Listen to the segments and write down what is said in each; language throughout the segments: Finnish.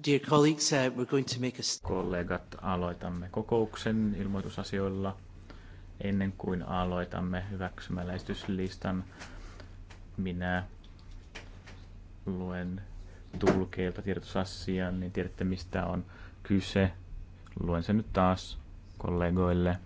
Dear colleagues, uh, we're going to make a... Kollegat, aloitamme kokouksen ilmoitusasioilla ennen kuin aloitamme hyväksymällä esityslistan. Minä luen tulkeilta tiedotusasian, niin tiedätte mistä on kyse. Luen sen nyt taas kollegoille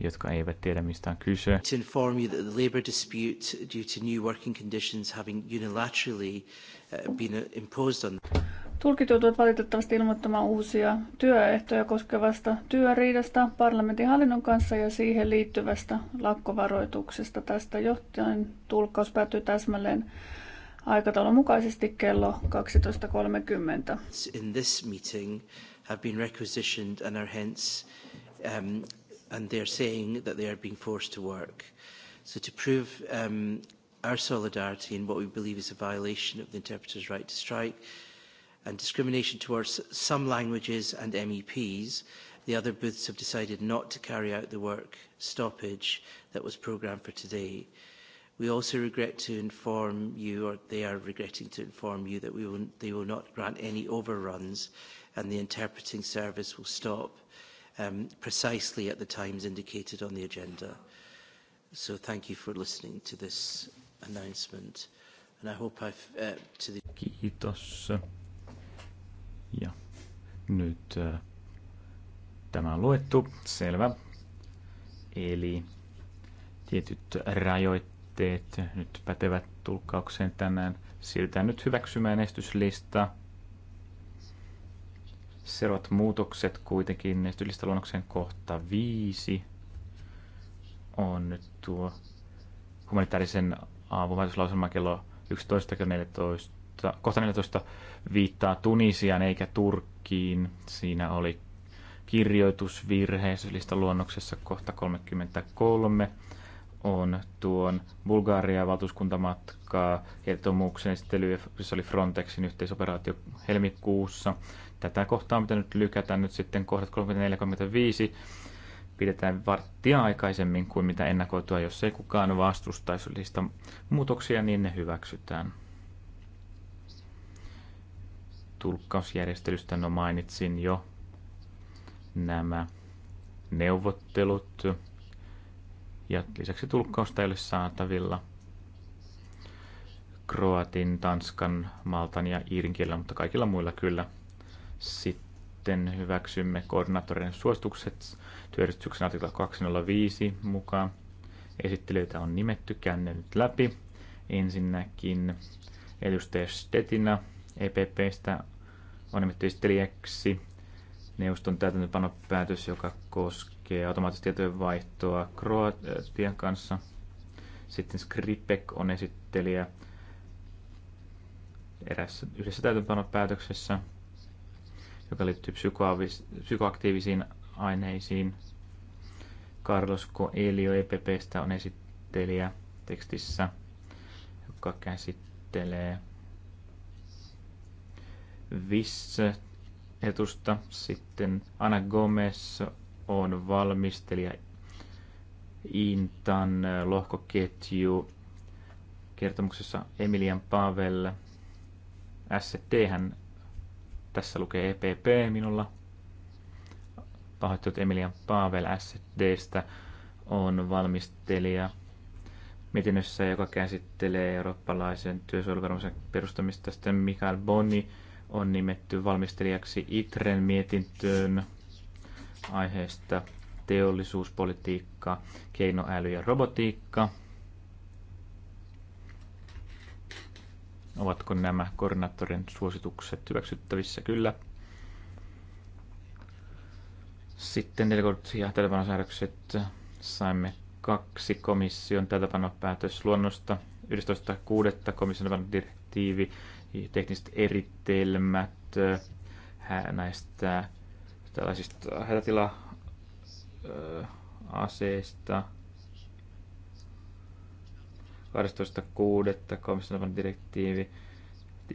jotka eivät tiedä mistä on kyse. To inform you that the dispute due to new working conditions having unilaterally uh, been uh, imposed on Tulkit joutuvat valitettavasti ilmoittamaan uusia työehtoja koskevasta työriidasta parlamentin hallinnon kanssa ja siihen liittyvästä lakkovaroituksesta. Tästä johtajan tulkkaus päättyy täsmälleen aikataulun mukaisesti kello 12.30. In this meeting have been requisitioned and are hence um, and they are saying that they are being forced to work. So to prove um, our solidarity in what we believe is a violation of the interpreter's right to strike, and discrimination towards some languages and MEPs. The other booths have decided not to carry out the work stoppage that was programmed for today. We also regret to inform you, or they are regretting to inform you, that we will, they will not grant any overruns and the interpreting service will stop um, precisely at the times indicated on the agenda. So thank you for listening to this announcement. And I hope I've, uh, to the Kiitos. Ja nyt äh, tämä on luettu, selvä. Eli tietyt rajoitteet nyt pätevät tulkkaukseen tänään. Siirrytään nyt hyväksymään estyslista. Seuraavat muutokset kuitenkin luonnoksen kohta 5 on nyt tuo humanitaarisen avunvaihtolauselma kello 14. 14, kohta 14 viittaa Tunisiaan eikä Turkkiin. Siinä oli kirjoitusvirhe luonnoksessa kohta 33 on tuon Bulgaria valtuuskuntamatkaa kertomuksen esittely, jossa siis oli Frontexin yhteisoperaatio helmikuussa. Tätä kohtaa on pitänyt lykätään nyt sitten kohdat 34-35 pidetään varttia aikaisemmin kuin mitä ennakoitua, jos ei kukaan vastustaisi lista muutoksia, niin ne hyväksytään tulkkausjärjestelystä no mainitsin jo nämä neuvottelut ja lisäksi tulkkausta ei ole saatavilla kroatin, tanskan, maltan ja iirinkielellä, mutta kaikilla muilla kyllä. Sitten hyväksymme koordinaattorien suositukset työjärjestyksen artikla 205 mukaan. Esittelyitä on nimetty, käyn läpi. Ensinnäkin edustaja Stetina EPPstä on nimetty esittelijäksi neuvoston täytäntöpanopäätös, joka koskee automaattista tietojen vaihtoa Kroatian kanssa. Sitten Skripek on esittelijä erässä, yhdessä täytäntöpanopäätöksessä, joka liittyy psykoaktiivisiin aineisiin. Carlos Coelho EPPstä on esittelijä tekstissä, joka käsittelee Visse etusta. Sitten Ana Gomez on valmistelija Intan lohkoketju. Kertomuksessa Emilian Pavel. ST hän tässä lukee EPP minulla. Pahoittelut Emilian Pavel SDstä on valmistelija mietinnössä, joka käsittelee eurooppalaisen työsuojeluverkoston perustamista. Sitten Mikael Bonni on nimetty valmistelijaksi ITREN mietintöön aiheesta teollisuuspolitiikka, keinoäly ja robotiikka. Ovatko nämä koordinaattorin suositukset hyväksyttävissä? Kyllä. Sitten delegoidut ja täytäntöpanosäädökset saimme kaksi komission täytäpanopäätösluonnosta. 11.6. komission direktiivi tekniset erittelmät äh, näistä tällaisista hätätila-aseista. 12.6. komission direktiivi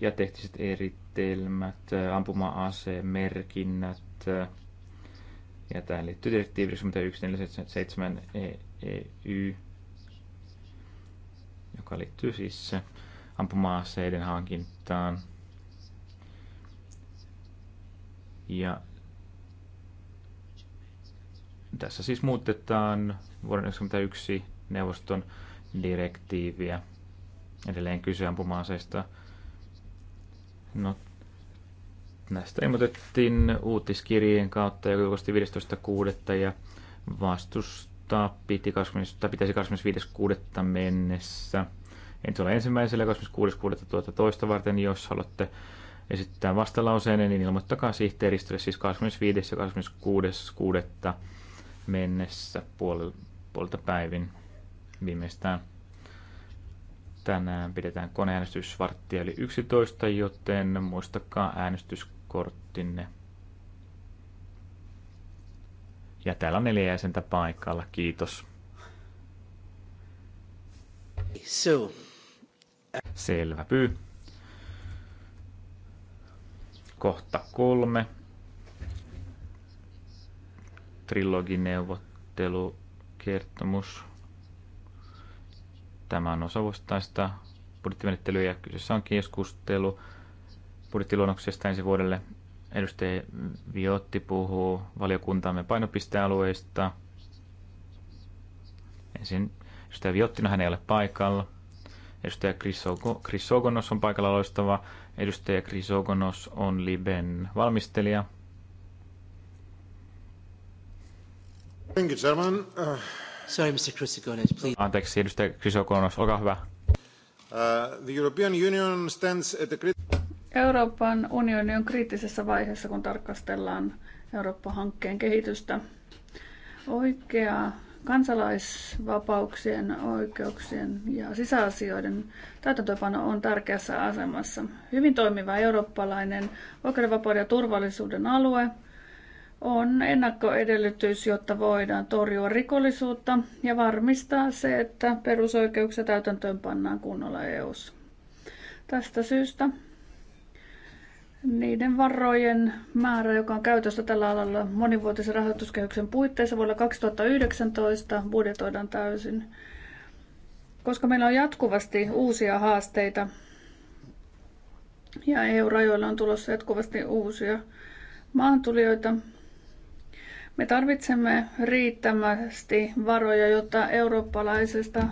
ja tekniset erittelmät, äh, ampuma-aseen merkinnät, ja tähän liittyy direktiivi 91477 EU e joka liittyy siis ampuma-aseiden hankintaan. Ja tässä siis muutetaan vuoden 1991 neuvoston direktiiviä. Edelleen kyse ampuma-aseista. No, näistä ilmoitettiin uutiskirjeen kautta, ja julkaistiin 15.6. ja vastustaa piti 20, tai pitäisi 25.6. mennessä – en niin ensimmäisellä 26.6. toista varten, jos haluatte esittää vastalauseen, niin ilmoittakaa sihteeristölle siis 25. ja 26.6. mennessä puolelta päivin viimeistään. Tänään pidetään koneäänestysvartti eli 11, joten muistakaa äänestyskorttinne. Ja täällä on neljä jäsentä paikalla. Kiitos. So. Selvä pyy. Kohta kolme. Trilogineuvottelukertomus. Tämä on vuosittaista budjettimenettelyä ja kyseessä on keskustelu budjettiluonnoksesta ensi vuodelle. Edustaja Viotti puhuu valiokuntamme painopistealueista. Ensin edustaja Viottina, no hän ei ole paikalla. Edustaja Chrysogonos on paikalla loistava. Edustaja Chrysogonos on Liben valmistelija. Thank you, German. Uh... Sorry, Mr. Chrysogonos, please. Anteeksi, edustaja Chrysogonos, olkaa hyvä. Uh, the European Union stands at the crit- Euroopan unioni on kriittisessä vaiheessa, kun tarkastellaan Eurooppa-hankkeen kehitystä. Oikea Kansalaisvapauksien, oikeuksien ja sisäasioiden täytäntöpano on tärkeässä asemassa. Hyvin toimiva eurooppalainen oikeudenvapauden ja turvallisuuden alue on ennakkoedellytys, jotta voidaan torjua rikollisuutta ja varmistaa se, että perusoikeuksia täytäntöön pannaan kunnolla EU:ssa. Tästä syystä niiden varojen määrä, joka on käytössä tällä alalla monivuotisen rahoituskehyksen puitteissa vuonna 2019, budjetoidaan täysin. Koska meillä on jatkuvasti uusia haasteita ja EU-rajoilla on tulossa jatkuvasti uusia maantulijoita, me tarvitsemme riittämästi varoja, jotta eurooppalaisesta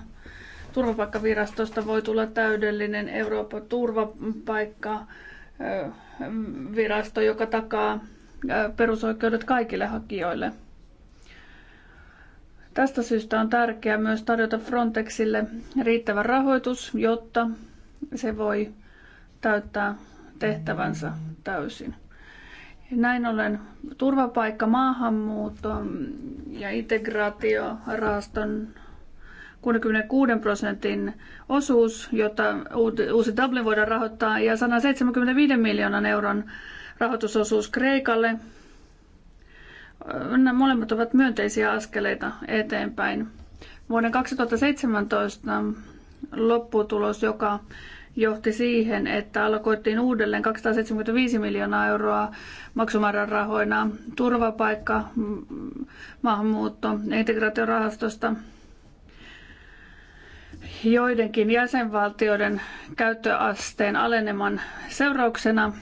turvapaikkavirastosta voi tulla täydellinen Euroopan turvapaikka virasto, joka takaa perusoikeudet kaikille hakijoille. Tästä syystä on tärkeää myös tarjota Frontexille riittävä rahoitus, jotta se voi täyttää tehtävänsä täysin. Näin ollen turvapaikka, maahanmuutto ja integraatiorahaston 66 prosentin osuus, jota uusi Dublin voidaan rahoittaa, ja 175 miljoonan euron rahoitusosuus Kreikalle. Nämä molemmat ovat myönteisiä askeleita eteenpäin. Vuoden 2017 lopputulos, joka johti siihen, että alkoittiin uudelleen 275 miljoonaa euroa maksumäärän rahoina turvapaikka, maahanmuutto, integraatiorahastosta – joidenkin jäsenvaltioiden käyttöasteen aleneman seurauksena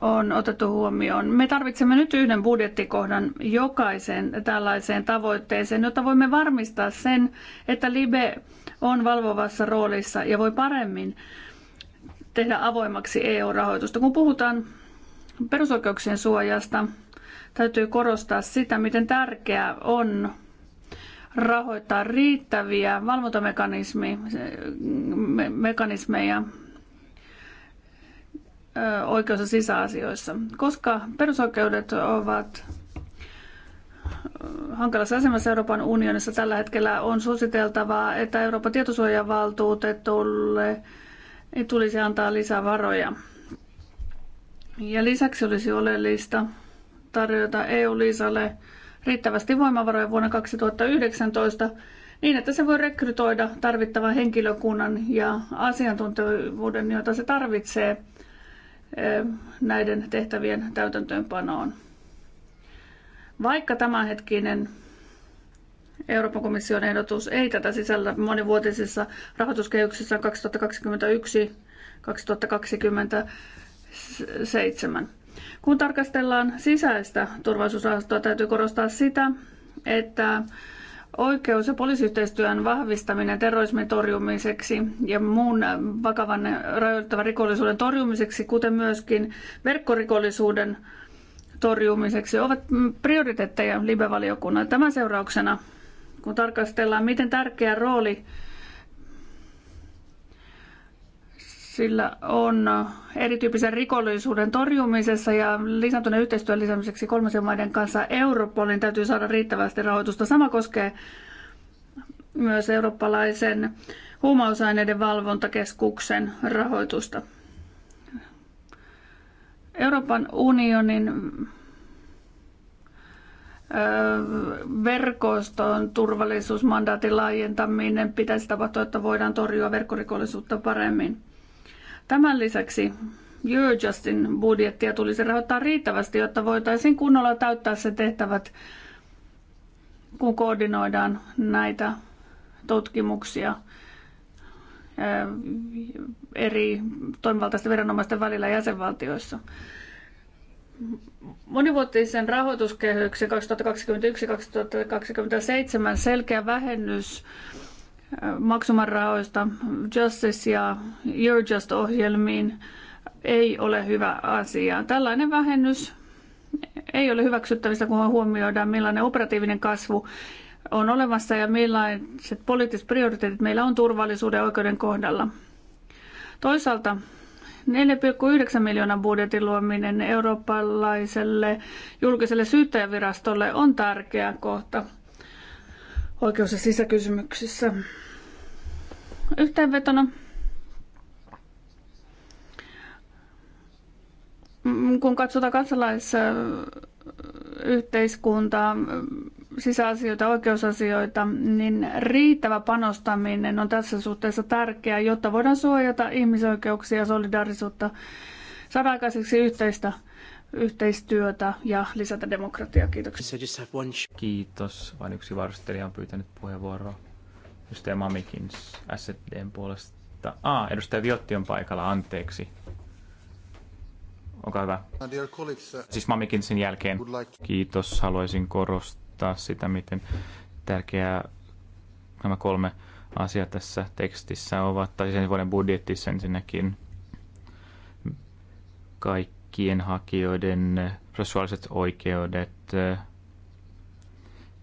on otettu huomioon. Me tarvitsemme nyt yhden budjettikohdan jokaiseen tällaiseen tavoitteeseen, jotta voimme varmistaa sen, että Libe on valvovassa roolissa ja voi paremmin tehdä avoimaksi EU-rahoitusta. Kun puhutaan perusoikeuksien suojasta, täytyy korostaa sitä, miten tärkeää on rahoittaa riittäviä valvontamekanismeja oikeus- ja sisäasioissa. Koska perusoikeudet ovat hankalassa asemassa Euroopan unionissa tällä hetkellä on suositeltavaa, että Euroopan tietosuojavaltuutetulle ei tulisi antaa lisää varoja. Ja lisäksi olisi oleellista tarjota EU-liisalle riittävästi voimavaroja vuonna 2019 niin, että se voi rekrytoida tarvittavan henkilökunnan ja asiantuntevuuden, jota se tarvitsee eh, näiden tehtävien täytäntöönpanoon. Vaikka tämänhetkinen Euroopan komission ehdotus ei tätä sisällä monivuotisissa rahoituskehyksissä 2021-2027. Kun tarkastellaan sisäistä turvallisuusrahastoa, täytyy korostaa sitä, että oikeus- ja poliisiyhteistyön vahvistaminen terrorismin torjumiseksi ja muun vakavan rajoittavan rikollisuuden torjumiseksi, kuten myöskin verkkorikollisuuden torjumiseksi, ovat prioriteetteja libe valiokunnan Tämän seurauksena, kun tarkastellaan, miten tärkeä rooli sillä on erityyppisen rikollisuuden torjumisessa ja lisääntyneen yhteistyön lisäämiseksi kolmansien maiden kanssa Europolin täytyy saada riittävästi rahoitusta. Sama koskee myös eurooppalaisen huumausaineiden valvontakeskuksen rahoitusta. Euroopan unionin verkoston turvallisuusmandaatin laajentaminen pitäisi tapahtua, että voidaan torjua verkkorikollisuutta paremmin. Tämän lisäksi Eurojustin budjettia tulisi rahoittaa riittävästi, jotta voitaisiin kunnolla täyttää se tehtävät, kun koordinoidaan näitä tutkimuksia eh, eri toimivaltaisten viranomaisten välillä jäsenvaltioissa. Monivuotisen rahoituskehyksen 2021-2027 selkeä vähennys rahoista Justice ja Eurojust-ohjelmiin ei ole hyvä asia. Tällainen vähennys ei ole hyväksyttävissä, kun huomioidaan millainen operatiivinen kasvu on olemassa ja millaiset poliittiset prioriteetit meillä on turvallisuuden ja oikeuden kohdalla. Toisaalta 4,9 miljoonan budjetin luominen eurooppalaiselle julkiselle syyttäjävirastolle on tärkeä kohta – oikeus- ja sisäkysymyksissä. Yhteenvetona mm, kun katsotaan kansalaisyhteiskuntaa, sisäasioita, oikeusasioita, niin riittävä panostaminen on tässä suhteessa tärkeää, jotta voidaan suojata ihmisoikeuksia ja solidaarisuutta, saada aikaiseksi yhteistä yhteistyötä ja lisätä demokratiaa. Kiitoksia. Kiitos. Vain yksi varustelija on pyytänyt puheenvuoroa. Edustaja Mamikins SDn puolesta. Ah, edustaja Viotti on paikalla, anteeksi. Olkaa hyvä. Uh, siis Mamikinsin jälkeen. Kiitos. Haluaisin korostaa sitä, miten tärkeää nämä kolme asiaa tässä tekstissä ovat. Tai sen siis vuoden budjetissa ensinnäkin kaikki kaikkien hakijoiden prosessuaaliset oikeudet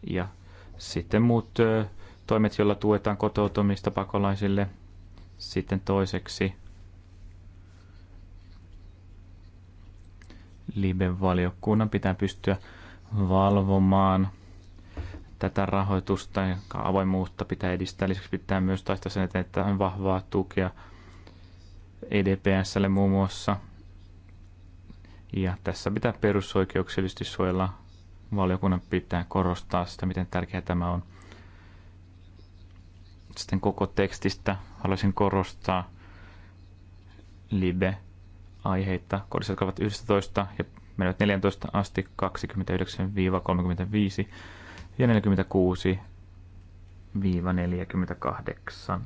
ja sitten muut toimet, joilla tuetaan kotoutumista pakolaisille. Sitten toiseksi Libe-valiokunnan pitää pystyä valvomaan tätä rahoitusta ja avoimuutta pitää edistää. Lisäksi pitää myös taistaa sen eteen, että on vahvaa tukea EDPSlle muun muassa – ja tässä pitää perusoikeuksellisesti suojella. Valiokunnan pitää korostaa sitä, miten tärkeää tämä on. Sitten koko tekstistä haluaisin korostaa libe-aiheita, Kodissa jotka ovat 11 ja menevät 14 asti 29-35 ja 46-48.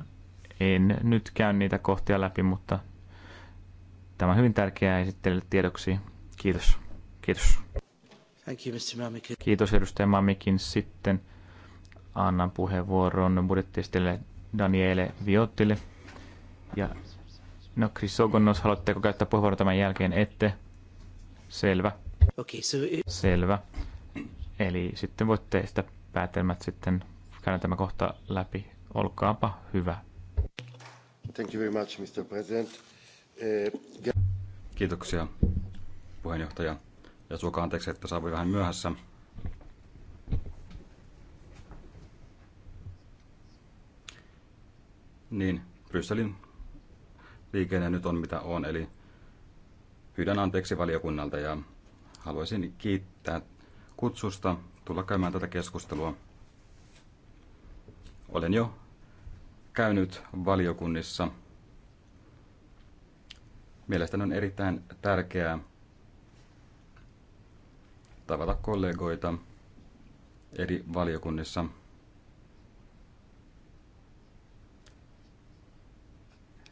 En nyt käy niitä kohtia läpi, mutta tämä on hyvin tärkeää esittelylle tiedoksi. Kiitos. Kiitos. Thank you, Mr. Mamikin. Kiitos edustaja Mamikin. Sitten annan puheenvuoron budjettistille Daniele Viottille. Ja no Chris Chrysogonos, haluatteko käyttää puheenvuoron tämän jälkeen? Ette. Selvä. Okay, so it... Selvä. Eli sitten voitte tehdä päätelmät sitten, käydään tämä kohta läpi. Olkaapa hyvä. Thank you very much, Mr. President. Eh... Kiitoksia, puheenjohtaja. Ja suoka anteeksi, että saavui vähän myöhässä. Niin, Brysselin liikenne nyt on mitä on, eli pyydän anteeksi valiokunnalta ja haluaisin kiittää kutsusta tulla käymään tätä keskustelua. Olen jo käynyt valiokunnissa. Mielestäni on erittäin tärkeää, tavata kollegoita eri valiokunnissa.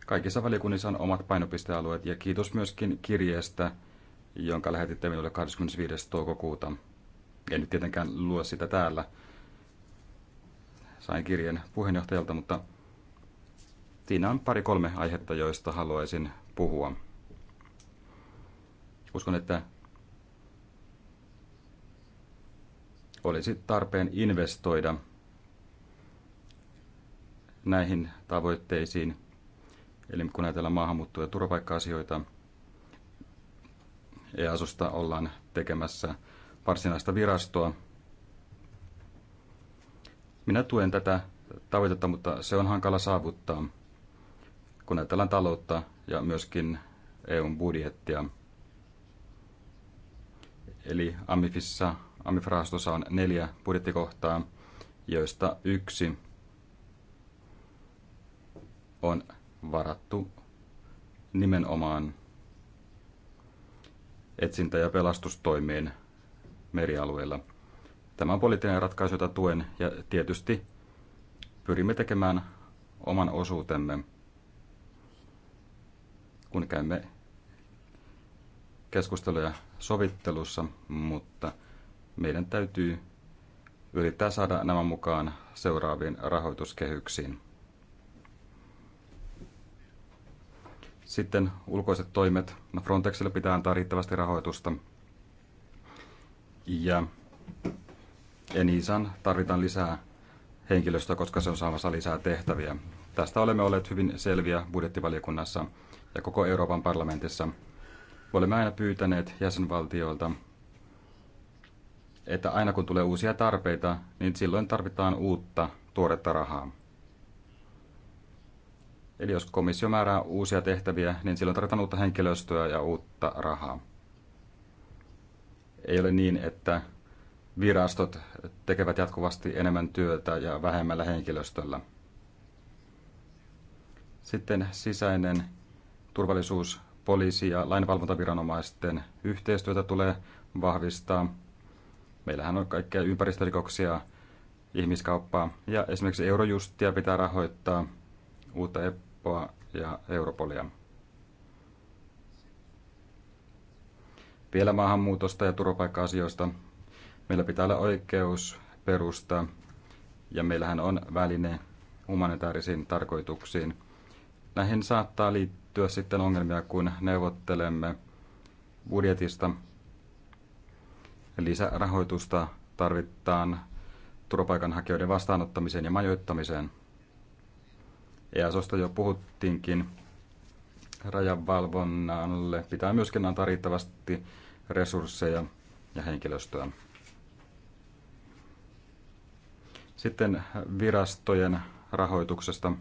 Kaikissa valiokunnissa on omat painopistealueet ja kiitos myöskin kirjeestä, jonka lähetitte minulle 25. toukokuuta. En nyt tietenkään lue sitä täällä. Sain kirjeen puheenjohtajalta, mutta siinä on pari-kolme aihetta, joista haluaisin puhua. Uskon, että olisi tarpeen investoida näihin tavoitteisiin. Eli kun ajatellaan maahanmuutto- ja turvapaikka-asioita, EASosta ollaan tekemässä varsinaista virastoa. Minä tuen tätä tavoitetta, mutta se on hankala saavuttaa, kun ajatellaan taloutta ja myöskin EUn budjettia. Eli Amifissa AMIF-rahastossa on neljä budjettikohtaa, joista yksi on varattu nimenomaan etsintä- ja pelastustoimiin merialueilla. Tämä on poliittinen ratkaisu, jota tuen ja tietysti pyrimme tekemään oman osuutemme, kun käymme keskusteluja sovittelussa, mutta – meidän täytyy yrittää saada nämä mukaan seuraaviin rahoituskehyksiin. Sitten ulkoiset toimet. No Frontexille pitää antaa riittävästi rahoitusta. Ja Enisan tarvitaan lisää henkilöstöä, koska se on saamassa lisää tehtäviä. Tästä olemme olleet hyvin selviä budjettivaliokunnassa ja koko Euroopan parlamentissa. Olemme aina pyytäneet jäsenvaltioilta että aina kun tulee uusia tarpeita, niin silloin tarvitaan uutta tuoretta rahaa. Eli jos komissio määrää uusia tehtäviä, niin silloin tarvitaan uutta henkilöstöä ja uutta rahaa. Ei ole niin, että virastot tekevät jatkuvasti enemmän työtä ja vähemmällä henkilöstöllä. Sitten sisäinen turvallisuus, poliisi ja lainvalvontaviranomaisten yhteistyötä tulee vahvistaa Meillähän on kaikkia ympäristörikoksia, ihmiskauppaa ja esimerkiksi Eurojustia pitää rahoittaa, uutta EPPOa ja Europolia. Vielä maahanmuutosta ja turvapaikka-asioista. Meillä pitää olla oikeus perusta ja meillähän on väline humanitaarisiin tarkoituksiin. Näihin saattaa liittyä sitten ongelmia, kun neuvottelemme budjetista Lisärahoitusta tarvitaan turvapaikanhakijoiden vastaanottamiseen ja majoittamiseen. EASosta jo puhuttiinkin. Rajavalvonnalle pitää myöskin antaa riittävästi resursseja ja henkilöstöä. Sitten virastojen rahoituksesta.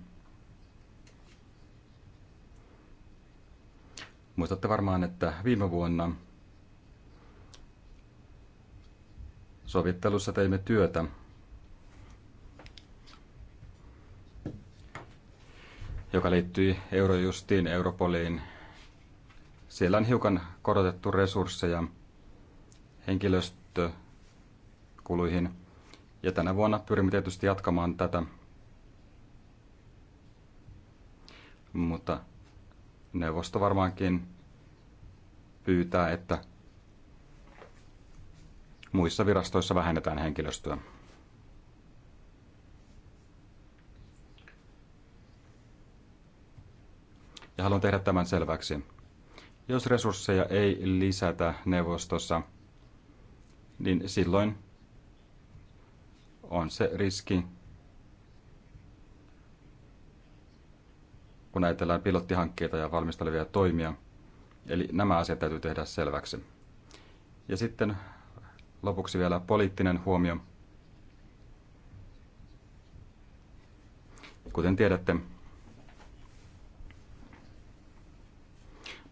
Muistatte varmaan, että viime vuonna Sovittelussa teimme työtä. joka liittyy Eurojustiin, Europoliin. Siellä on hiukan korotettu resursseja henkilöstökuluihin. Ja tänä vuonna pyrimme tietysti jatkamaan tätä. Mutta neuvosto varmaankin pyytää, että muissa virastoissa vähennetään henkilöstöä. Ja haluan tehdä tämän selväksi. Jos resursseja ei lisätä neuvostossa, niin silloin on se riski, kun ajatellaan pilottihankkeita ja valmistelevia toimia. Eli nämä asiat täytyy tehdä selväksi. Ja sitten lopuksi vielä poliittinen huomio. Kuten tiedätte,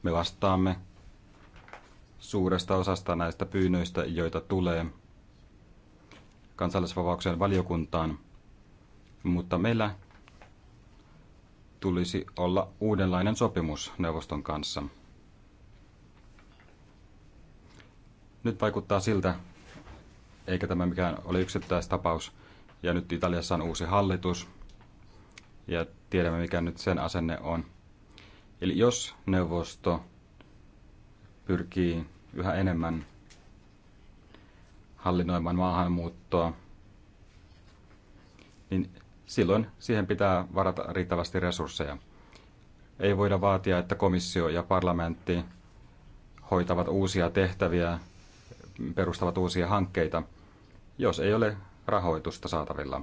me vastaamme suuresta osasta näistä pyynnöistä, joita tulee kansallisvapauksen valiokuntaan, mutta meillä tulisi olla uudenlainen sopimus neuvoston kanssa. Nyt vaikuttaa siltä, eikä tämä mikään ole yksittäistapaus. Ja nyt Italiassa on uusi hallitus, ja tiedämme mikä nyt sen asenne on. Eli jos neuvosto pyrkii yhä enemmän hallinnoimaan maahanmuuttoa, niin silloin siihen pitää varata riittävästi resursseja. Ei voida vaatia, että komissio ja parlamentti hoitavat uusia tehtäviä, perustavat uusia hankkeita – jos ei ole rahoitusta saatavilla.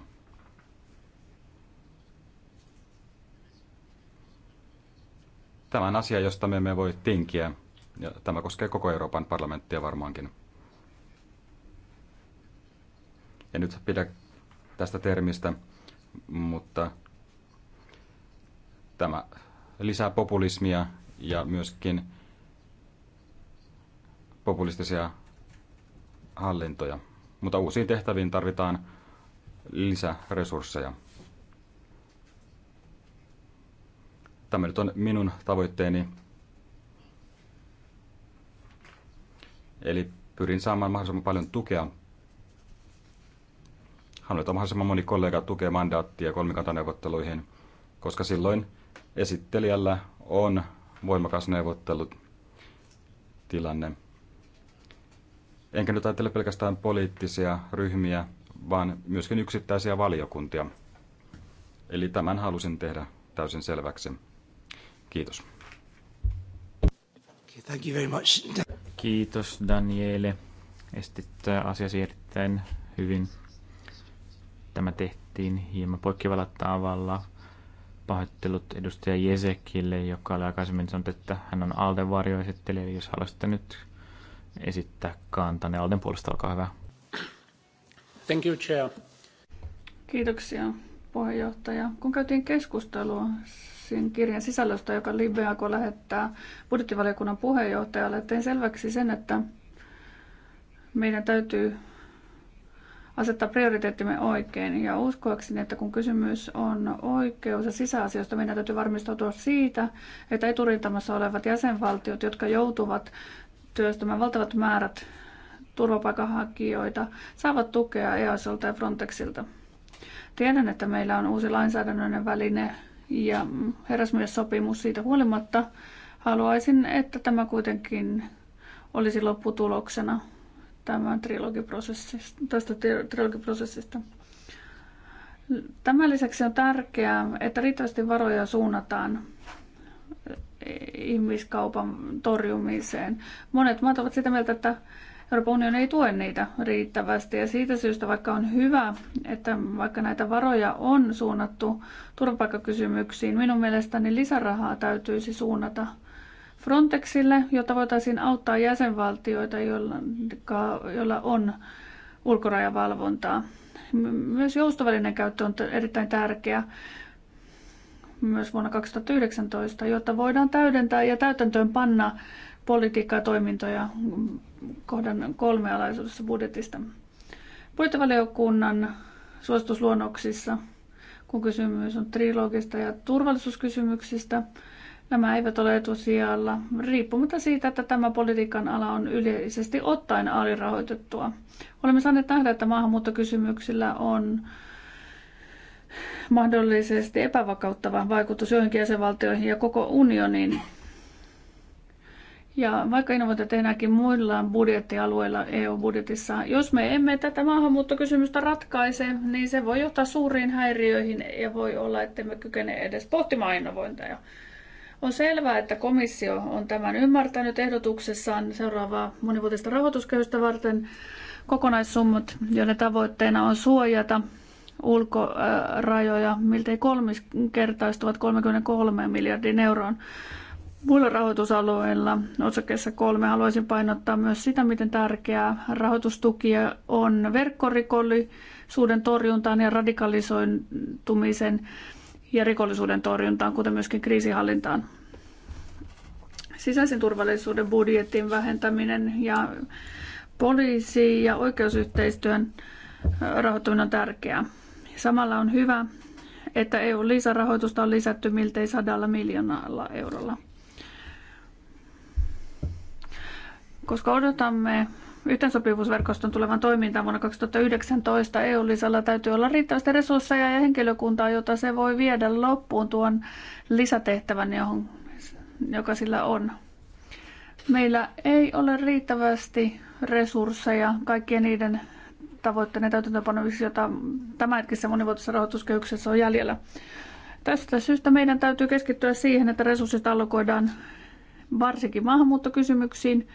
Tämä on asia, josta me emme voi tinkiä, ja tämä koskee koko Euroopan parlamenttia varmaankin. En nyt pidä tästä termistä, mutta tämä lisää populismia ja myöskin populistisia hallintoja mutta uusiin tehtäviin tarvitaan lisäresursseja. Tämä nyt on minun tavoitteeni. Eli pyrin saamaan mahdollisimman paljon tukea. Haluan, mahdollisimman moni kollega tukee mandaattia kolmikantaneuvotteluihin, koska silloin esittelijällä on voimakas neuvottelutilanne. Enkä nyt ajattele pelkästään poliittisia ryhmiä, vaan myöskin yksittäisiä valiokuntia. Eli tämän halusin tehdä täysin selväksi. Kiitos. Thank you very much. Kiitos Daniele. Estit asiasi erittäin hyvin. Tämä tehtiin hieman poikkeavalla tavalla. Pahoittelut edustaja Jesekille, joka oli aikaisemmin sanonut, että hän on Alden esittelijä. Jos haluaisitte nyt esittää kantanne. Alden puolesta, olkaa hyvä. Thank you, Chair. Kiitoksia, puheenjohtaja. Kun käytiin keskustelua sen kirjan sisällöstä, joka Libeako lähettää budjettivaliokunnan puheenjohtajalle, tein selväksi sen, että meidän täytyy asettaa prioriteettimme oikein. Ja uskoakseni, että kun kysymys on oikeus- ja sisäasioista, meidän täytyy varmistautua siitä, että eturintamassa olevat jäsenvaltiot, jotka joutuvat työstämään valtavat määrät turvapaikanhakijoita saavat tukea EASolta ja Frontexilta. Tiedän, että meillä on uusi lainsäädännöllinen väline ja herrasmies-sopimus siitä huolimatta. Haluaisin, että tämä kuitenkin olisi lopputuloksena tämän trilogiprosessista, tästä trilogiprosessista. Tämän lisäksi on tärkeää, että riittävästi varoja suunnataan ihmiskaupan torjumiseen. Monet maat ovat sitä mieltä, että Euroopan unioni ei tue niitä riittävästi ja siitä syystä vaikka on hyvä, että vaikka näitä varoja on suunnattu turvapaikkakysymyksiin, minun mielestäni lisärahaa täytyisi suunnata Frontexille, jotta voitaisiin auttaa jäsenvaltioita, joilla, joilla on ulkorajavalvontaa. Myös joustovälinen käyttö on erittäin tärkeä myös vuonna 2019, jotta voidaan täydentää ja täytäntöön panna politiikkaa toimintoja kohdan kolmealaisuudessa budjetista. Budjettivaliokunnan suositusluonnoksissa, kun kysymys on trilogista ja turvallisuuskysymyksistä, nämä eivät ole etusijalla, riippumatta siitä, että tämä politiikan ala on yleisesti ottaen alirahoitettua. Olemme saaneet nähdä, että maahanmuuttokysymyksillä on mahdollisesti epävakauttava vaikutus joihinkin jäsenvaltioihin ja koko unioniin. Ja vaikka innovointia tehdäänkin muilla budjettialueilla EU-budjetissa, jos me emme tätä maahanmuuttokysymystä ratkaise, niin se voi johtaa suuriin häiriöihin ja voi olla, että me kykene edes pohtimaan innovointia. On selvää, että komissio on tämän ymmärtänyt ehdotuksessaan seuraavaa monivuotista rahoituskehystä varten kokonaissummat, joiden tavoitteena on suojata ulkorajoja miltei kolmiskertaistuvat 33 miljardin euroon. Muilla rahoitusalueilla osakkeessa kolme haluaisin painottaa myös sitä, miten tärkeää rahoitustuki on verkkorikollisuuden torjuntaan ja radikalisoitumisen ja rikollisuuden torjuntaan, kuten myöskin kriisihallintaan. Sisäisen turvallisuuden budjetin vähentäminen ja poliisi- ja oikeusyhteistyön rahoittaminen on tärkeää. Samalla on hyvä, että EU-lisärahoitusta on lisätty miltei sadalla miljoonalla eurolla. Koska odotamme yhteensopivuusverkoston tulevan toimintaan vuonna 2019, EU-lisällä täytyy olla riittävästi resursseja ja henkilökuntaa, jota se voi viedä loppuun tuon lisätehtävän, johon, joka sillä on. Meillä ei ole riittävästi resursseja kaikkien niiden Tavoitteen täytäntöönpanoissa, jota tämänhetkisessä monivuotisessa rahoituskehyksessä on jäljellä. Tästä syystä meidän täytyy keskittyä siihen, että resurssit allokoidaan varsinkin maahanmuuttokysymyksiin,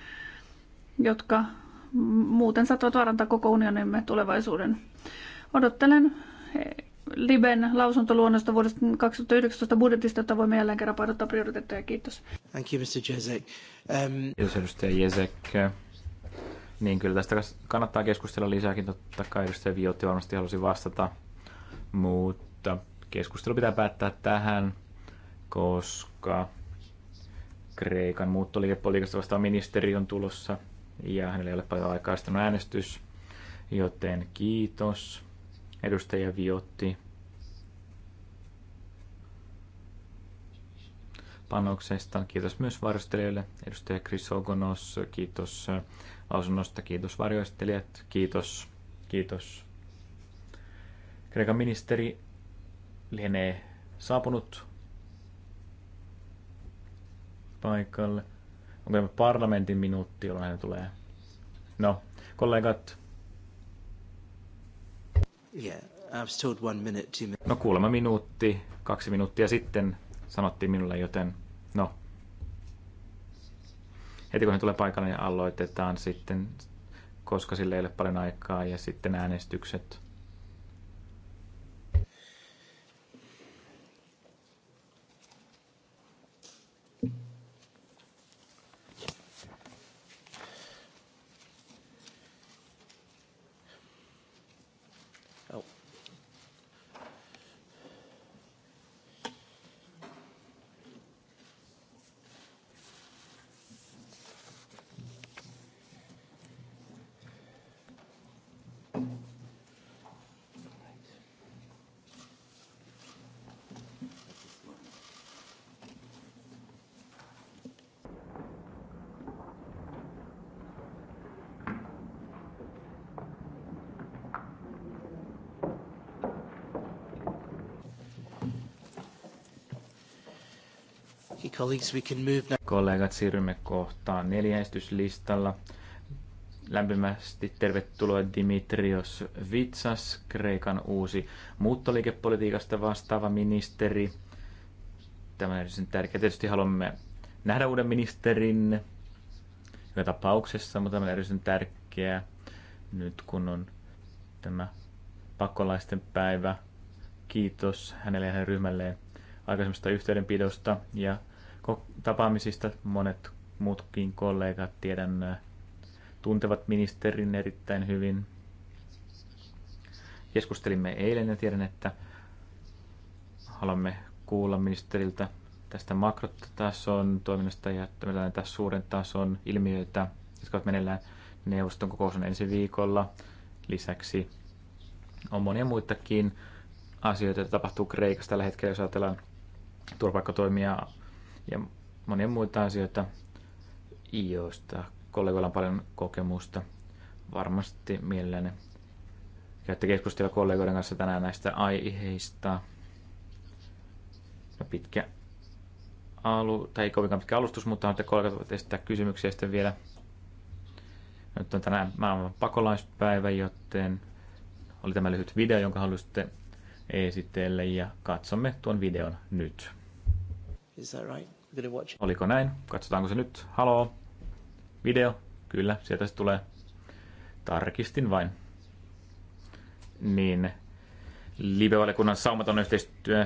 jotka muuten saattavat vaarantaa koko unionimme tulevaisuuden. Odottelen eh, Liben lausuntoluonnosta vuodesta 2019 budjetista, jota voimme jälleen kerran painottaa prioriteetteja. Kiitos. Thank you, Mr. Jezek. Um... Kiitos, edustaja Jezek. Niin kyllä tästä kannattaa keskustella lisääkin, totta kai edustaja Viotti varmasti halusi vastata, mutta keskustelu pitää päättää tähän, koska Kreikan muuttoliikepolitiikasta vastaava ministeri on tulossa ja hänellä ei ole paljon aikaa sitten äänestys, joten kiitos edustaja Viotti panoksesta. Kiitos myös varustelijoille, edustaja Chris Ogonos, kiitos lausunnosta. Kiitos varjoistelijat, kiitos, kiitos. Kreikan ministeri lienee saapunut paikalle. Onko tämä parlamentin minuutti, jolloin hän tulee? No, kollegat. Yeah, told one minute, No kuulemma minuutti, kaksi minuuttia sitten sanottiin minulle, joten no, heti kun hän tulee paikalle, niin aloitetaan sitten, koska sille ei ole paljon aikaa, ja sitten äänestykset Colleagues, we can move now. Kollegat, siirrymme kohtaan neljäistyslistalla. Lämpimästi tervetuloa Dimitrios Vitsas, Kreikan uusi muuttoliikepolitiikasta vastaava ministeri. Tämä on tärkeä. Tietysti haluamme nähdä uuden ministerin joka tapauksessa, mutta tämä on erityisen tärkeää nyt kun on tämä pakolaisten päivä. Kiitos hänelle ja hänen ryhmälleen aikaisemmasta yhteydenpidosta ja tapaamisista monet muutkin kollegat tiedän äh, tuntevat ministerin erittäin hyvin. Keskustelimme eilen ja tiedän, että haluamme kuulla ministeriltä tästä makrotason toiminnasta ja näitä suuren tason ilmiöitä, jotka ovat meneillään neuvoston kokous on ensi viikolla. Lisäksi on monia muitakin asioita, joita tapahtuu Kreikassa tällä hetkellä, jos ajatellaan turvapaikkatoimia, ja monia muita asioita, IOsta. kollegoilla on paljon kokemusta. Varmasti mielelläni käytte keskustelua kollegoiden kanssa tänään näistä aiheista. No, pitkä alu, tai ei kovinkaan pitkä alustus, mutta että kollegat voivat esittää kysymyksiä sitten vielä. Nyt on tänään maailman pakolaispäivä, joten oli tämä lyhyt video, jonka halusitte esitellä ja katsomme tuon videon nyt. Is that right? I'm gonna watch. Oliko näin? Katsotaanko se nyt? Halo. Video? Kyllä, sieltä se tulee. Tarkistin vain. Niin. Live-valiokunnan saumaton yhteistyö.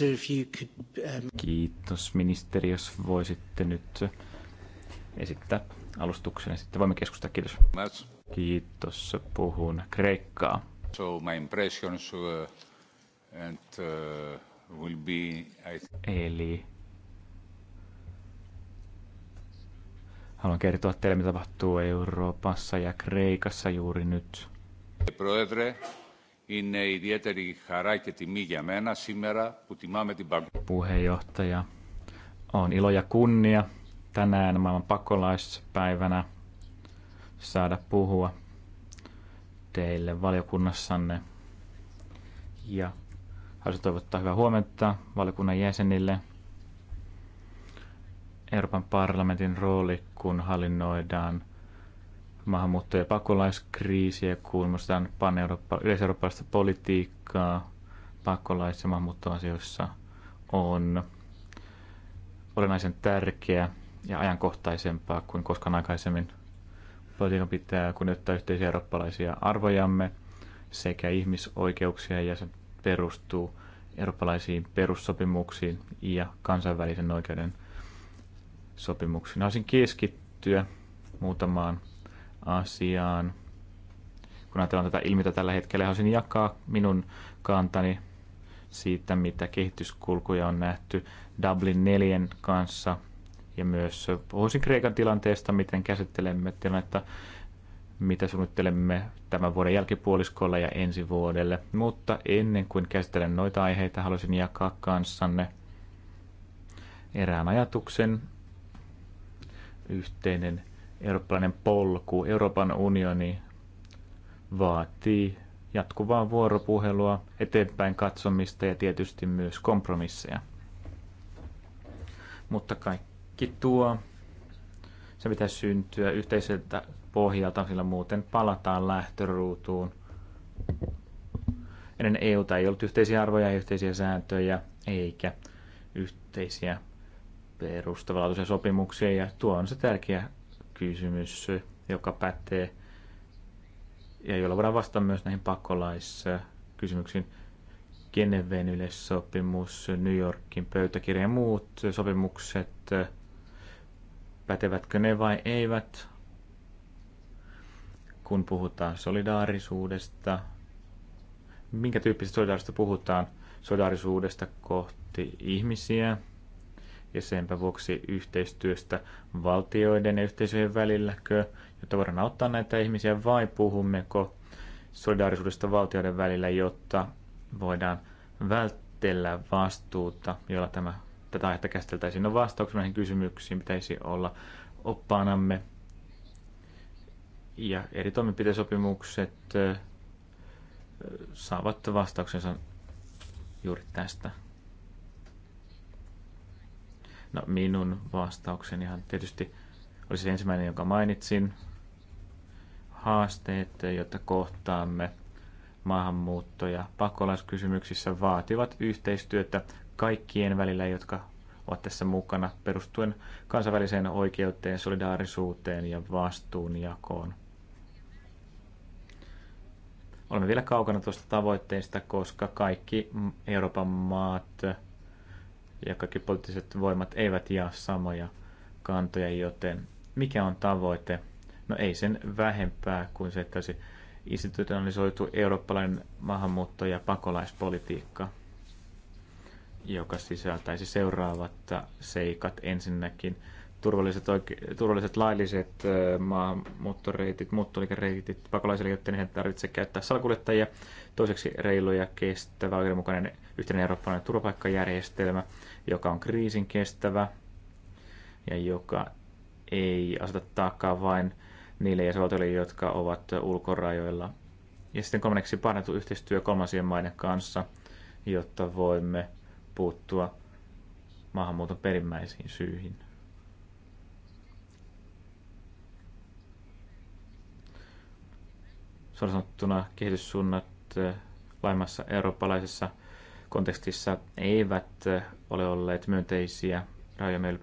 Um, Kiitos ministeri, jos voisitte nyt esittää alustuksen ja sitten voimme keskustella. Kiitos. Kiitos. Puhun kreikkaa. So my impressions were, uh, and, uh, will be, I... Eli haluan kertoa teille, mitä tapahtuu Euroopassa ja Kreikassa juuri nyt. Proedre, Είναι ιδιαίτερη χαρά και τιμή για μένα σήμερα που τιμάμε την παγκόσμια. Puheenjohtaja, on ilo ja kunnia tänään maailman pakolaispäivänä saada puhua teille valiokunnassanne. Ja haluaisin toivottaa hyvää huomenta valiokunnan jäsenille. Euroopan parlamentin rooli, kun hallinnoidaan maahanmuutto- ja pakolaiskriisiä, kun muistetaan yleiseurooppalaista politiikkaa pakolais- ja maahanmuuttoasioissa on olennaisen tärkeä ja ajankohtaisempaa kuin koskaan aikaisemmin. Politiikan pitää kunnioittaa yhteisiä eurooppalaisia arvojamme sekä ihmisoikeuksia ja se perustuu eurooppalaisiin perussopimuksiin ja kansainvälisen oikeuden sopimuksiin. Haluaisin keskittyä muutamaan asiaan. Kun ajatellaan tätä ilmiötä tällä hetkellä, haluaisin jakaa minun kantani siitä, mitä kehityskulkuja on nähty Dublin 4 kanssa ja myös puhuisin Kreikan tilanteesta, miten käsittelemme tilannetta, mitä suunnittelemme tämän vuoden jälkipuoliskolla ja ensi vuodelle. Mutta ennen kuin käsittelen noita aiheita, haluaisin jakaa kanssanne erään ajatuksen. Yhteinen eurooppalainen polku. Euroopan unioni vaatii jatkuvaa vuoropuhelua, eteenpäin katsomista ja tietysti myös kompromisseja. Mutta kaikki tuo, se pitäisi syntyä yhteiseltä pohjalta, sillä muuten palataan lähtöruutuun. Ennen EUta ei ollut yhteisiä arvoja, yhteisiä sääntöjä eikä yhteisiä perustavanlaatuisia sopimuksia ja tuo on se tärkeä kysymys, joka pätee ja jolla voidaan vastata myös näihin pakolaiskysymyksiin. Geneven yleissopimus, New Yorkin pöytäkirja ja muut sopimukset, pätevätkö ne vai eivät? Kun puhutaan solidaarisuudesta, minkä tyyppisestä solidaarisuudesta puhutaan? Solidaarisuudesta kohti ihmisiä, ja senpä vuoksi yhteistyöstä valtioiden ja yhteisöjen välilläkö, jotta voidaan auttaa näitä ihmisiä, vai puhummeko solidaarisuudesta valtioiden välillä, jotta voidaan välttellä vastuuta, jolla tämä, tätä aihetta käsiteltäisiin. No vastauksena näihin kysymyksiin pitäisi olla oppaanamme ja eri toimenpiteisopimukset saavat vastauksensa juuri tästä No minun vastauksenihan tietysti olisi ensimmäinen, jonka mainitsin. Haasteet, joita kohtaamme maahanmuutto- ja pakolaiskysymyksissä vaativat yhteistyötä kaikkien välillä, jotka ovat tässä mukana perustuen kansainväliseen oikeuteen, solidaarisuuteen ja vastuunjakoon. Olemme vielä kaukana tuosta tavoitteesta, koska kaikki Euroopan maat ja kaikki poliittiset voimat eivät jaa samoja kantoja, joten mikä on tavoite? No ei sen vähempää kuin se, että olisi institutionalisoitu eurooppalainen maahanmuutto- ja pakolaispolitiikka, joka sisältäisi seuraavat seikat. Ensinnäkin turvalliset, oike- turvalliset lailliset maahanmuuttoreitit, muuttoliikereitit pakolaisille, joten he tarvitse käyttää salakuljettajia. Toiseksi reilu ja kestävä oikeudenmukainen yhteinen eurooppalainen turvapaikkajärjestelmä, joka on kriisin kestävä ja joka ei aseta taakkaa vain niille jäsenvaltioille, jotka ovat ulkorajoilla. Ja sitten kolmanneksi parannettu yhteistyö kolmansien maiden kanssa, jotta voimme puuttua maahanmuuton perimmäisiin syihin. suoraan sanottuna kehityssuunnat eh, laimassa eurooppalaisessa kontekstissa eivät eh, ole olleet myönteisiä rajojen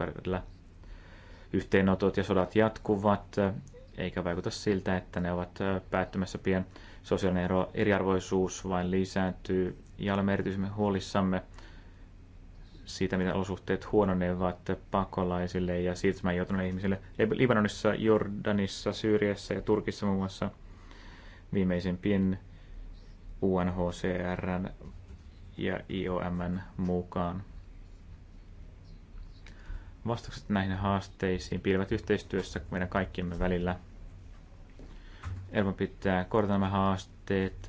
Yhteenotot ja sodat jatkuvat, eh, eikä vaikuta siltä, että ne ovat päättymässä pian. Sosiaalinen ero, eriarvoisuus vain lisääntyy ja olemme erityisesti huolissamme siitä, mitä olosuhteet huononevat pakolaisille ja siirtymään joutuneille ihmisille. Libanonissa, Jordanissa, Syyriassa ja Turkissa muun muassa – viimeisimpien UNHCRn ja IOMn mukaan. Vastaukset näihin haasteisiin piilevät yhteistyössä meidän kaikkiemme välillä. Euroopan pitää korjata nämä haasteet.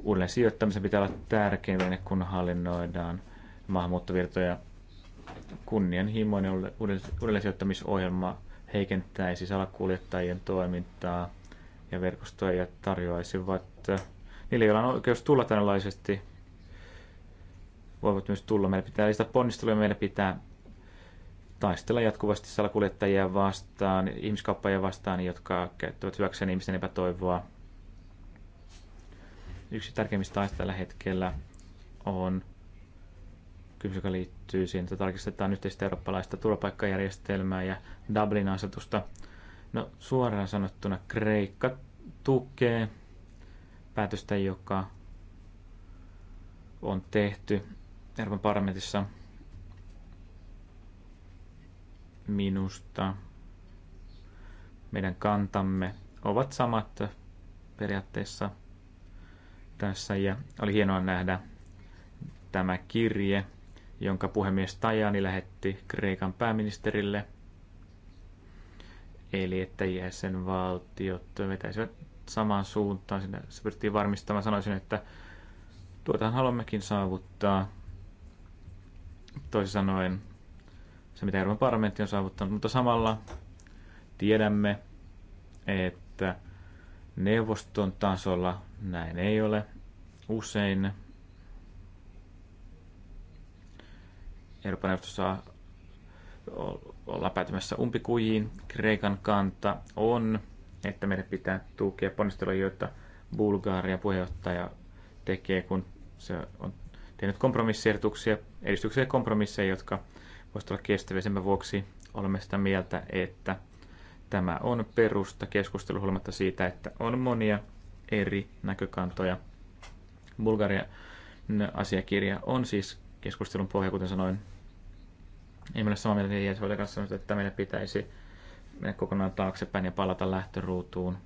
Uudelleen sijoittamisen pitää olla tärkein väline, kun hallinnoidaan maahanmuuttovirtoja. Kunnianhimoinen uudelleen sijoittamisohjelma heikentäisi salakuljettajien toimintaa – ja verkostoja tarjoaisivat. Eh, niille, joilla on oikeus tulla tällaisesti, voivat myös tulla. Meidän pitää lisätä ponnisteluja, meidän pitää taistella jatkuvasti salakuljettajia vastaan, ihmiskauppajia vastaan, jotka käyttävät hyväkseen ihmisten epätoivoa. Yksi tärkeimmistä taista tällä hetkellä on kysymys, joka liittyy siihen, että tarkistetaan yhteistä eurooppalaista turvapaikkajärjestelmää ja Dublin-asetusta. No suoraan sanottuna Kreikka tukee päätöstä, joka on tehty Euroopan parlamentissa minusta. Meidän kantamme ovat samat periaatteessa tässä ja oli hienoa nähdä tämä kirje, jonka puhemies Tajani lähetti Kreikan pääministerille – Eli että jäsenvaltiot vetäisivät samaan suuntaan. sinne, se pyrittiin varmistamaan. Sanoisin, että tuotahan haluammekin saavuttaa. Toisin sanoen se, mitä Euroopan parlamentti on saavuttanut. Mutta samalla tiedämme, että neuvoston tasolla näin ei ole. Usein Euroopan neuvosto saa ollaan päätymässä umpikujiin. Kreikan kanta on, että meidän pitää tukea ponnistelua, joita Bulgaaria puheenjohtaja tekee, kun se on tehnyt kompromissiehdotuksia, edistyksiä kompromisseja, jotka voisivat olla kestäviä. Sen vuoksi olemme sitä mieltä, että tämä on perusta keskustelu huolimatta siitä, että on monia eri näkökantoja. Bulgarian asiakirja on siis keskustelun pohja, kuten sanoin, ei mene samaa mieltä niin JSVltä kanssa, että meidän pitäisi mennä kokonaan taaksepäin ja palata lähtöruutuun.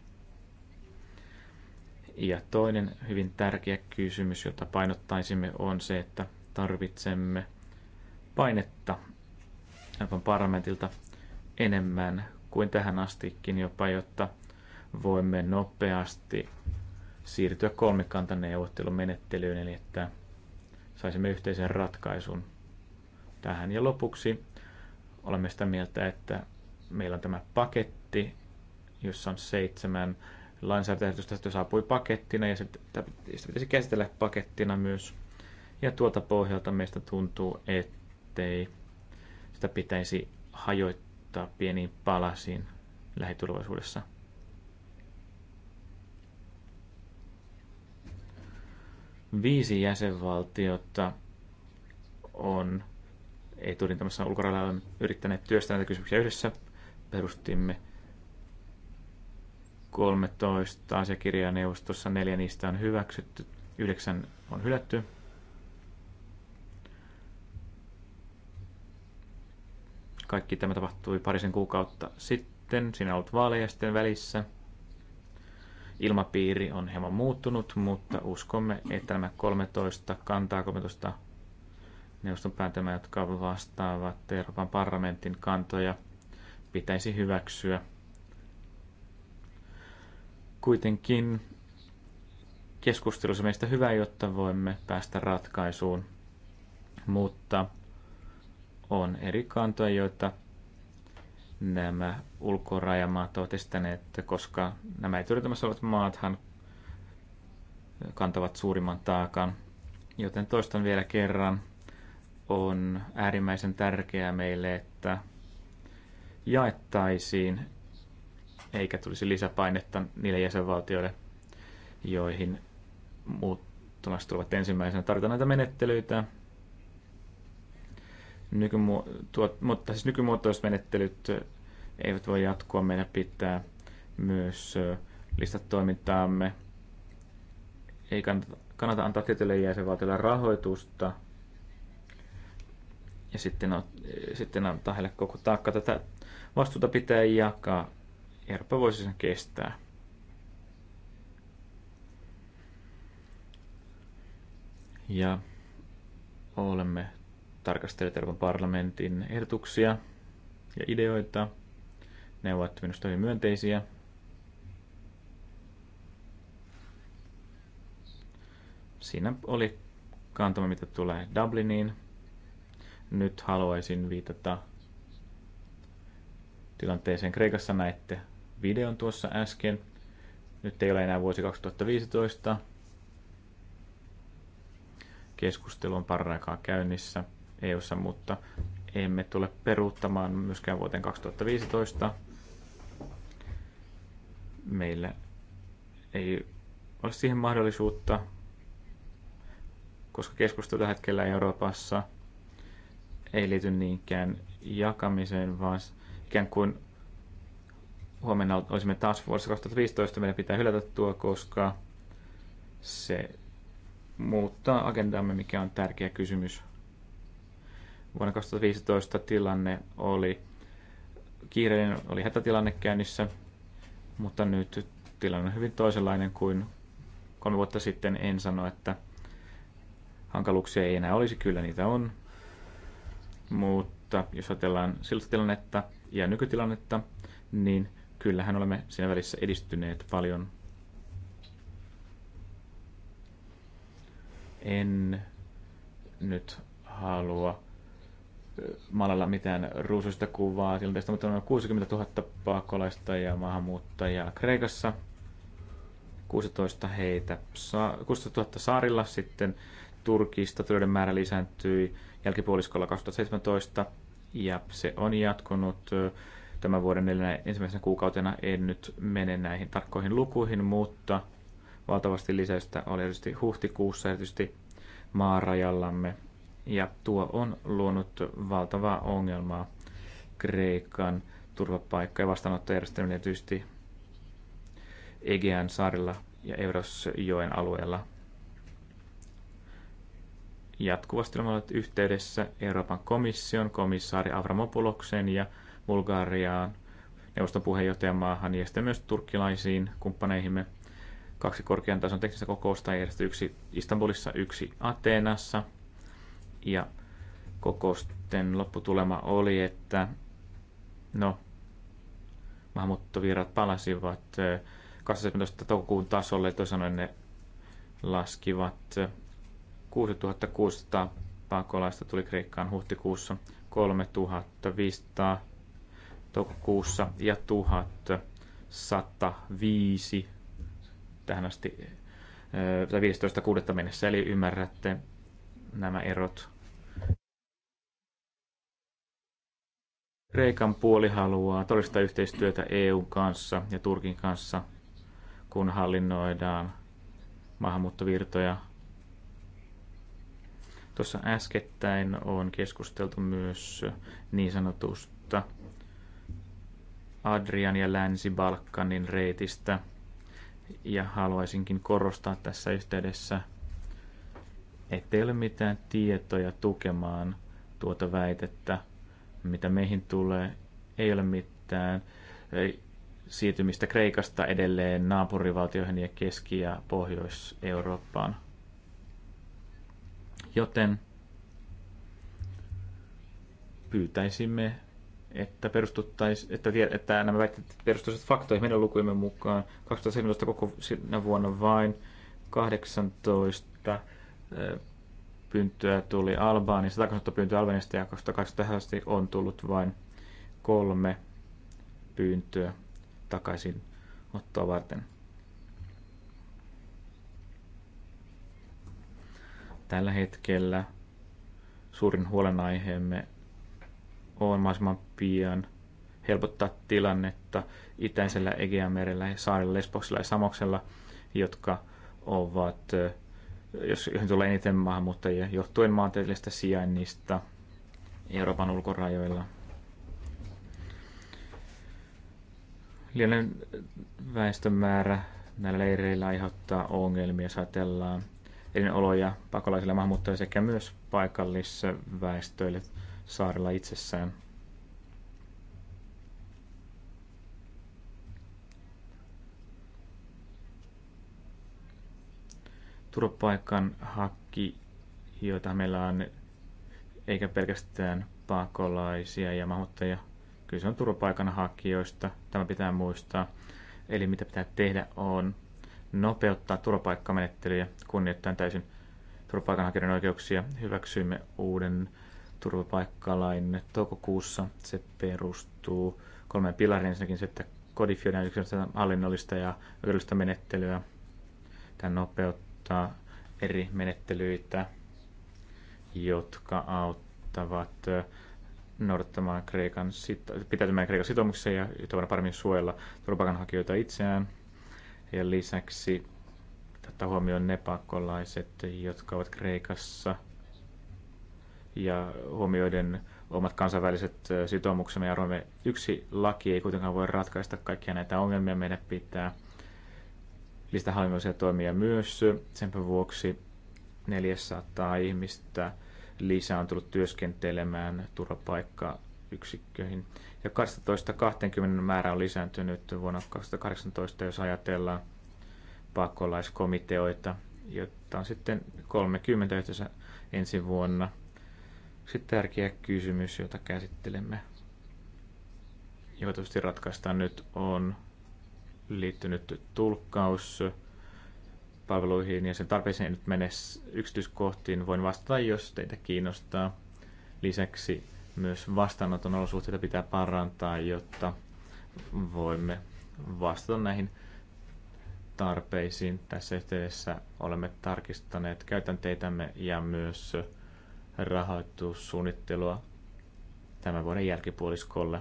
Ja toinen hyvin tärkeä kysymys, jota painottaisimme, on se, että tarvitsemme painetta Euroopan parlamentilta enemmän kuin tähän astikin jopa, jotta voimme nopeasti siirtyä kolmikantaneuvottelumenettelyyn, eli että saisimme yhteisen ratkaisun tähän. Ja lopuksi olemme sitä mieltä, että meillä on tämä paketti, jossa on seitsemän lainsäädäntöehdotusta, se saapui pakettina ja sitä pitäisi käsitellä pakettina myös. Ja tuolta pohjalta meistä tuntuu, ettei sitä pitäisi hajoittaa pieniin palasiin lähitulevaisuudessa. Viisi jäsenvaltiota on ei turintamassa ulkorajalla yrittäneet työstää näitä kysymyksiä yhdessä. Perustimme 13 asiakirjaa neuvostossa, neljä niistä on hyväksytty, yhdeksän on hylätty. Kaikki tämä tapahtui parisen kuukautta sitten. Siinä on ollut vaaleja sitten välissä. Ilmapiiri on hieman muuttunut, mutta uskomme, että nämä 13 kantaa 13 neuvoston päätelmä, jotka vastaavat Euroopan parlamentin kantoja, pitäisi hyväksyä. Kuitenkin keskustelussa meistä hyvä, jotta voimme päästä ratkaisuun, mutta on eri kantoja, joita nämä ulkorajamaat ovat estäneet, koska nämä etyritämässä olevat maathan kantavat suurimman taakan. Joten toistan vielä kerran, on äärimmäisen tärkeää meille, että jaettaisiin eikä tulisi lisäpainetta niille jäsenvaltioille, joihin muuttumassa tulevat ensimmäisenä. Tarvitaan näitä menettelyitä, Nykymu- tuot, mutta siis nykymuotoiset menettelyt eivät voi jatkua. Meidän pitää myös listata toimintaamme. Ei kannata, kannata antaa tietyille jäsenvaltioille rahoitusta – ja sitten, sitten antaa heille koko taakka. Tätä vastuuta pitää jakaa. Eurooppa voisi sen kestää. Ja olemme tarkastelleet Euroopan parlamentin ehdotuksia ja ideoita. Ne ovat minusta hyvin myönteisiä. Siinä oli kantama, mitä tulee Dubliniin – nyt haluaisin viitata tilanteeseen Kreikassa. näette videon tuossa äsken. Nyt ei ole enää vuosi 2015. Keskustelu on parraikaa käynnissä EU:ssa, mutta emme tule peruuttamaan myöskään vuoteen 2015. Meillä ei ole siihen mahdollisuutta, koska keskustelu tällä hetkellä Euroopassa – ei liity niinkään jakamiseen, vaan ikään kuin huomenna olisimme taas vuodessa 2015, meidän pitää hylätä tuo, koska se muuttaa agendaamme, mikä on tärkeä kysymys. Vuonna 2015 tilanne oli kiireinen, oli hätätilanne käynnissä, mutta nyt tilanne on hyvin toisenlainen kuin kolme vuotta sitten. En sano, että hankaluuksia ei enää olisi, kyllä niitä on, mutta jos ajatellaan siltä tilannetta ja nykytilannetta, niin kyllähän olemme siinä välissä edistyneet paljon. En nyt halua maalalla mitään ruusuista kuvaa tilanteesta, mutta on 60 000 pakolaista ja maahanmuuttajaa Kreikassa. 16 heitä, 16 000 saarilla sitten Turkista työiden määrä lisääntyi jälkipuoliskolla 2017 ja se on jatkunut tämän vuoden neljänä ensimmäisenä kuukautena. En nyt mene näihin tarkkoihin lukuihin, mutta valtavasti lisäystä oli erityisesti huhtikuussa, erityisesti maarajallamme. Ja tuo on luonut valtavaa ongelmaa Kreikan turvapaikka- ja vastaanottojärjestelmille erityisesti Egean saarilla ja Eurosjoen alueella jatkuvasti olemme olleet yhteydessä Euroopan komission, komissaari Avramopuloksen ja Bulgariaan, neuvoston puheenjohtajamaahan ja sitten myös turkkilaisiin kumppaneihimme. Kaksi korkean tason teknistä kokousta järjestetty yksi Istanbulissa, yksi Ateenassa. Ja kokousten lopputulema oli, että no, maahanmuuttovirat palasivat eh, 18. toukokuun tasolle, toisaalta ne laskivat eh, 6600 pakolaista tuli Kreikkaan huhtikuussa, 3500 toukokuussa ja 1105 tähän asti tai 15.6. mennessä, eli ymmärrätte nämä erot. Kreikan puoli haluaa todistaa yhteistyötä EUn kanssa ja Turkin kanssa, kun hallinnoidaan maahanmuuttovirtoja Tuossa äskettäin on keskusteltu myös niin sanotusta Adrian ja Länsi-Balkanin reitistä. Ja haluaisinkin korostaa tässä yhteydessä, ettei ole mitään tietoja tukemaan tuota väitettä, mitä meihin tulee. Ei ole mitään siirtymistä Kreikasta edelleen naapurivaltioihin ja Keski- ja Pohjois-Eurooppaan. Joten pyytäisimme, että, että, että nämä väitteet perustuisivat faktoihin meidän lukujemme mukaan. 2017 koko sinä vuonna vain 18 pyyntöä tuli Albaanista, 180 pyyntöä Albaanista ja 2018 on tullut vain kolme pyyntöä takaisin ottoa varten. Tällä hetkellä suurin huolenaiheemme on mahdollisimman pian helpottaa tilannetta itäisellä Egeanmerellä, saarilla, Lesboksella ja Samoksella, jotka ovat, jos joihin tulee eniten maahanmuuttajia, johtuen maantieteellisestä sijainnista Euroopan ulkorajoilla. Liian väestömäärä näillä leireillä aiheuttaa ongelmia, jos ajatellaan – elinoloja pakolaisille maahanmuuttajille sekä myös paikallisväestöille saarella itsessään. Turvapaikan hakijoita meillä on eikä pelkästään pakolaisia ja maahanmuuttajia. Kyse on turvapaikan hakijoista, tämä pitää muistaa. Eli mitä pitää tehdä on nopeuttaa turvapaikkamenettelyjä kunnioittain täysin turvapaikanhakijoiden oikeuksia. Hyväksyimme uuden turvapaikkalain toukokuussa. Se perustuu kolmeen pilariin. Ensinnäkin se, että kodifioidaan yksilöstä hallinnollista ja oikeudellista menettelyä. Tämä nopeuttaa eri menettelyitä, jotka auttavat noudattamaan Kreikan, pitäytymään Kreikan sitoumuksia ja yhtä paremmin suojella turvapaikanhakijoita itseään. Ja lisäksi tätä huomioon ne pakolaiset, jotka ovat Kreikassa ja huomioiden omat kansainväliset sitoumuksemme ja arvomme. Yksi laki ei kuitenkaan voi ratkaista kaikkia näitä ongelmia. Meidän pitää lisätä hallinnollisia toimia myös. Sen vuoksi 400 ihmistä lisää on tullut työskentelemään turvapaikkayksikköihin ja 12-20 määrä on lisääntynyt vuonna 2018, jos ajatellaan pakolaiskomiteoita, jotta on sitten 30 yhteensä ensi vuonna. Sitten tärkeä kysymys, jota käsittelemme, joka tietysti ratkaistaan nyt, on liittynyt tulkkaus palveluihin ja sen tarpeeseen en nyt mene yksityiskohtiin. Voin vastata, jos teitä kiinnostaa. Lisäksi myös vastaanoton olosuhteita pitää parantaa, jotta voimme vastata näihin tarpeisiin. Tässä yhteydessä olemme tarkistaneet käytänteitämme ja myös rahoitussuunnittelua tämän vuoden jälkipuoliskolle.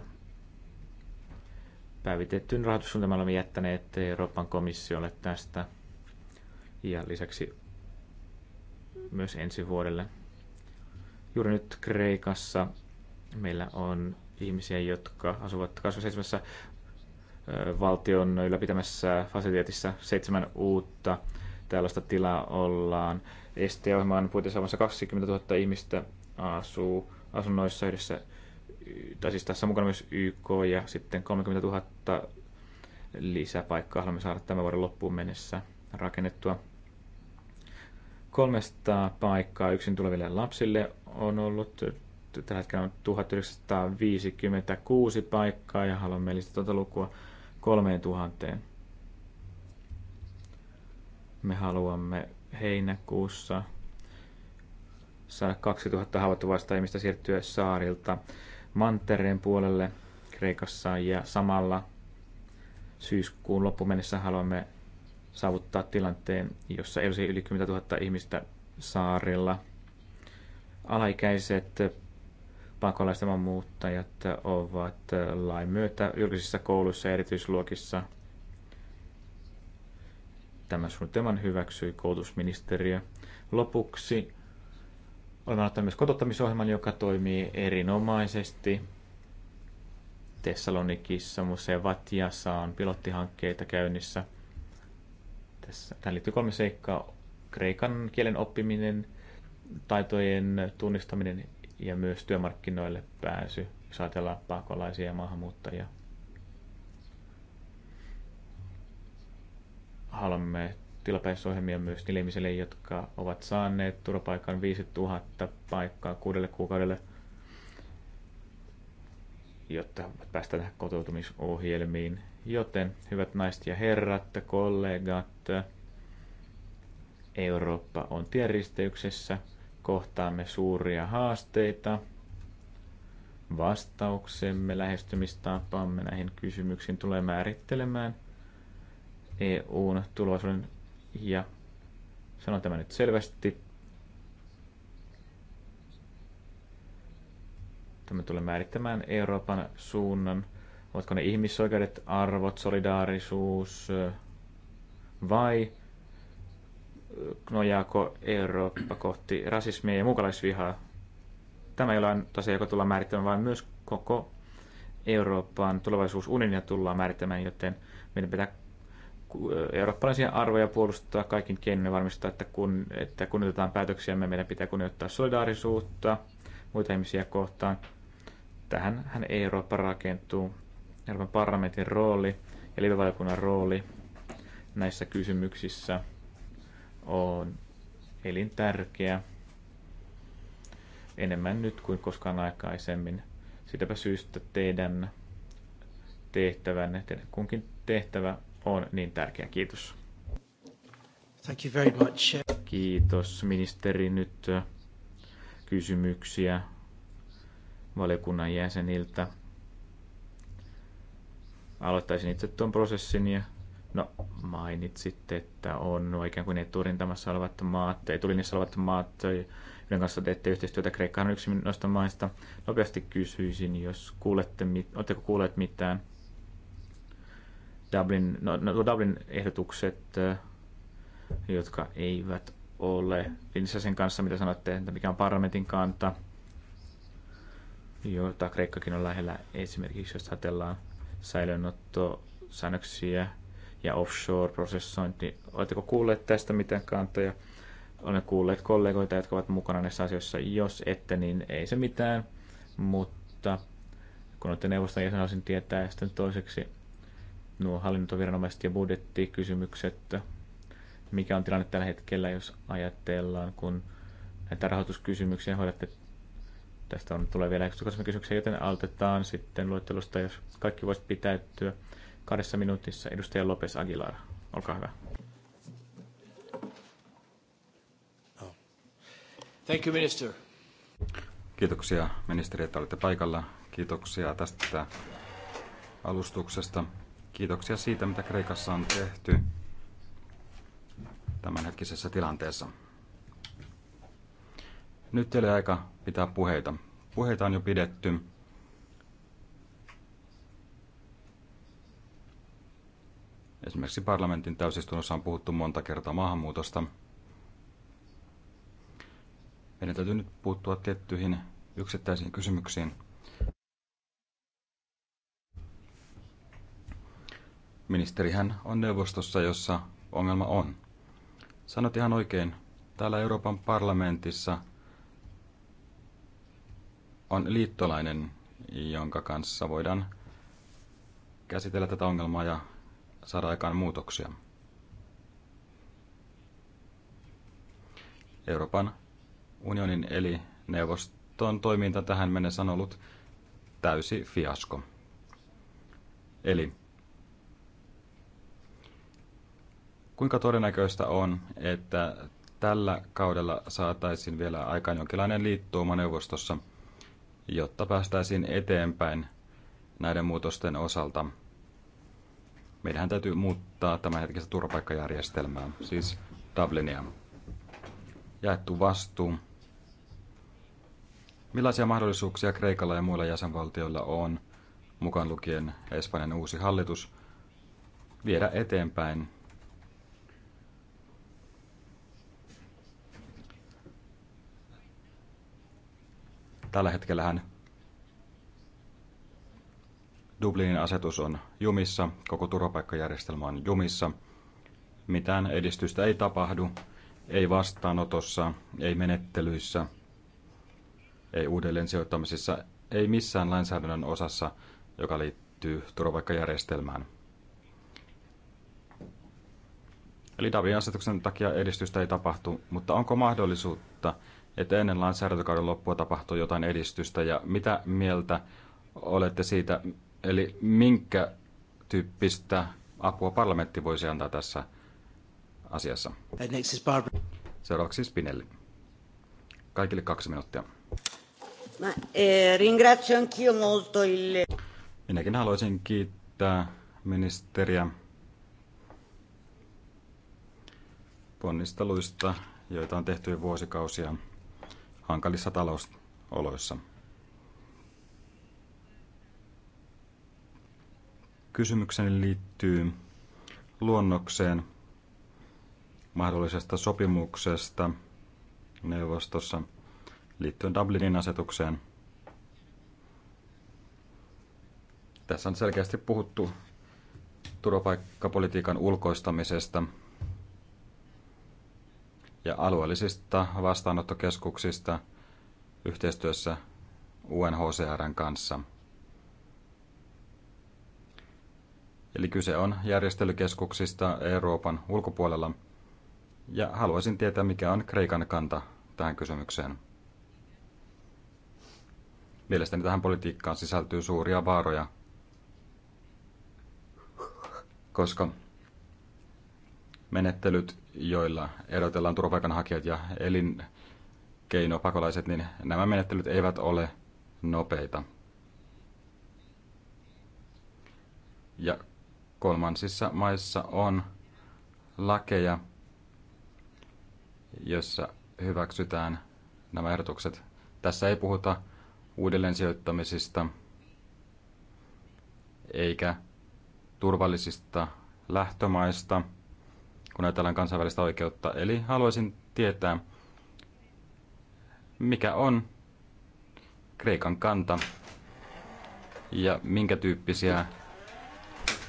Päivitettyyn rahoitussuunnitelman olemme jättäneet Euroopan komissiolle tästä ja lisäksi myös ensi vuodelle. Juuri nyt Kreikassa Meillä on ihmisiä, jotka asuvat 27 valtion ylläpitämässä fasiliteetissa seitsemän uutta tällaista tilaa ollaan. Esteohjelman puitteissa puitteissa 20 000 ihmistä asuu asunnoissa yhdessä, tai siis tässä on mukana myös YK ja sitten 30 000 lisäpaikkaa haluamme saada tämän vuoden loppuun mennessä rakennettua. 300 paikkaa yksin tuleville lapsille on ollut tällä hetkellä on 1956 paikkaa ja haluamme lisätä tuota lukua 3000. Me haluamme heinäkuussa saada 2000 haavoittuvaista ihmistä siirtyä saarilta mantereen puolelle Kreikassa ja samalla syyskuun loppuun mennessä haluamme saavuttaa tilanteen, jossa ei olisi yli 10 000 ihmistä saarilla. Alaikäiset pakolaiset muuttajat ovat lain myötä julkisissa kouluissa ja erityisluokissa. Tämän suunnitelman hyväksyi koulutusministeriö. Lopuksi olemme aloittaneet myös kotouttamisohjelman, joka toimii erinomaisesti. Tessalonikissa, Museo Vatiassa on pilottihankkeita käynnissä. Tässä, tähän liittyy kolme seikkaa. Kreikan kielen oppiminen, taitojen tunnistaminen ja myös työmarkkinoille pääsy, jos ajatellaan pakolaisia ja maahanmuuttajia. Haluamme tilapäisohjelmia myös niille ihmisille, jotka ovat saaneet turvapaikan 5000 paikkaa kuudelle kuukaudelle, jotta päästään kotoutumisohjelmiin. Joten, hyvät naiset ja herrat, kollegat, Eurooppa on tienristeyksessä kohtaamme suuria haasteita. Vastauksemme, lähestymistapamme näihin kysymyksiin tulee määrittelemään EUn tulevaisuuden ja sanon tämä nyt selvästi. Tämä tulee määrittämään Euroopan suunnan. Ovatko ne ihmisoikeudet, arvot, solidaarisuus vai nojaako Eurooppa kohti rasismia ja muukalaisvihaa. Tämä ei ole tosiaan, joka tullaan määrittämään, vaan myös koko Euroopan tulevaisuusunionia tullaan määrittämään, joten meidän pitää eurooppalaisia arvoja puolustaa kaikin keinoin varmistaa, että, kun, että kunnioitetaan päätöksiä meidän pitää kunnioittaa solidaarisuutta muita ihmisiä kohtaan. Tähän hän Eurooppa rakentuu. Euroopan parlamentin rooli ja live rooli näissä kysymyksissä – on elintärkeä enemmän nyt kuin koskaan aikaisemmin. Sitäpä syystä teidän tehtävänne, teidän kunkin tehtävä on niin tärkeä. Kiitos. Thank you very much. Kiitos ministeri nyt kysymyksiä valiokunnan jäseniltä. Aloittaisin itse tuon prosessin ja No, mainitsit, että on no, ikään kuin eturintamassa olevat maat, niissä olevat maat, joiden kanssa teette yhteistyötä. Kreikka on yksi noista maista. Nopeasti kysyisin, jos kuulette, oletteko kuulleet mitään Dublin, no, no, Dublin ehdotukset, eh, jotka eivät ole linjassa sen kanssa, mitä sanotte, että mikä on parlamentin kanta, jota Kreikkakin on lähellä esimerkiksi, jos ajatellaan säilönotto säännöksiä, ja offshore-prosessointi. Oletteko kuulleet tästä mitään kantoja? Olen kuulleet kollegoita, jotka ovat mukana näissä asioissa. Jos ette, niin ei se mitään. Mutta kun olette neuvoston jäsen, olisin tietää. Ja sitten toiseksi nuo hallintoviranomaiset ja budjettikysymykset. Mikä on tilanne tällä hetkellä, jos ajatellaan, kun näitä rahoituskysymyksiä hoidatte tästä on, tulee vielä yksityiskohtaisia kysymyksiä, joten altetaan sitten luettelosta, jos kaikki voisi pitäytyä kahdessa minuutissa edustaja Lopes Aguilar. Olkaa hyvä. Oh. Thank you, minister. Kiitoksia ministeri, että olette paikalla. Kiitoksia tästä alustuksesta. Kiitoksia siitä, mitä Kreikassa on tehty tämänhetkisessä tilanteessa. Nyt teille aika pitää puheita. Puheita on jo pidetty. Esimerkiksi parlamentin täysistunnossa on puhuttu monta kertaa maahanmuutosta. Meidän täytyy nyt puuttua tiettyihin yksittäisiin kysymyksiin. Ministerihän on neuvostossa, jossa ongelma on. Sanot ihan oikein, täällä Euroopan parlamentissa on liittolainen, jonka kanssa voidaan käsitellä tätä ongelmaa ja saada aikaan muutoksia. Euroopan unionin eli neuvoston toiminta tähän mennessä on ollut täysi fiasko. Eli kuinka todennäköistä on, että tällä kaudella saataisiin vielä aikaan jonkinlainen liittouma neuvostossa, jotta päästäisiin eteenpäin näiden muutosten osalta – meidän täytyy muuttaa hetkistä turvapaikkajärjestelmää, siis Dublinia. Jaettu vastuu. Millaisia mahdollisuuksia Kreikalla ja muilla jäsenvaltioilla on, mukaan lukien Espanjan uusi hallitus, viedä eteenpäin Tällä hetkellähän Dublinin asetus on jumissa, koko turvapaikkajärjestelmä on jumissa. Mitään edistystä ei tapahdu, ei vastaanotossa, ei menettelyissä, ei uudelleen sijoittamisissa, ei missään lainsäädännön osassa, joka liittyy turvapaikkajärjestelmään. Eli Dublinin asetuksen takia edistystä ei tapahtu, mutta onko mahdollisuutta, että ennen lainsäädäntökauden loppua tapahtuu jotain edistystä ja mitä mieltä olette siitä, Eli minkä tyyppistä apua parlamentti voisi antaa tässä asiassa? Seuraavaksi siis Spinelli. Kaikille kaksi minuuttia. Eh, Minäkin haluaisin kiittää ministeriä ponnisteluista, joita on tehty jo vuosikausia hankalissa talousoloissa. Kysymykseni liittyy luonnokseen mahdollisesta sopimuksesta neuvostossa liittyen Dublinin asetukseen. Tässä on selkeästi puhuttu turvapaikkapolitiikan ulkoistamisesta ja alueellisista vastaanottokeskuksista yhteistyössä UNHCRn kanssa – Eli kyse on järjestelykeskuksista Euroopan ulkopuolella. Ja haluaisin tietää, mikä on Kreikan kanta tähän kysymykseen. Mielestäni tähän politiikkaan sisältyy suuria vaaroja, koska menettelyt, joilla erotellaan turvapaikanhakijat ja elinkeinopakolaiset, niin nämä menettelyt eivät ole nopeita. Ja kolmansissa maissa on lakeja, jossa hyväksytään nämä ehdotukset. Tässä ei puhuta uudelleen sijoittamisista eikä turvallisista lähtömaista, kun ajatellaan kansainvälistä oikeutta. Eli haluaisin tietää, mikä on Kreikan kanta ja minkä tyyppisiä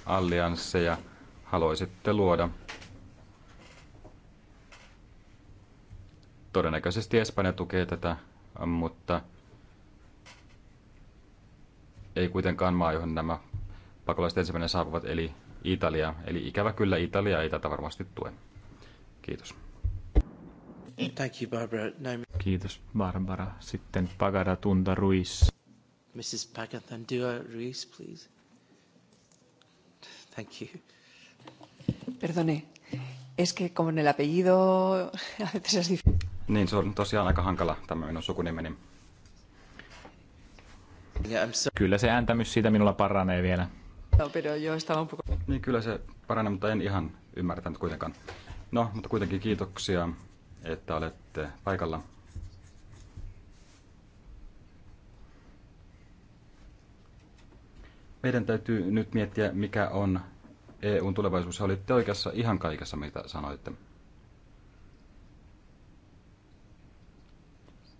alliansseja haluaisitte luoda? Todennäköisesti Espanja tukee tätä, mutta ei kuitenkaan maa, johon nämä pakolaiset ensimmäinen saapuvat, eli Italia. Eli ikävä kyllä Italia ei tätä varmasti tue. Kiitos. Thank you, Barbara. No... Kiitos, Barbara. Sitten Pagara Tunda Ruiz. Mrs. Pagatandua Ruiz, please. Thank you. Perdone, es que como en el apellido a veces es difícil. Niin, se on tosiaan aika hankala tämä minun sukunimeni. Niin- yeah, so... Kyllä se ääntämys siitä minulla paranee vielä. No, pero yo un poco... Niin, kyllä se paranee, mutta en ihan ymmärtänyt kuitenkaan. No, mutta kuitenkin kiitoksia, että olette paikalla. Meidän täytyy nyt miettiä, mikä on EUn tulevaisuus. Olitte oikeassa ihan kaikessa, mitä sanoitte.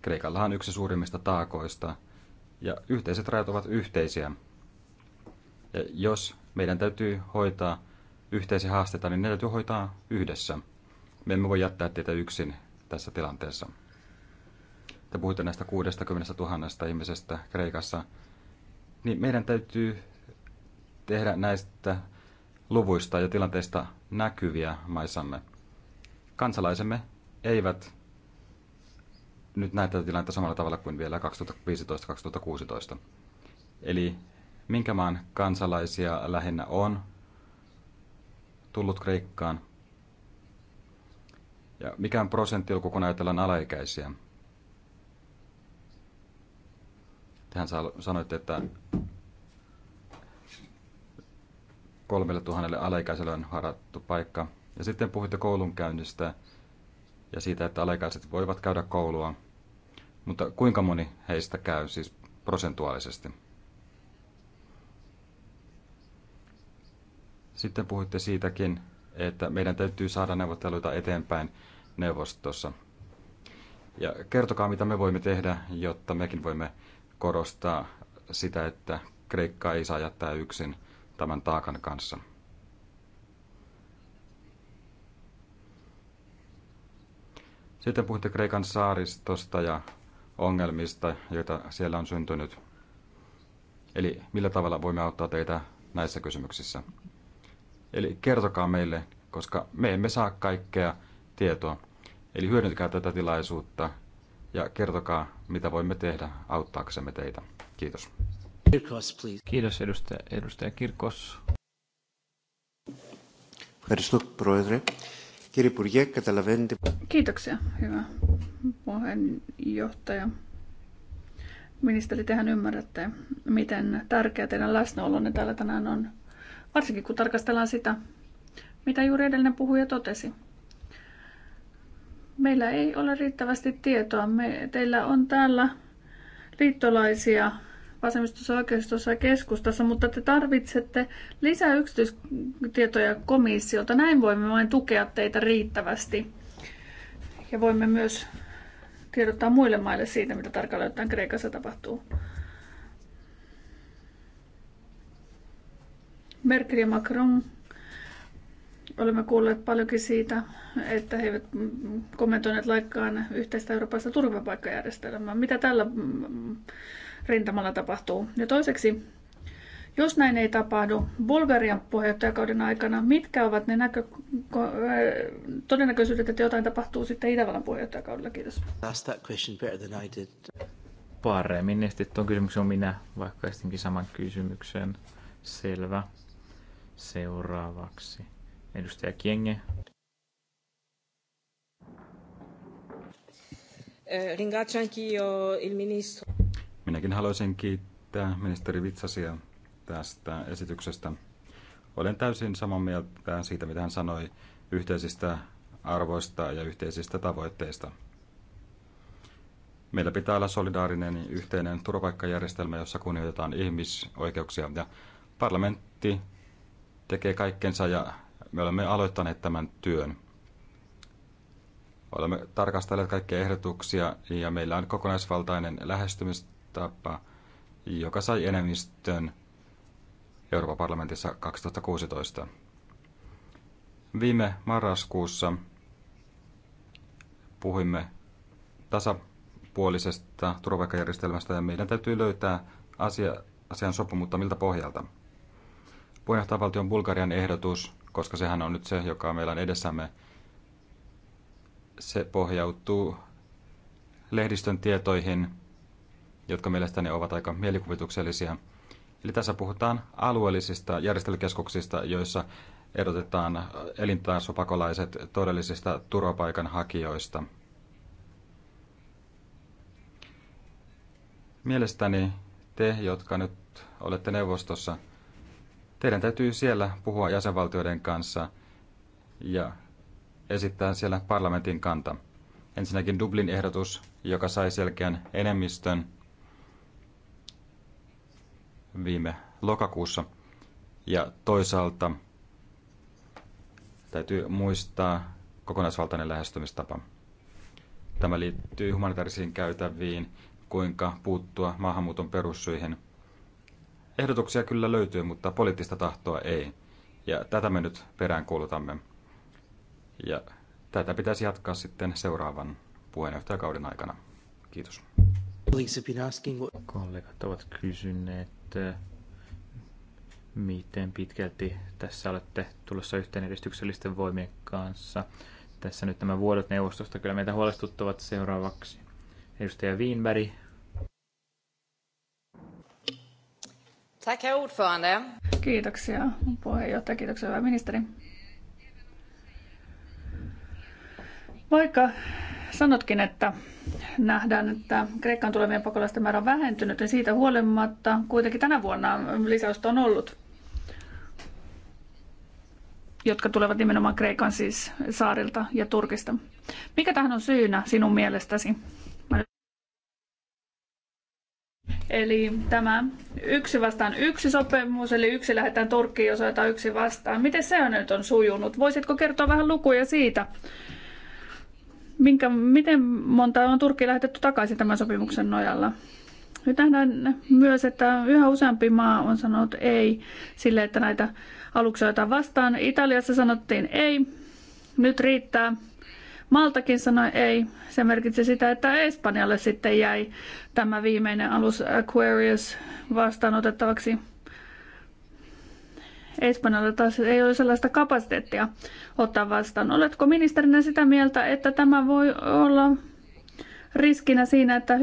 Kreikalla on yksi suurimmista taakoista, ja yhteiset rajat ovat yhteisiä. Ja jos meidän täytyy hoitaa yhteisiä haasteita, niin ne täytyy hoitaa yhdessä. Me emme voi jättää teitä yksin tässä tilanteessa. Te puhutte näistä 60 000 ihmisestä Kreikassa, niin meidän täytyy tehdä näistä luvuista ja tilanteista näkyviä maissamme. Kansalaisemme eivät nyt näe tätä tilannetta samalla tavalla kuin vielä 2015-2016. Eli minkä maan kansalaisia lähinnä on tullut Kreikkaan? Ja mikä on prosenttiluku, kun ajatellaan alaikäisiä? Tehän sanoitte, että kolmelle tuhannelle alaikäiselle on harattu paikka. Ja sitten puhuitte koulunkäynnistä ja siitä, että alaikäiset voivat käydä koulua. Mutta kuinka moni heistä käy siis prosentuaalisesti? Sitten puhuitte siitäkin, että meidän täytyy saada neuvotteluita eteenpäin neuvostossa. Ja kertokaa, mitä me voimme tehdä, jotta mekin voimme korostaa sitä, että Kreikka ei saa jättää yksin – tämän taakan kanssa. Sitten puhutte Kreikan saaristosta ja ongelmista, joita siellä on syntynyt. Eli millä tavalla voimme auttaa teitä näissä kysymyksissä? Eli kertokaa meille, koska me emme saa kaikkea tietoa. Eli hyödyntäkää tätä tilaisuutta ja kertokaa, mitä voimme tehdä auttaaksemme teitä. Kiitos. Kirkos, please. Kiitos edustaja, edustaja Kirkos. Kiitoksia, hyvä puheenjohtaja. Ministeri, tehän ymmärrätte, miten tärkeä teidän läsnäolonne täällä tänään on, varsinkin kun tarkastellaan sitä, mitä juuri edellinen puhuja totesi. Meillä ei ole riittävästi tietoa. Me, teillä on täällä liittolaisia vasemmistossa, oikeistossa ja keskustassa, mutta te tarvitsette lisää yksityistietoja komissiolta. Näin voimme vain tukea teitä riittävästi. Ja voimme myös tiedottaa muille maille siitä, mitä tarkalleen ottaen Kreikassa tapahtuu. Merkel ja Macron, olemme kuulleet paljonkin siitä, että he eivät kommentoineet laikkaan yhteistä Euroopassa turvapaikkajärjestelmää. Mitä tällä rintamalla tapahtuu. Ja toiseksi, jos näin ei tapahdu Bulgarian puheenjohtajakauden aikana, mitkä ovat ne näkö- äh, todennäköisyydet, että jotain tapahtuu sitten Itävallan puheenjohtajakaudella? Kiitos. Paremmin esitit tuon kysymyksen on minä, vaikka esitinkin saman kysymyksen. Selvä. Seuraavaksi edustaja Kienge. Eh, ringrazio anch'io il ministro. Minäkin haluaisin kiittää ministeri Vitsasia tästä esityksestä. Olen täysin samaa mieltä siitä, mitä hän sanoi yhteisistä arvoista ja yhteisistä tavoitteista. Meillä pitää olla solidaarinen yhteinen turvapaikkajärjestelmä, jossa kunnioitetaan ihmisoikeuksia. Ja parlamentti tekee kaikkensa ja me olemme aloittaneet tämän työn. Olemme tarkastelleet kaikkia ehdotuksia ja meillä on kokonaisvaltainen lähestymistapa tapa, joka sai enemmistön Euroopan parlamentissa 2016. Viime marraskuussa puhuimme tasapuolisesta turvapaikkajärjestelmästä ja meidän täytyy löytää asia, asian sopu, mutta miltä pohjalta? Puheenjohtajavaltion Bulgarian ehdotus, koska sehän on nyt se, joka meillä on edessämme, se pohjautuu lehdistön tietoihin – jotka mielestäni ovat aika mielikuvituksellisia. Eli tässä puhutaan alueellisista järjestelykeskuksista, joissa erotetaan elintasopakolaiset todellisista turvapaikanhakijoista. Mielestäni te, jotka nyt olette neuvostossa, teidän täytyy siellä puhua jäsenvaltioiden kanssa ja esittää siellä parlamentin kanta. Ensinnäkin Dublin ehdotus, joka sai selkeän enemmistön – viime lokakuussa. Ja toisaalta täytyy muistaa kokonaisvaltainen lähestymistapa. Tämä liittyy humanitaarisiin käytäviin, kuinka puuttua maahanmuuton perussyihin. Ehdotuksia kyllä löytyy, mutta poliittista tahtoa ei. Ja tätä me nyt peräänkuulutamme. Ja tätä pitäisi jatkaa sitten seuraavan puheenjohtajakauden aikana. Kiitos. Kollegat ovat kysyneet, miten pitkälti tässä olette tulossa yhteen edistyksellisten voimien kanssa. Tässä nyt nämä vuodot neuvostosta kyllä meitä huolestuttavat seuraavaksi. Edustaja Wienberg. Kiitoksia puheenjohtaja, kiitoksia hyvä ministeri. Vaikka sanotkin, että nähdään, että Kreikkaan tulevien pakolaisten määrä on vähentynyt ja niin siitä huolimatta kuitenkin tänä vuonna lisäystä on ollut, jotka tulevat nimenomaan Kreikan siis saarilta ja Turkista. Mikä tähän on syynä sinun mielestäsi? Eli tämä yksi vastaan yksi sopimus, eli yksi lähdetään Turkkiin, jos yksi vastaan. Miten se on nyt on sujunut? Voisitko kertoa vähän lukuja siitä? Minkä, miten monta on Turkki lähetetty takaisin tämän sopimuksen nojalla? Nyt nähdään myös, että yhä useampi maa on sanonut ei sille, että näitä aluksia otetaan vastaan. Italiassa sanottiin ei, nyt riittää. Maltakin sanoi ei. Se merkitsi sitä, että Espanjalle sitten jäi tämä viimeinen alus Aquarius vastaanotettavaksi. Espanjalla taas ei ole sellaista kapasiteettia ottaa vastaan. Oletko ministerinä sitä mieltä, että tämä voi olla riskinä siinä, että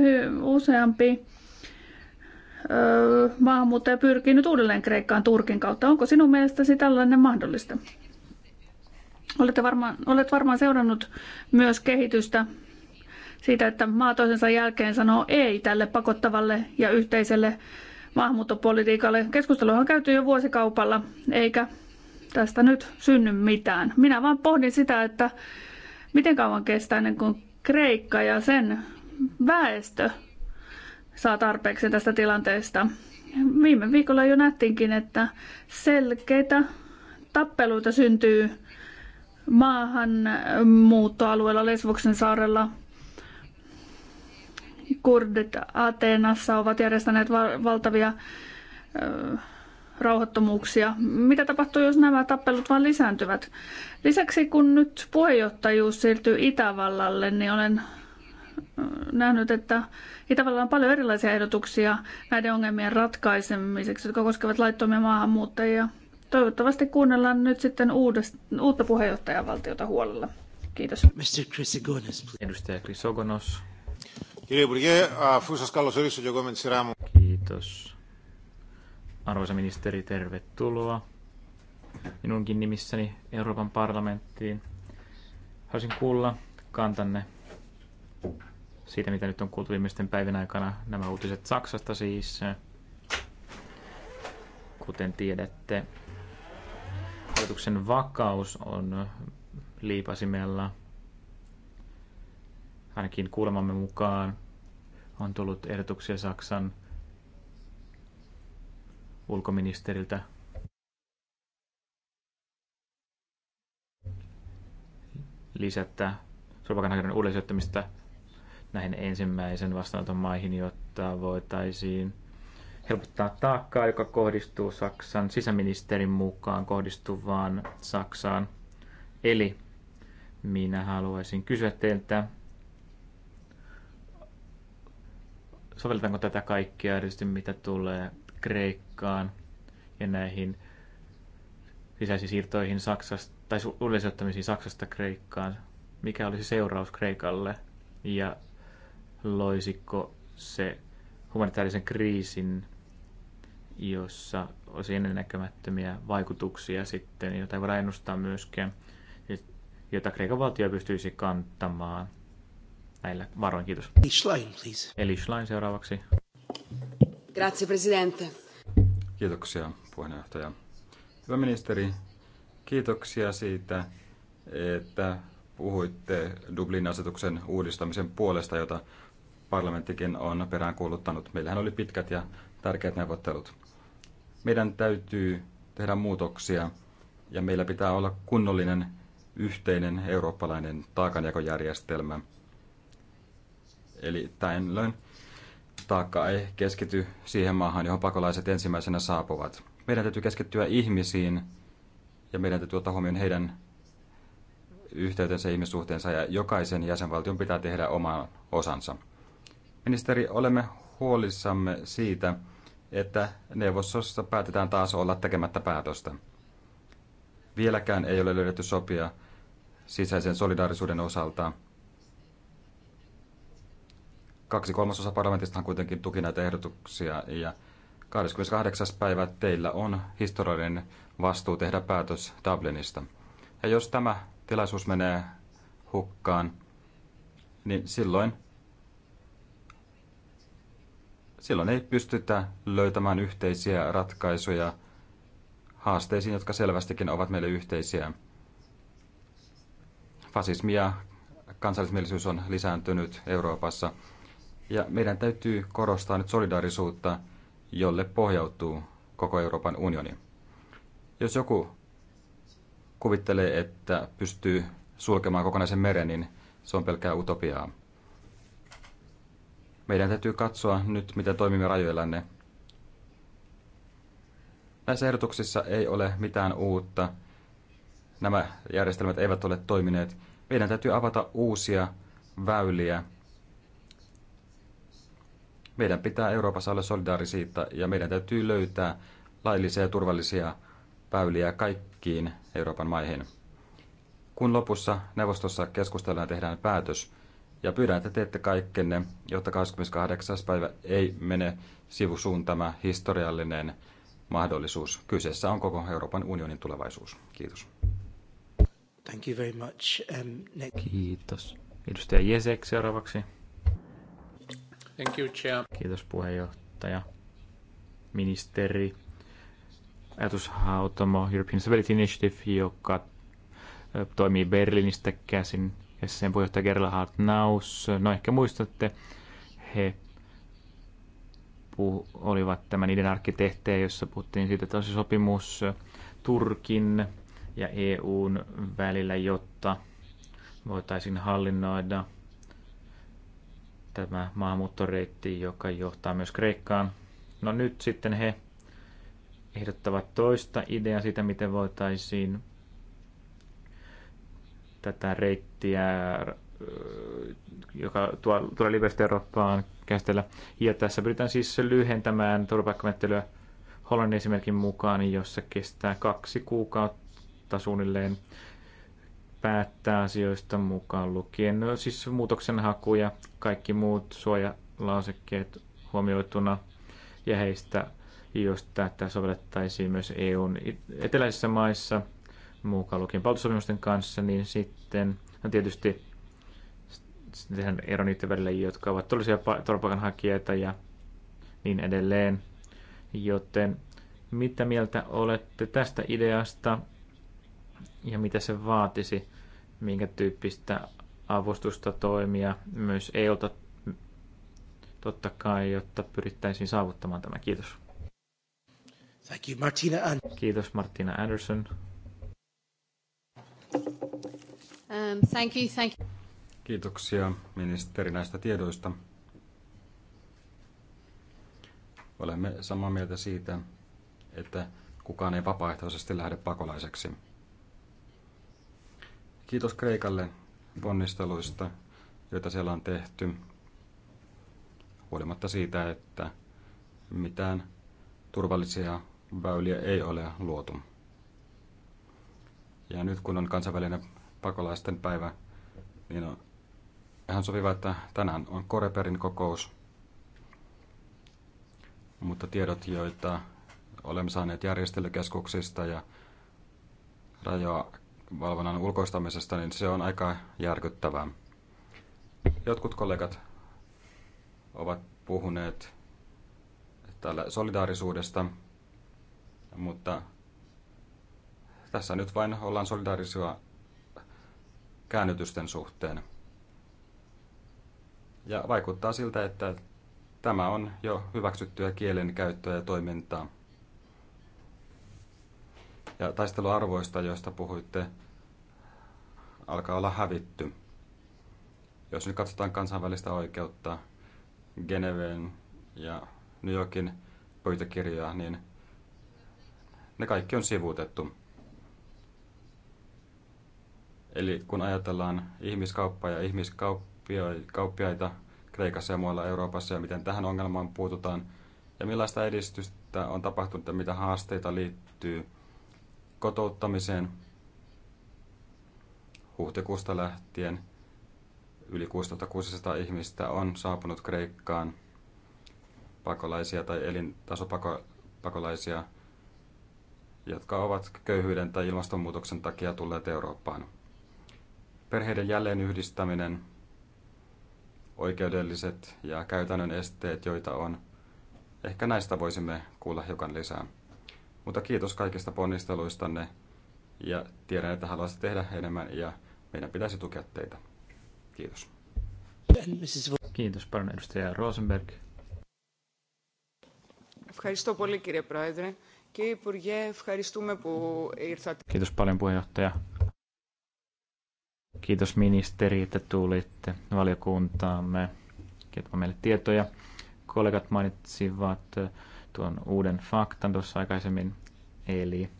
useampi öö, maahanmuuttaja pyrkii nyt uudelleen Kreikkaan Turkin kautta? Onko sinun mielestäsi tällainen mahdollista? Olette varmaan, olet varmaan seurannut myös kehitystä siitä, että maa toisensa jälkeen sanoo ei tälle pakottavalle ja yhteiselle maahanmuuttopolitiikalle. Keskustelua on käyty jo vuosikaupalla, eikä tästä nyt synny mitään. Minä vaan pohdin sitä, että miten kauan kestää ennen kuin Kreikka ja sen väestö saa tarpeeksi tästä tilanteesta. Viime viikolla jo nähtiinkin, että selkeitä tappeluita syntyy maahanmuuttoalueella Lesvoksen saarella – kurdit Ateenassa ovat järjestäneet valtavia ö, rauhattomuuksia. Mitä tapahtuu, jos nämä tappelut vain lisääntyvät? Lisäksi kun nyt puheenjohtajuus siirtyy Itävallalle, niin olen nähnyt, että Itävallalla on paljon erilaisia ehdotuksia näiden ongelmien ratkaisemiseksi, jotka koskevat laittomia maahanmuuttajia. Toivottavasti kuunnellaan nyt sitten uudesta, uutta puheenjohtajavaltiota huolella. Kiitos. Mr. Chris Edustaja Κύριε Υπουργέ, αφού σας καλωσορίσω και εγώ με τη σειρά μου. Kiitos. Arvoisa ministeri, tervetuloa minunkin nimissäni Euroopan parlamenttiin. Haluaisin kuulla kantanne siitä, mitä nyt on kuultu viimeisten päivän aikana. Nämä uutiset Saksasta siis, kuten tiedätte, hallituksen vakaus on liipasimella – ainakin kuulemamme mukaan on tullut ehdotuksia Saksan ulkoministeriltä lisätä turvapaikanhakijoiden uudelleensijoittamista näihin ensimmäisen vastaanoton maihin, jotta voitaisiin helpottaa taakkaa, joka kohdistuu Saksan sisäministerin mukaan kohdistuvaan Saksaan. Eli minä haluaisin kysyä teiltä, sovelletaanko tätä kaikkea, erityisesti mitä tulee Kreikkaan ja näihin sisäisiin siirtoihin Saksasta, tai uudelleensijoittamisiin Saksasta Kreikkaan. Mikä olisi seuraus Kreikalle ja loisiko se humanitaarisen kriisin, jossa olisi ennennäkemättömiä vaikutuksia sitten, joita ei voida ennustaa myöskään, jota Kreikan valtio pystyisi kantamaan – näillä varoin. Kiitos. Eli Schlein, please. Eli Schlein seuraavaksi. Grazie, presidente. Kiitoksia, puheenjohtaja. Hyvä ministeri, kiitoksia siitä, että puhuitte Dublin asetuksen uudistamisen puolesta, jota parlamenttikin on peräänkuuluttanut. Meillähän oli pitkät ja tärkeät neuvottelut. Meidän täytyy tehdä muutoksia ja meillä pitää olla kunnollinen yhteinen eurooppalainen taakanjakojärjestelmä – Eli tällöin taakka ei keskity siihen maahan, johon pakolaiset ensimmäisenä saapuvat. Meidän täytyy keskittyä ihmisiin ja meidän täytyy ottaa huomioon heidän yhteytensä ihmissuhteensa ja jokaisen jäsenvaltion pitää tehdä oma osansa. Ministeri, olemme huolissamme siitä, että neuvostossa päätetään taas olla tekemättä päätöstä. Vieläkään ei ole löydetty sopia sisäisen solidaarisuuden osalta Kaksi kolmasosa parlamentista on kuitenkin tuki näitä ehdotuksia ja 28. päivä teillä on historiallinen vastuu tehdä päätös Dublinista. Ja jos tämä tilaisuus menee hukkaan, niin silloin, silloin ei pystytä löytämään yhteisiä ratkaisuja haasteisiin, jotka selvästikin ovat meille yhteisiä. Fasismi ja kansallismielisyys on lisääntynyt Euroopassa – ja meidän täytyy korostaa nyt solidaarisuutta, jolle pohjautuu koko Euroopan unioni. Jos joku kuvittelee, että pystyy sulkemaan kokonaisen meren, niin se on pelkkää utopiaa. Meidän täytyy katsoa nyt, miten toimimme rajoillanne. Näissä ehdotuksissa ei ole mitään uutta. Nämä järjestelmät eivät ole toimineet. Meidän täytyy avata uusia väyliä meidän pitää Euroopassa olla solidaarisia ja meidän täytyy löytää laillisia ja turvallisia väyliä kaikkiin Euroopan maihin. Kun lopussa neuvostossa keskustellaan tehdään päätös, ja pyydän, että teette kaikkenne, jotta 28. päivä ei mene sivusuun tämä historiallinen mahdollisuus. Kyseessä on koko Euroopan unionin tulevaisuus. Kiitos. Thank you very much. Um, Kiitos. Edustaja Jesek seuraavaksi. Thank you, Chair. Kiitos puheenjohtaja. Ministeri. Ajatushautomo European Stability Initiative, joka toimii Berliinistä käsin. Ja sen puheenjohtaja Gerhard Naus, no ehkä muistatte, he puh- olivat tämän niiden arkkitehtejä, jossa puhuttiin siitä, että on se sopimus Turkin ja EUn välillä, jotta voitaisiin hallinnoida – tämä maahanmuuttoreitti, joka johtaa myös Kreikkaan. No nyt sitten he ehdottavat toista ideaa siitä, miten voitaisiin tätä reittiä, joka tuo, tulee livestä Eurooppaan käsitellä. Ja tässä pyritään siis lyhentämään turvapaikkamenettelyä Hollannin esimerkin mukaan, jossa kestää kaksi kuukautta suunnilleen päättää asioista mukaan lukien. No, siis muutoksenhaku ja kaikki muut suojalausekkeet huomioituna ja heistä, jos tätä sovellettaisiin myös EUn eteläisissä maissa mukaan lukien palautussopimusten kanssa, niin sitten no tietysti tehdään ero niiden välillä, jotka ovat todellisia turvapaikanhakijoita ja niin edelleen. Joten mitä mieltä olette tästä ideasta ja mitä se vaatisi minkä tyyppistä avustusta toimia myös EUlta totta kai, jotta pyrittäisiin saavuttamaan tämä. Kiitos. Thank you, Martina And- Kiitos Martina Anderson. Um, thank you, thank you. Kiitoksia ministeri näistä tiedoista. Olemme samaa mieltä siitä, että kukaan ei vapaaehtoisesti lähde pakolaiseksi. Kiitos Kreikalle ponnisteluista, joita siellä on tehty, huolimatta siitä, että mitään turvallisia väyliä ei ole luotu. Ja nyt kun on kansainvälinen pakolaisten päivä, niin on ihan sopiva, että tänään on Koreperin kokous. Mutta tiedot, joita olemme saaneet järjestelykeskuksista ja rajoa valvonnan ulkoistamisesta, niin se on aika järkyttävää. Jotkut kollegat ovat puhuneet täällä solidaarisuudesta, mutta tässä nyt vain ollaan solidaarisia käännytysten suhteen. Ja vaikuttaa siltä, että tämä on jo hyväksyttyä kielen käyttöä ja toimintaa. Ja taisteluarvoista, joista puhuitte, alkaa olla hävitty. Jos nyt katsotaan kansainvälistä oikeutta, Geneven ja New Yorkin pöytäkirjaa, niin ne kaikki on sivuutettu. Eli kun ajatellaan ihmiskauppaa ja ihmiskauppiaita Kreikassa ja muualla Euroopassa ja miten tähän ongelmaan puututaan ja millaista edistystä on tapahtunut ja mitä haasteita liittyy kotouttamiseen – Huhtikuusta lähtien yli 6600 ihmistä on saapunut Kreikkaan pakolaisia tai elintasopakolaisia, jotka ovat köyhyyden tai ilmastonmuutoksen takia tulleet Eurooppaan. Perheiden jälleenyhdistäminen, oikeudelliset ja käytännön esteet, joita on, ehkä näistä voisimme kuulla hiukan lisää. Mutta kiitos kaikista ponnisteluistanne ja tiedän, että haluaisitte tehdä enemmän ja meidän pitäisi tukea teitä. Kiitos. Kiitos paljon edustaja Rosenberg. Kiitos paljon puheenjohtaja. Kiitos ministeri, että tulitte valiokuntaamme kertomaan meille tietoja. Kollegat mainitsivat eh, tuon uuden faktan tuossa aikaisemmin, eli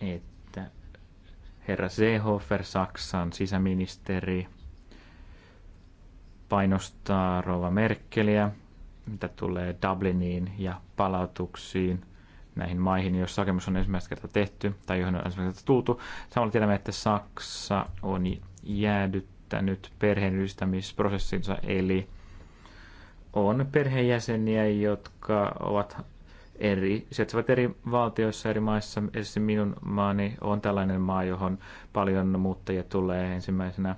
että herra Seehofer, Saksan sisäministeri, painostaa Rova Merkeliä, mitä tulee Dubliniin ja palautuksiin näihin maihin, jos hakemus on ensimmäistä kertaa tehty tai johon on ensimmäistä kertaa tultu. Samalla tiedämme, että Saksa on jäädyttänyt perheenyhdistämisprosessinsa, eli on perheenjäseniä, jotka ovat eri, sijaitsevat eri valtioissa, eri maissa. Esimerkiksi minun maani on tällainen maa, johon paljon muuttajia tulee ensimmäisenä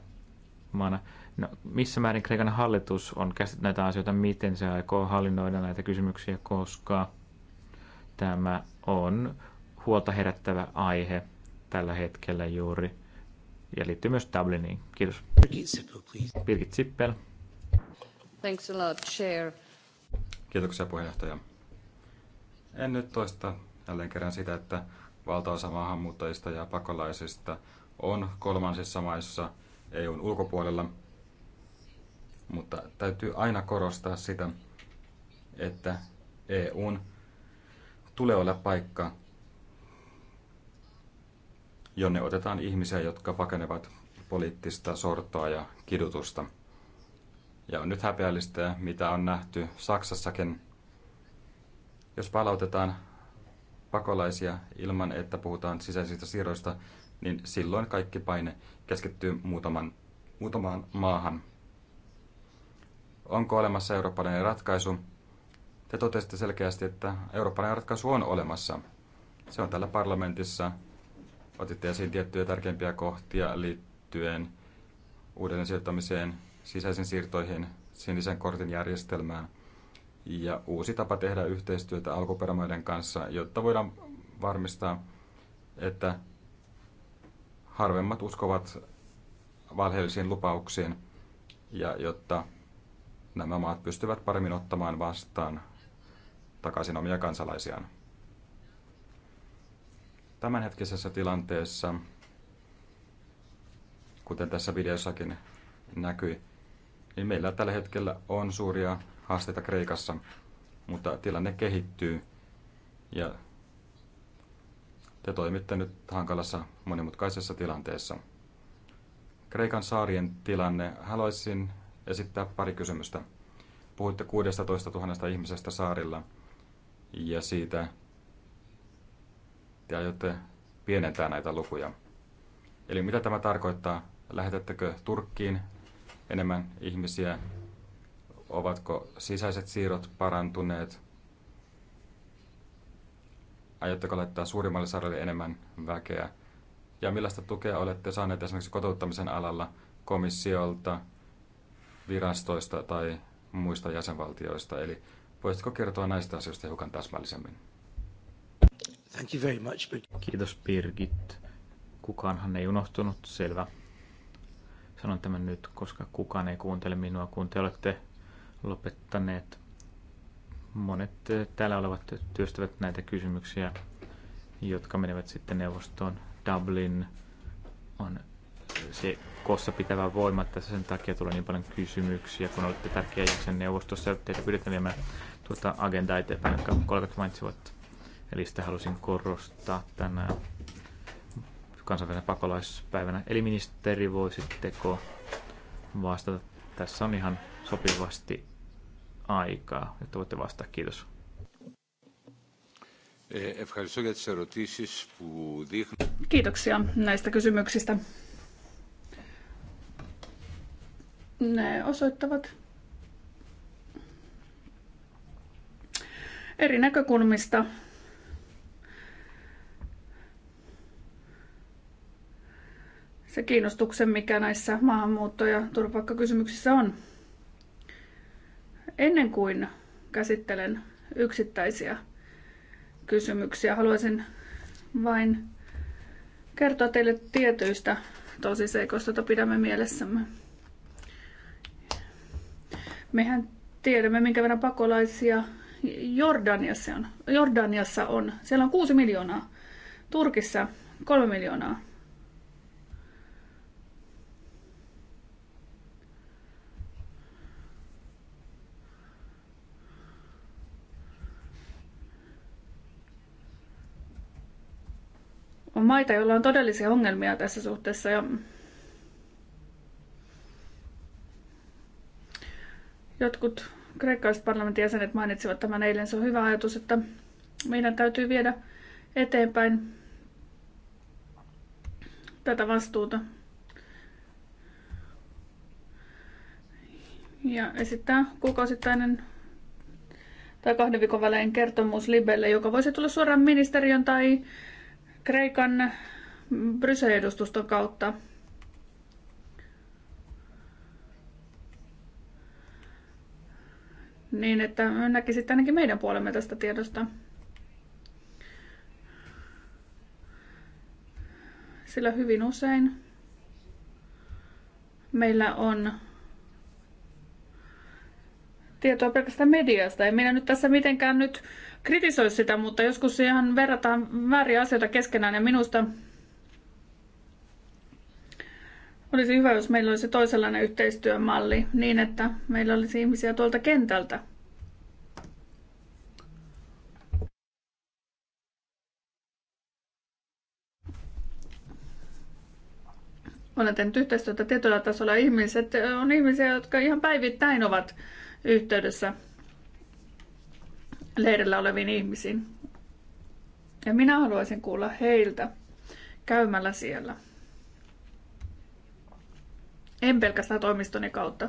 maana. No, missä määrin Kreikan hallitus on käsitellyt näitä asioita, miten se aikoo hallinnoida näitä kysymyksiä, koska tämä on huolta herättävä aihe tällä hetkellä juuri ja liittyy myös Dubliniin. Kiitos. Birgit Sippel, Thanks a lot, Chair. Kiitoksia puheenjohtaja. En nyt toista jälleen kerran sitä, että valtaosa maahanmuuttajista ja pakolaisista on kolmansissa maissa EUn ulkopuolella, mutta täytyy aina korostaa sitä, että EUn tulee olla paikka, jonne otetaan ihmisiä, jotka pakenevat poliittista sortoa ja kidutusta. Ja on nyt häpeällistä, mitä on nähty Saksassakin jos palautetaan pakolaisia ilman, että puhutaan sisäisistä siirroista, niin silloin kaikki paine keskittyy muutaman, muutamaan maahan. Onko olemassa eurooppalainen ratkaisu? Te totesitte selkeästi, että eurooppalainen ratkaisu on olemassa. Se on täällä parlamentissa. Otitte esiin tiettyjä tärkeimpiä kohtia liittyen uudelleen sijoittamiseen, sisäisen siirtoihin, sinisen kortin järjestelmään – ja uusi tapa tehdä yhteistyötä alkuperämaiden kanssa, jotta voidaan varmistaa, että harvemmat uskovat valheellisiin lupauksiin ja jotta nämä maat pystyvät paremmin ottamaan vastaan takaisin omia kansalaisiaan. Tämänhetkisessä tilanteessa, kuten tässä videossakin näkyi, niin meillä tällä hetkellä on suuria haasteita Kreikassa, mutta tilanne kehittyy ja te toimitte nyt hankalassa monimutkaisessa tilanteessa. Kreikan saarien tilanne. Haluaisin esittää pari kysymystä. Puhuitte 16 000 ihmisestä saarilla ja siitä te aiotte pienentää näitä lukuja. Eli mitä tämä tarkoittaa? Lähetettekö Turkkiin enemmän ihmisiä Ovatko sisäiset siirrot parantuneet? Aiotteko laittaa suurimmalle saralle enemmän väkeä? Ja millaista tukea olette saaneet esimerkiksi kotouttamisen alalla komissiolta, virastoista tai muista jäsenvaltioista? Eli voisitko kertoa näistä asioista hiukan täsmällisemmin? Thank you very much, Birgit. Kiitos Birgit. Kukaanhan ei unohtunut, selvä. Sanon tämän nyt, koska kukaan ei kuuntele minua, kun te olette lopettaneet. Monet eh, täällä olevat työstävät näitä kysymyksiä, jotka menevät sitten neuvostoon. Dublin on se koossa pitävä voima. että sen takia tulee niin paljon kysymyksiä, kun olette tärkeä jäsen neuvostossa. Teitä pyydetään viemään tuota agendaa eteenpäin, jonka kollegat mainitsivat. Eli sitä halusin korostaa tänään kansainvälisen pakolaispäivänä. Eli ministeri, voisitteko vastata? Tässä on ihan sopivasti aikaa, että voitte vastata. Kiitos. Eh, Kiitoksia näistä kysymyksistä. Ne osoittavat eri näkökulmista se kiinnostuksen, mikä näissä maahanmuutto- ja turvapaikkakysymyksissä on. Ennen kuin käsittelen yksittäisiä kysymyksiä, haluaisin vain kertoa teille tietyistä tosiseikoista, joita pidämme mielessämme. Mehän tiedämme, minkä verran pakolaisia Jordaniassa on. Jordaniassa on. Siellä on 6 miljoonaa. Turkissa 3 miljoonaa. on maita, joilla on todellisia ongelmia tässä suhteessa. Ja jotkut kreikkalaiset parlamentin jäsenet mainitsivat tämän eilen. Se on hyvä ajatus, että meidän täytyy viedä eteenpäin tätä vastuuta ja esittää kuukausittainen tai kahden viikon välein kertomus Libelle, joka voisi tulla suoraan ministeriön tai Kreikan mm, Brysselin edustuston kautta. Niin, että näkisitte ainakin meidän puolemme tästä tiedosta. Sillä hyvin usein meillä on tietoa pelkästään mediasta. En minä nyt tässä mitenkään nyt kritisoi sitä, mutta joskus ihan verrataan vääriä asioita keskenään ja minusta olisi hyvä, jos meillä olisi toisenlainen yhteistyömalli niin, että meillä olisi ihmisiä tuolta kentältä. Olen tehnyt yhteistyötä tietyllä tasolla. Ihmiset on ihmisiä, jotka ihan päivittäin ovat yhteydessä leirillä oleviin ihmisiin. Ja minä haluaisin kuulla heiltä käymällä siellä. En pelkästään toimistoni kautta,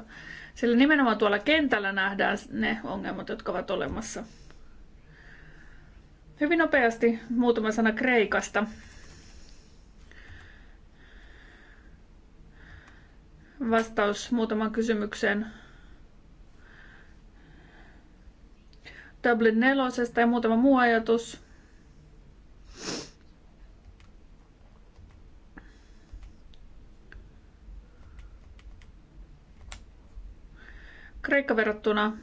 sillä nimenomaan tuolla kentällä nähdään ne ongelmat, jotka ovat olemassa. Hyvin nopeasti muutama sana Kreikasta. Vastaus muutaman kysymykseen Dublin nelosesta ja muutama muu ajatus. Kreikka verrattuna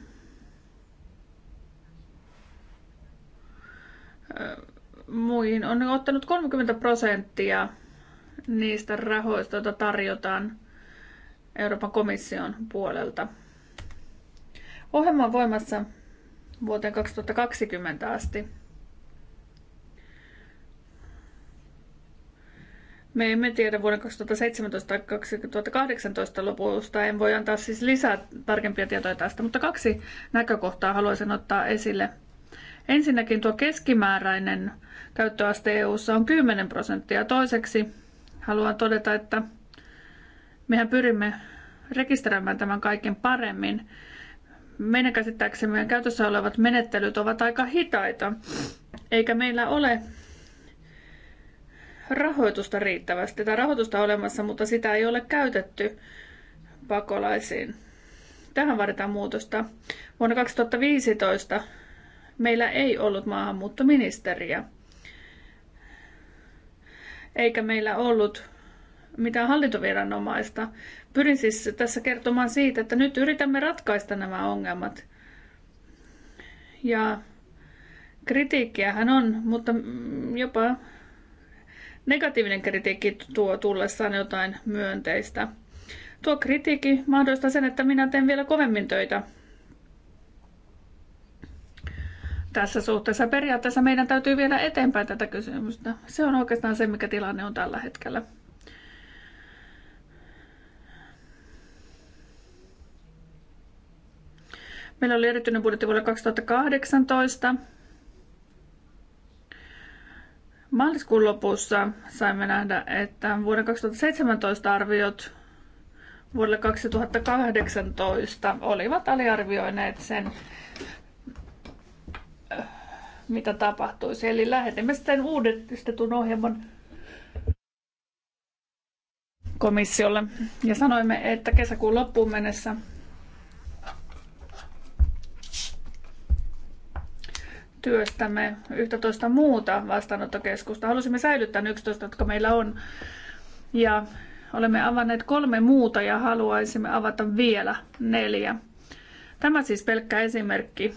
muihin on ottanut 30 prosenttia niistä rahoista, joita tarjotaan Euroopan komission puolelta. Ohjelma on voimassa vuoteen 2020 asti. Me emme tiedä vuoden 2017 tai 2018 lopusta. En voi antaa siis lisää tarkempia tietoja tästä, mutta kaksi näkökohtaa haluaisin ottaa esille. Ensinnäkin tuo keskimääräinen käyttöaste EU:ssa on 10 prosenttia. Toiseksi haluan todeta, että mehän pyrimme rekisteröimään tämän kaiken paremmin meidän käsittääksemme käytössä olevat menettelyt ovat aika hitaita, eikä meillä ole rahoitusta riittävästi. Tätä rahoitusta on olemassa, mutta sitä ei ole käytetty pakolaisiin. Tähän vaaditaan muutosta. Vuonna 2015 meillä ei ollut maahanmuuttoministeriä, eikä meillä ollut mitään hallintoviranomaista, Pyrin siis tässä kertomaan siitä, että nyt yritämme ratkaista nämä ongelmat. Ja kritiikkiähän on, mutta jopa negatiivinen kritiikki tuo tullessaan jotain myönteistä. Tuo kritiikki mahdollistaa sen, että minä teen vielä kovemmin töitä. Tässä suhteessa periaatteessa meidän täytyy viedä eteenpäin tätä kysymystä. Se on oikeastaan se, mikä tilanne on tällä hetkellä. Meillä oli erityinen budjetti vuodelle 2018. Maaliskuun lopussa saimme nähdä, että vuoden 2017 arviot vuodelle 2018 olivat aliarvioineet sen, mitä tapahtuisi. Eli lähetimme sitten uudistetun ohjelman komissiolle ja sanoimme, että kesäkuun loppuun mennessä työstämme 11 muuta vastaanottokeskusta. Halusimme säilyttää ne 11, jotka meillä on. Ja olemme avanneet kolme muuta ja haluaisimme avata vielä neljä. Tämä siis pelkkä esimerkki.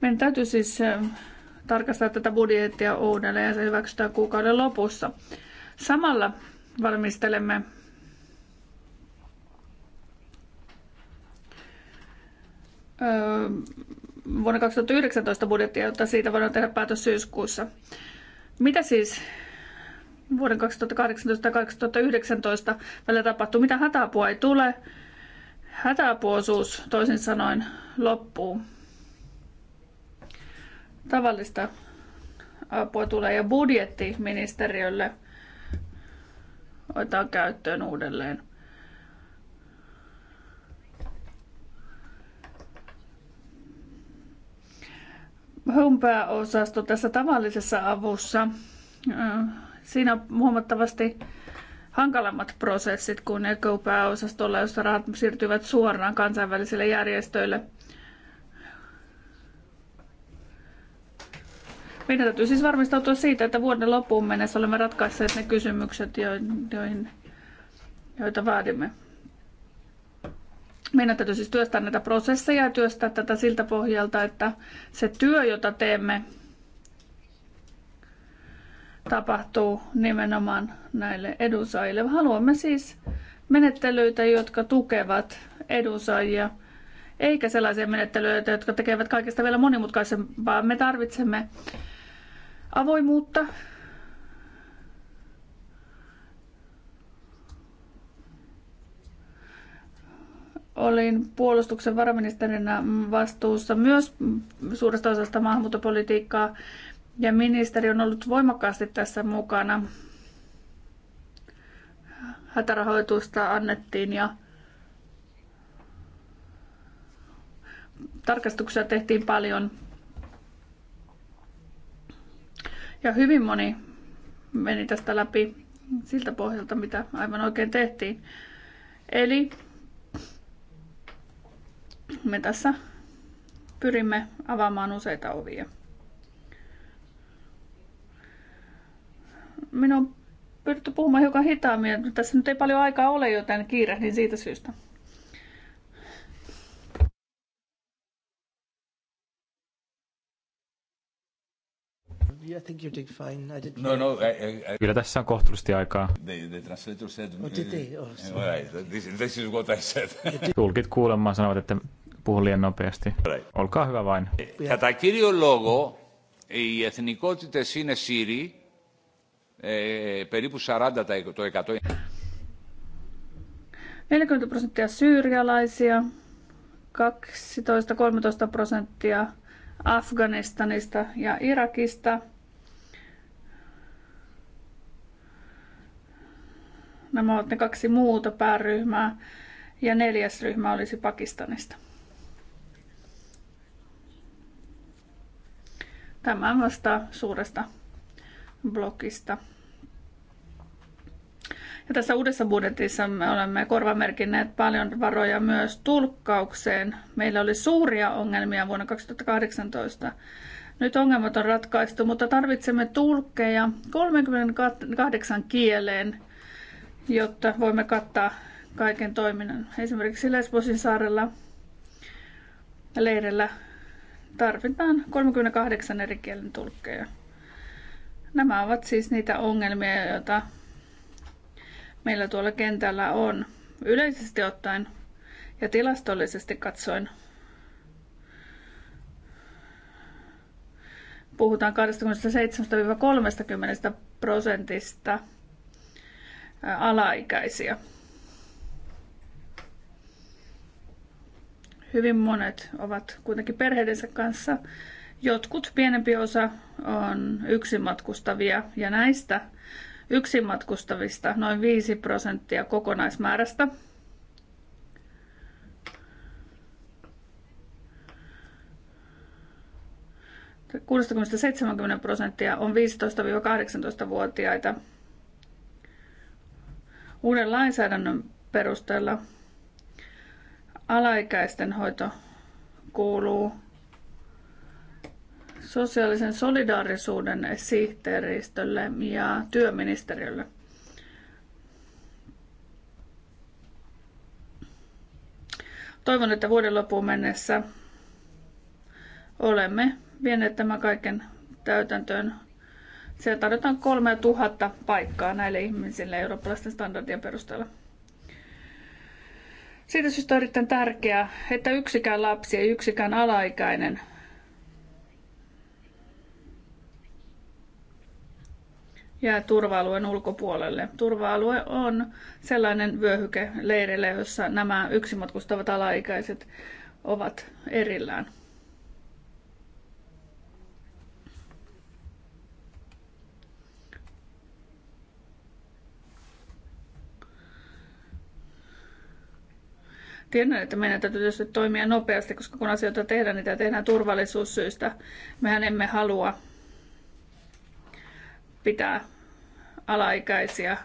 Meidän täytyy siis tarkastaa tätä budjettia uudelleen ja se hyväksytään kuukauden lopussa. Samalla valmistelemme vuonna 2019 budjettia, jotta siitä voidaan tehdä päätös syyskuussa. Mitä siis vuoden 2018 ja 2019 välillä tapahtuu? Mitä hätäapua ei tule? Hätäapuosuus toisin sanoen loppuu. Tavallista apua tulee ja budjetti ministeriölle otetaan käyttöön uudelleen – HOME-pääosasto tässä tavallisessa avussa, äh, siinä on huomattavasti hankalammat prosessit kuin ECO-pääosastolla, jossa rahat siirtyvät suoraan kansainvälisille järjestöille. Meidän täytyy siis varmistautua siitä, että vuoden loppuun mennessä olemme ratkaisseet ne kysymykset, joihin, joita vaadimme meidän täytyy siis työstää näitä prosesseja ja työstää tätä siltä pohjalta, että se työ, jota teemme, tapahtuu nimenomaan näille edunsaajille. Haluamme siis menettelyitä, jotka tukevat edunsaajia, eikä sellaisia menettelyitä, jotka tekevät kaikesta vielä monimutkaisempaa. Me tarvitsemme avoimuutta, olin puolustuksen varaministerinä vastuussa myös suuresta osasta maahanmuuttopolitiikkaa ja ministeri on ollut voimakkaasti tässä mukana. Hätärahoitusta annettiin ja tarkastuksia tehtiin paljon. Ja hyvin moni meni tästä läpi siltä pohjalta, mitä aivan oikein tehtiin. Eli me tässä pyrimme avaamaan useita ovia. Minun on pyritty puhumaan hiukan hitaammin. Tässä nyt ei paljon aikaa ole, joten kiirehdin siitä syystä. no, no, I, I, Kyllä tässä on kohtuullisesti aikaa. Tulkit kuulemaan sanovat, että puhu liian nopeasti. Olkaa hyvä vain. Κατά κύριο logo, οι εθνικότητες είναι Σύριοι, περίπου 40% το 100. 40 prosenttia syyrialaisia, 12-13 prosenttia Afganistanista ja Irakista. Nämä ovat ne kaksi muuta pääryhmää ja neljäs ryhmä olisi Pakistanista. Tämä vastaa suuresta blokista. Ja tässä uudessa budjetissa me olemme korvamerkinneet paljon varoja myös tulkkaukseen. Meillä oli suuria ongelmia vuonna 2018. Nyt ongelmat on ratkaistu, mutta tarvitsemme tulkkeja 38 kieleen, jotta voimme kattaa kaiken toiminnan. Esimerkiksi Lesbosin saarella leirellä tarvitaan 38 eri kielen tulkkeja. Nämä ovat siis niitä ongelmia, joita meillä tuolla kentällä on. Yleisesti ottaen ja tilastollisesti katsoen puhutaan 27-30 prosentista alaikäisiä. Hyvin monet ovat kuitenkin perheidensä kanssa. Jotkut pienempi osa on yksimatkustavia ja näistä yksimatkustavista noin 5 prosenttia kokonaismäärästä Kuudestakymmenestä prosenttia on 15-18-vuotiaita. Uuden lainsäädännön perusteella alaikäisten hoito kuuluu sosiaalisen solidaarisuuden sihteeristölle ja työministeriölle. Toivon, että vuoden loppuun mennessä olemme vieneet tämän kaiken täytäntöön. Siellä tarjotaan 3000 paikkaa näille ihmisille eurooppalaisten standardien perusteella. Siitä syystä on erittäin tärkeää, että yksikään lapsi ja yksikään alaikäinen jää turva-alueen ulkopuolelle. Turva-alue on sellainen vyöhyke leirille, jossa nämä yksimatkustavat alaikäiset ovat erillään. Tiedän, että meidän täytyy tietysti toimia nopeasti, koska kun asioita tehdään, niitä tehdään turvallisuussyistä. Mehän emme halua pitää alaikäisiä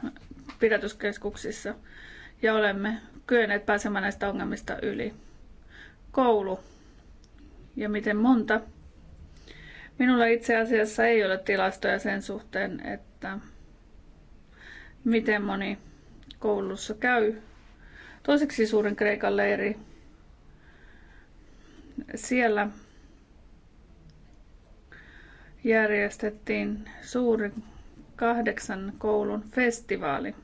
pidätyskeskuksissa ja olemme kyenneet pääsemään näistä ongelmista yli. Koulu. Ja miten monta? Minulla itse asiassa ei ole tilastoja sen suhteen, että miten moni koulussa käy toiseksi suurin Kreikan leiri. Siellä järjestettiin suuri kahdeksan koulun festivaali.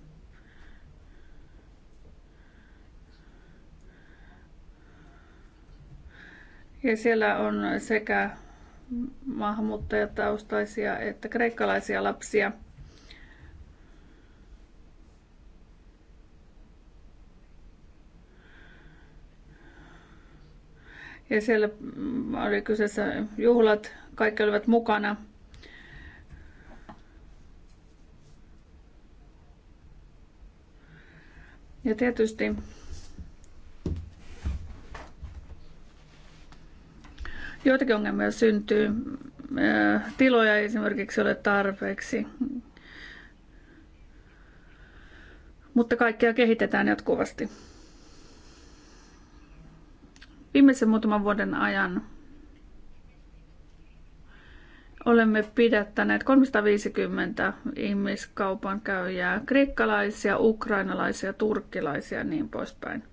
Ja siellä on sekä maahanmuuttajataustaisia että kreikkalaisia lapsia – Ja siellä mm, oli kyseessä juhlat, kaikki olivat mukana. Ja tietysti joitakin ongelmia syntyy. Äh, tiloja ei esimerkiksi ole tarpeeksi. Mutta kaikkea kehitetään jatkuvasti. Viimeisen muutaman vuoden ajan olemme pidättäneet 350 ihmiskaupan käyjää, kreikkalaisia, ukrainalaisia, turkkilaisia ja niin poispäin.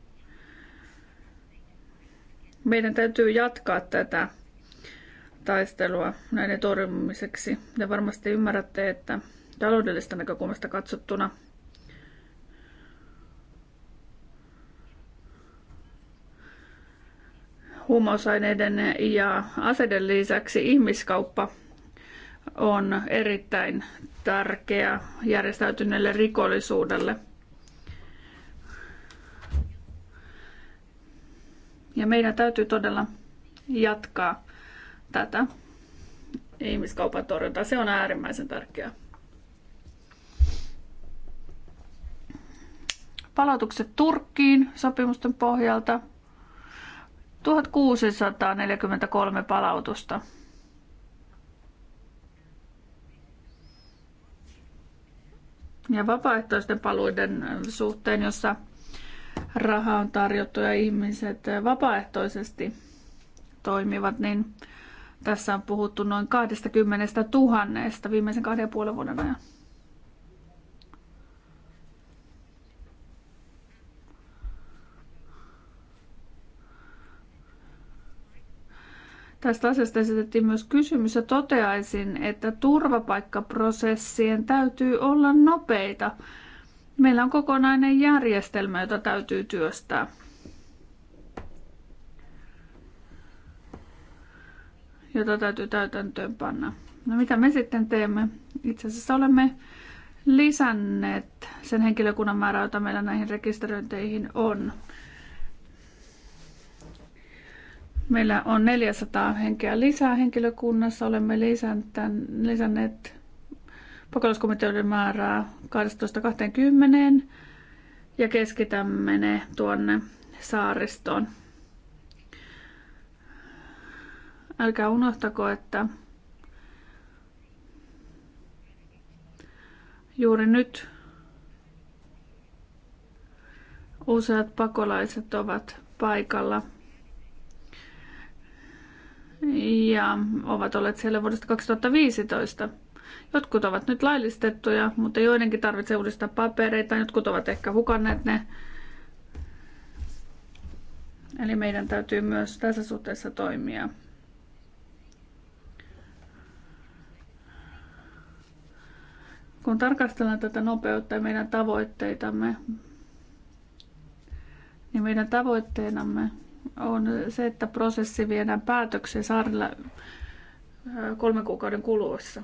Meidän täytyy jatkaa tätä taistelua näiden torjumiseksi. Ja varmasti ymmärrätte, että taloudellisesta näkökulmasta katsottuna – huumausaineiden ja aseiden lisäksi ihmiskauppa on erittäin tärkeä järjestäytyneelle rikollisuudelle. Ja meidän täytyy todella jatkaa tätä ihmiskaupan torjuntaa. Se on äärimmäisen tärkeää. Palautukset Turkkiin sopimusten pohjalta – 1643 palautusta. Ja vapaaehtoisten paluiden suhteen, jossa rahaa on tarjottu ja ihmiset vapaaehtoisesti toimivat, niin tässä on puhuttu noin 20 000 viimeisen kahden ja puolen vuoden ajan. Tästä asiasta esitettiin myös kysymys ja toteaisin, että turvapaikkaprosessien täytyy olla nopeita. Meillä on kokonainen järjestelmä, jota täytyy työstää. jota täytyy täytäntöön panna. No mitä me sitten teemme? Itse asiassa olemme lisänneet sen henkilökunnan määrää, jota meillä näihin rekisteröinteihin on. Meillä on 400 henkeä lisää henkilökunnassa. Olemme lisänneet pakolaiskomiteoiden määrää 12-20 ja keskitämme ne tuonne saaristoon. Älkää unohtako, että juuri nyt useat pakolaiset ovat paikalla ja ovat olleet siellä vuodesta 2015. Jotkut ovat nyt laillistettuja, mutta joidenkin tarvitsee uudistaa papereita, jotkut ovat ehkä hukanneet ne. Eli meidän täytyy myös tässä suhteessa toimia. Kun tarkastellaan tätä nopeutta ja meidän tavoitteitamme, niin meidän tavoitteenamme on se, että prosessi viedään päätökseen saarella kolmen kuukauden kuluessa.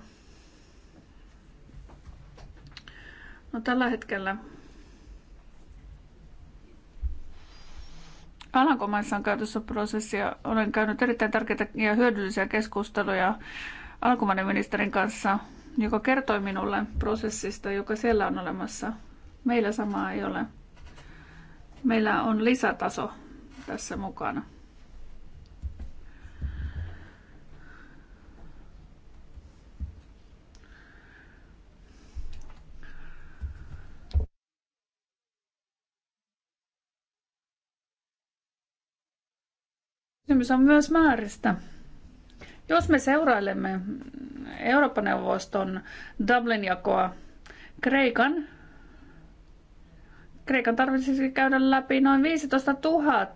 No, tällä hetkellä Alankomaissa on käytössä prosessia. Olen käynyt erittäin tärkeitä ja hyödyllisiä keskusteluja Alankomainen ministerin kanssa, joka kertoi minulle prosessista, joka siellä on olemassa. Meillä samaa ei ole. Meillä on lisätaso tässä mukana. Kysymys on myös määristä. Jos me seurailemme Eurooppa-neuvoston Dublin-jakoa Kreikan Kreikan tarvitsisi käydä läpi noin 15 000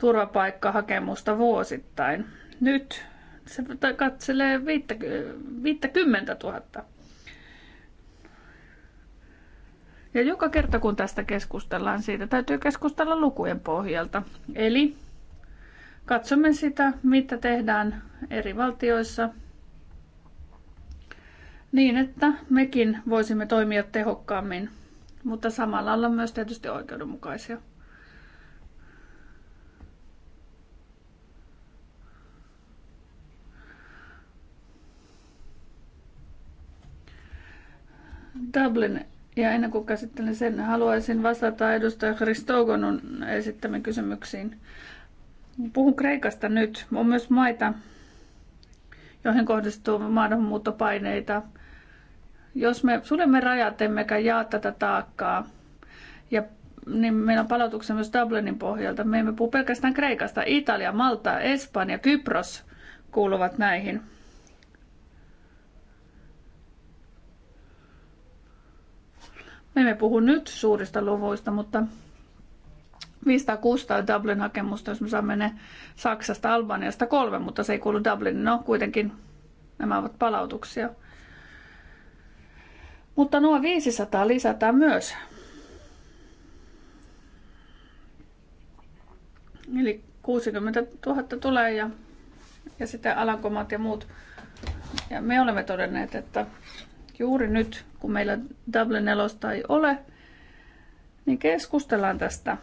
turvapaikkahakemusta vuosittain. Nyt se katselee 50 000. Ja joka kerta kun tästä keskustellaan, siitä täytyy keskustella lukujen pohjalta. Eli katsomme sitä, mitä tehdään eri valtioissa niin, että mekin voisimme toimia tehokkaammin mutta samalla olla myös tietysti oikeudenmukaisia. Dublin. Ja ennen kuin käsittelen sen, haluaisin vastata edustaja Christogonun esittämiin kysymyksiin. Puhun Kreikasta nyt. On myös maita, joihin kohdistuu maahanmuuttopaineita jos me suljemme rajat emmekä jaa tätä taakkaa, ja, niin meillä on palautuksia myös Dublinin pohjalta. Me emme puhu pelkästään Kreikasta. Italia, Malta, Espanja, Kypros kuuluvat näihin. Me emme puhu nyt suurista luvuista, mutta 506 Dublin-hakemusta, jos me saamme ne Saksasta, Albaniasta kolme, mutta se ei kuulu Dublinin. No kuitenkin nämä ovat palautuksia. Mutta nuo 500 lisätään myös. Eli 60 000 tulee ja, ja sitten alankomaat ja muut. Ja me olemme todenneet, että juuri nyt, kun meillä Dublin 4 ei ole, niin keskustellaan tästä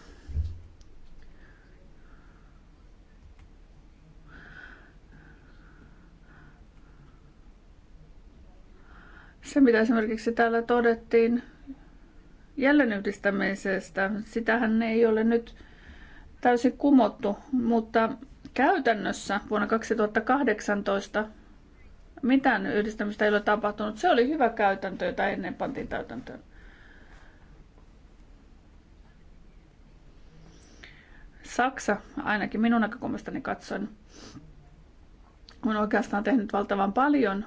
Se, mitä esimerkiksi täällä todettiin jälleen yhdistämisestä, sitähän ei ole nyt täysin kumottu, mutta käytännössä vuonna 2018 mitään yhdistämistä ei ole tapahtunut. Se oli hyvä käytäntö, jota ennen pantiin täytäntöön. Saksa, ainakin minun näkökulmastani katsoen, on oikeastaan tehnyt valtavan paljon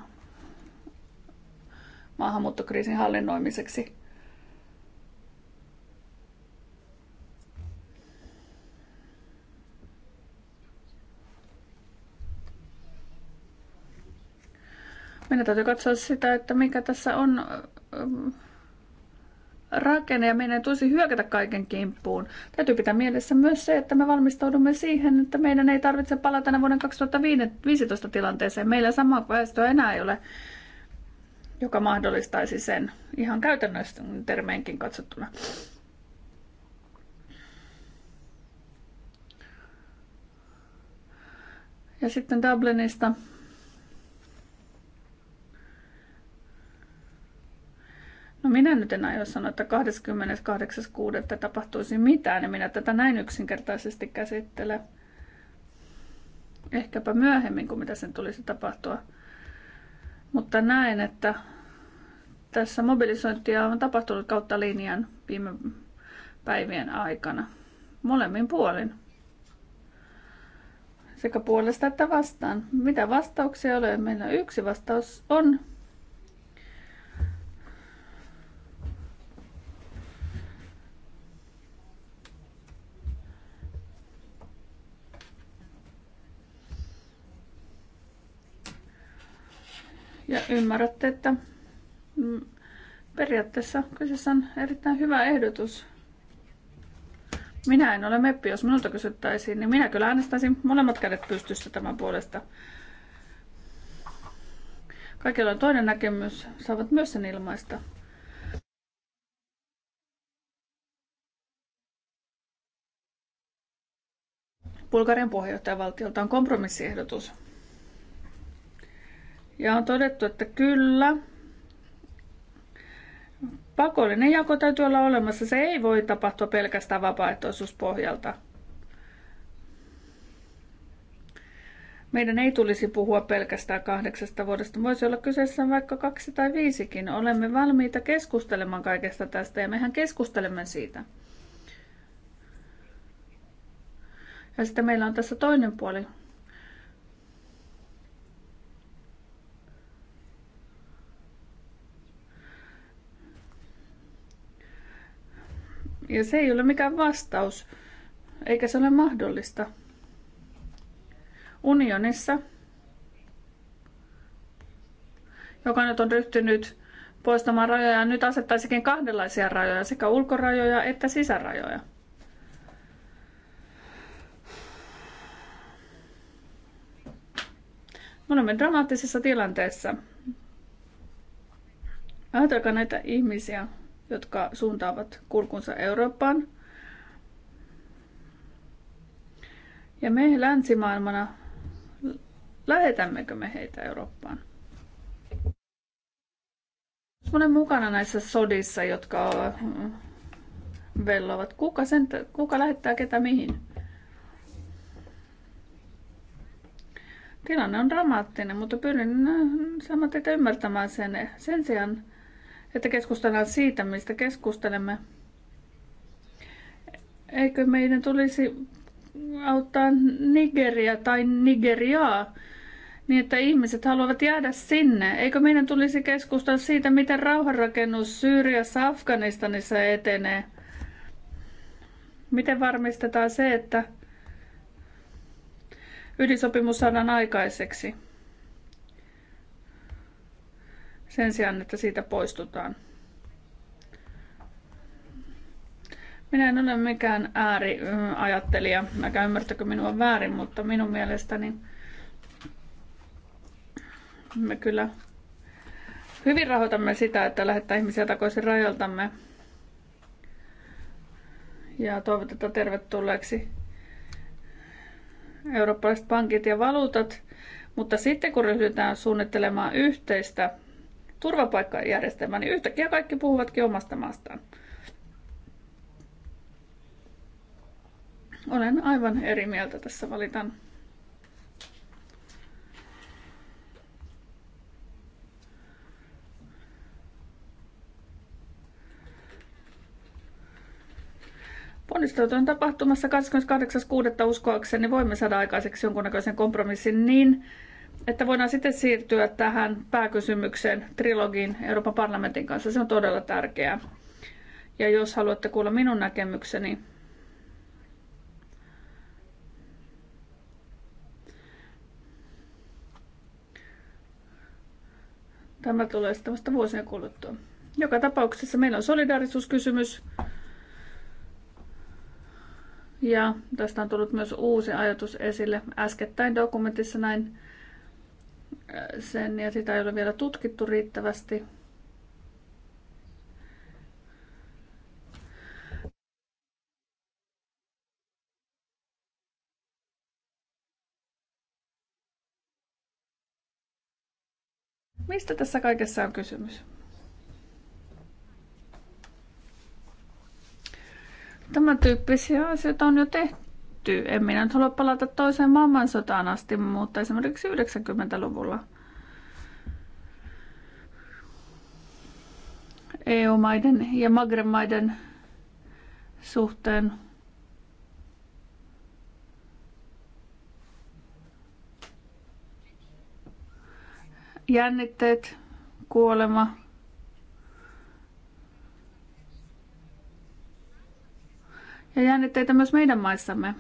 maahanmuuttokriisin hallinnoimiseksi. Meidän täytyy katsoa sitä, että mikä tässä on ähm, rakenne ja meidän ei tulisi hyökätä kaiken kimppuun. Täytyy pitää mielessä myös se, että me valmistaudumme siihen, että meidän ei tarvitse palata tänä vuoden 2015 tilanteeseen. Meillä samaa väestöä enää ei ole joka mahdollistaisi sen ihan käytännössä termeenkin katsottuna. Ja sitten Dublinista. No minä nyt en aio sanoa, että 28.6. tapahtuisi mitään, niin minä tätä näin yksinkertaisesti käsittele. Ehkäpä myöhemmin kuin mitä sen tulisi tapahtua. Mutta näen, että tässä mobilisointia on tapahtunut kautta linjan viime päivien aikana. Molemmin puolin. Sekä puolesta että vastaan. Mitä vastauksia ole? Meillä yksi vastaus on ja ymmärrätte, että Mm. Periaatteessa kyseessä on erittäin hyvä ehdotus. Minä en ole meppi, jos minulta kysyttäisiin, niin minä kyllä äänestäisin molemmat kädet pystyssä tämän puolesta. Kaikilla on toinen näkemys, saavat myös sen ilmaista. Bulgarian puheenjohtajavaltiolta on kompromissiehdotus. Ja on todettu, että kyllä, Pakollinen jako täytyy olla olemassa. Se ei voi tapahtua pelkästään vapaaehtoisuuspohjalta. Meidän ei tulisi puhua pelkästään kahdeksasta vuodesta. Voisi olla kyseessä vaikka kaksi tai viisikin. Olemme valmiita keskustelemaan kaikesta tästä ja mehän keskustelemme siitä. Ja sitten meillä on tässä toinen puoli, Ja se ei ole mikään vastaus, eikä se ole mahdollista. Unionissa, joka nyt on ryhtynyt poistamaan rajoja, nyt asettaisikin kahdenlaisia rajoja, sekä ulkorajoja että sisärajoja. Me olemme dramaattisessa tilanteessa. Ajatelkaa näitä ihmisiä, jotka suuntaavat kulkunsa Eurooppaan. Ja me länsimaailmana, lähetämmekö me heitä Eurooppaan? Jos olen mukana näissä sodissa, jotka mm, vellovat, kuka, sen, kuka lähettää ketä mihin? Tilanne on dramaattinen, mutta pyrin mm, saamaan teitä ymmärtämään sen. Sen sijaan että keskustellaan siitä, mistä keskustelemme. Eikö meidän tulisi auttaa Nigeria tai Nigeriaa niin, että ihmiset haluavat jäädä sinne? Eikö meidän tulisi keskustella siitä, miten rauhanrakennus Syyriassa Afganistanissa etenee? Miten varmistetaan se, että ydinsopimus saadaan aikaiseksi? sen sijaan, että siitä poistutaan. Minä en ole mikään ääriajattelija, mäkä ymmärtäkö minua väärin, mutta minun mielestäni me kyllä hyvin rahoitamme sitä, että lähettää ihmisiä takaisin rajaltamme ja toivotetaan tervetulleeksi eurooppalaiset pankit ja valuutat. Mutta sitten kun ryhdytään suunnittelemaan yhteistä turvapaikkajärjestelmää, niin yhtäkkiä kaikki puhuvatkin omasta maastaan. Olen aivan eri mieltä tässä valitan. Ponnistelut on tapahtumassa 28.6. uskoakseni voimme saada aikaiseksi jonkunnäköisen kompromissin niin, että voidaan sitten siirtyä tähän pääkysymykseen trilogiin Euroopan parlamentin kanssa. Se on todella tärkeää. Ja jos haluatte kuulla minun näkemykseni, Tämä tulee sitten vasta vuosien kuluttua. Joka tapauksessa meillä on solidaarisuuskysymys. Ja tästä on tullut myös uusi ajatus esille äskettäin dokumentissa näin sen ja sitä ei ole vielä tutkittu riittävästi. Mistä tässä kaikessa on kysymys? Tämän tyyppisiä asioita on jo tehty liittyy. En minä nyt halua palata toiseen maailmansotaan asti, mutta esimerkiksi 90-luvulla EU-maiden ja Magreb-maiden suhteen jännitteet, kuolema, ja jännitteitä myös meidän maissamme.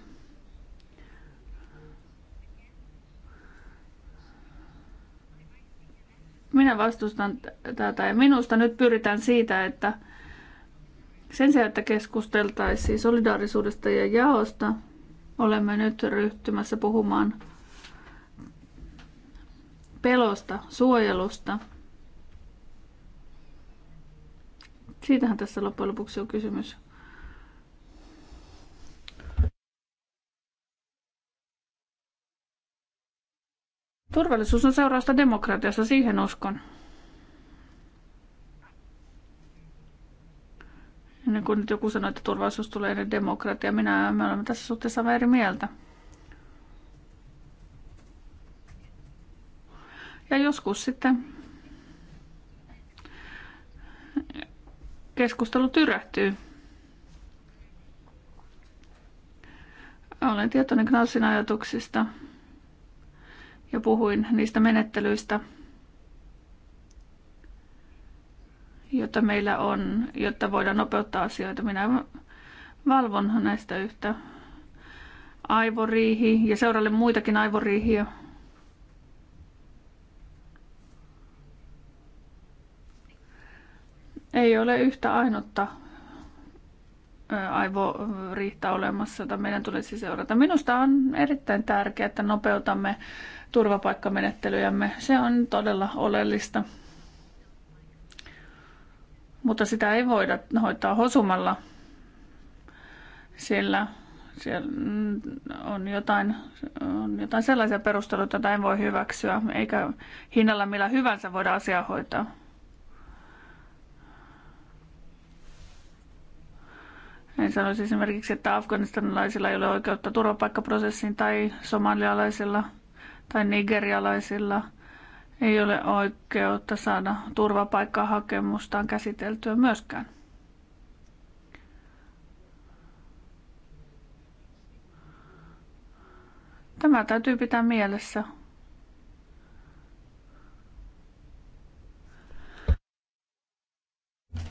minä vastustan tätä ja minusta nyt pyritään siitä, että sen sijaan, että keskusteltaisiin solidaarisuudesta ja jaosta, olemme nyt ryhtymässä puhumaan pelosta, suojelusta. Siitähän tässä loppujen lopuksi on kysymys. Turvallisuus on seurausta demokratiassa, siihen uskon. Ennen kuin nyt joku sanoi, että turvallisuus tulee ennen demokratia, minä me olemme tässä suhteessa eri mieltä. Ja joskus sitten keskustelu tyrähtyy. Olen tietoinen Knausin ajatuksista ja puhuin niistä menettelyistä, joita meillä on, jotta voidaan nopeuttaa asioita. Minä valvon näistä yhtä aivoriihi ja seuralle muitakin aivoriihiä. Ei ole yhtä ainutta aivoriihtä olemassa, jota meidän tulisi seurata. Minusta on erittäin tärkeää, että nopeutamme turvapaikkamenettelyjämme. Se on todella oleellista. Mutta sitä ei voida hoitaa hosumalla, sillä siellä on jotain, on jotain sellaisia perusteluita, joita en voi hyväksyä, eikä hinnalla millä hyvänsä voida asiaa hoitaa. En sanoisi esimerkiksi, että afganistanilaisilla ei ole oikeutta turvapaikkaprosessiin tai somalialaisilla – tai nigerialaisilla ei ole oikeutta saada turvapaikkahakemustaan käsiteltyä myöskään. Tämä täytyy pitää mielessä.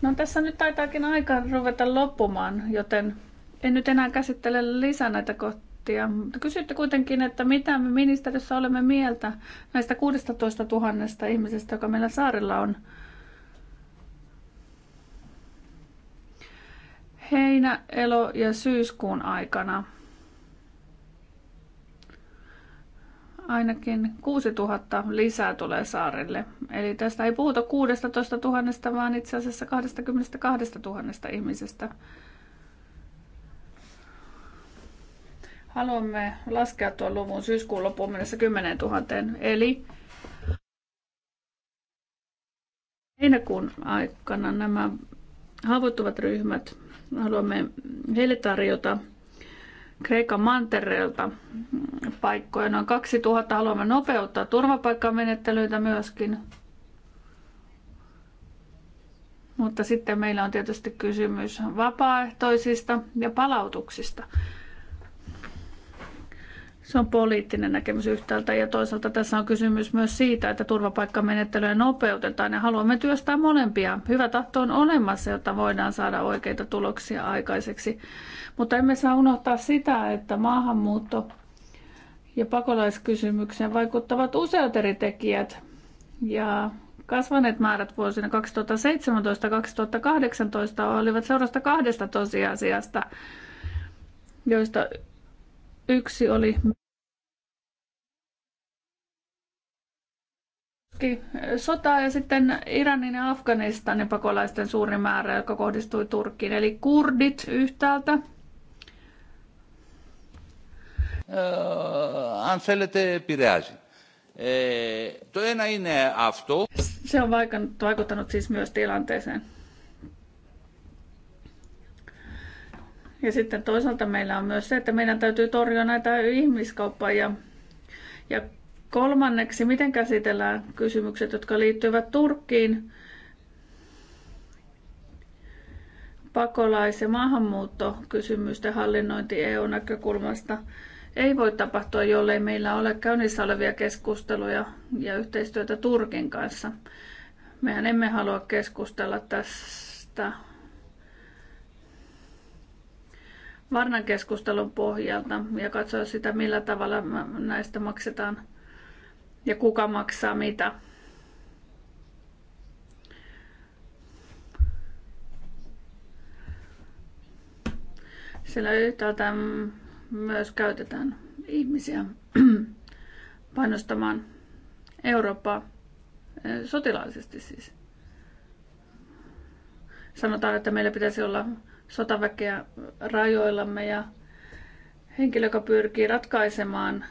No tässä nyt taitaakin aika ruveta loppumaan, joten en nyt enää käsittele lisää näitä kohtia prosenttia. Mutta kysytte kuitenkin, että mitä me ministeriössä olemme mieltä näistä 16 000 ihmisestä, joka meillä saarella on. Heinä, elo ja syyskuun aikana. Ainakin 6000 lisää tulee saarelle. Eli tästä ei puhuta 16 000, vaan itse asiassa 22 000 ihmisestä Haluamme laskea tuon luvun syyskuun loppuun mennessä 10 000, eli heinäkuun aikana nämä haavoittuvat ryhmät haluamme heille tarjota Kreikan mantereelta paikkoja. Noin 2000 haluamme nopeuttaa turvapaikkamenettelyitä myöskin. Mutta sitten meillä on tietysti kysymys vapaaehtoisista ja palautuksista. Se on poliittinen näkemys yhtäältä ja toisaalta tässä on kysymys myös siitä, että turvapaikkamenettelyä nopeutetaan ja haluamme työstää molempia. Hyvä tahto on olemassa, jotta voidaan saada oikeita tuloksia aikaiseksi. Mutta emme saa unohtaa sitä, että maahanmuutto ja pakolaiskysymykseen vaikuttavat useat eri tekijät. Ja kasvaneet määrät vuosina 2017-2018 olivat seurasta kahdesta tosiasiasta, joista yksi oli koski eh, sotaa ja sitten Iranin ja Afganistanin pakolaisten suuri määrä, joka kohdistui Turkkiin. Eli kurdit yhtäältä. Eh, se on vaikuttanut siis myös tilanteeseen. Ja sitten toisaalta meillä on myös se, että meidän täytyy torjua näitä ihmiskauppaa ja, ja Kolmanneksi, miten käsitellään kysymykset, jotka liittyvät Turkkiin, pakolais- ja maahanmuuttokysymysten hallinnointi EU-näkökulmasta ei voi tapahtua, jollei meillä ole käynnissä olevia keskusteluja ja yhteistyötä Turkin kanssa. Mehän emme halua keskustella tästä Varnan keskustelun pohjalta ja katsoa sitä, millä tavalla näistä maksetaan ja kuka maksaa mitä. Sillä yhtäältä myös käytetään ihmisiä painostamaan Eurooppaa eh, sotilaallisesti siis. Sanotaan, että meillä pitäisi olla sotaväkeä rajoillamme ja henkilö, joka pyrkii ratkaisemaan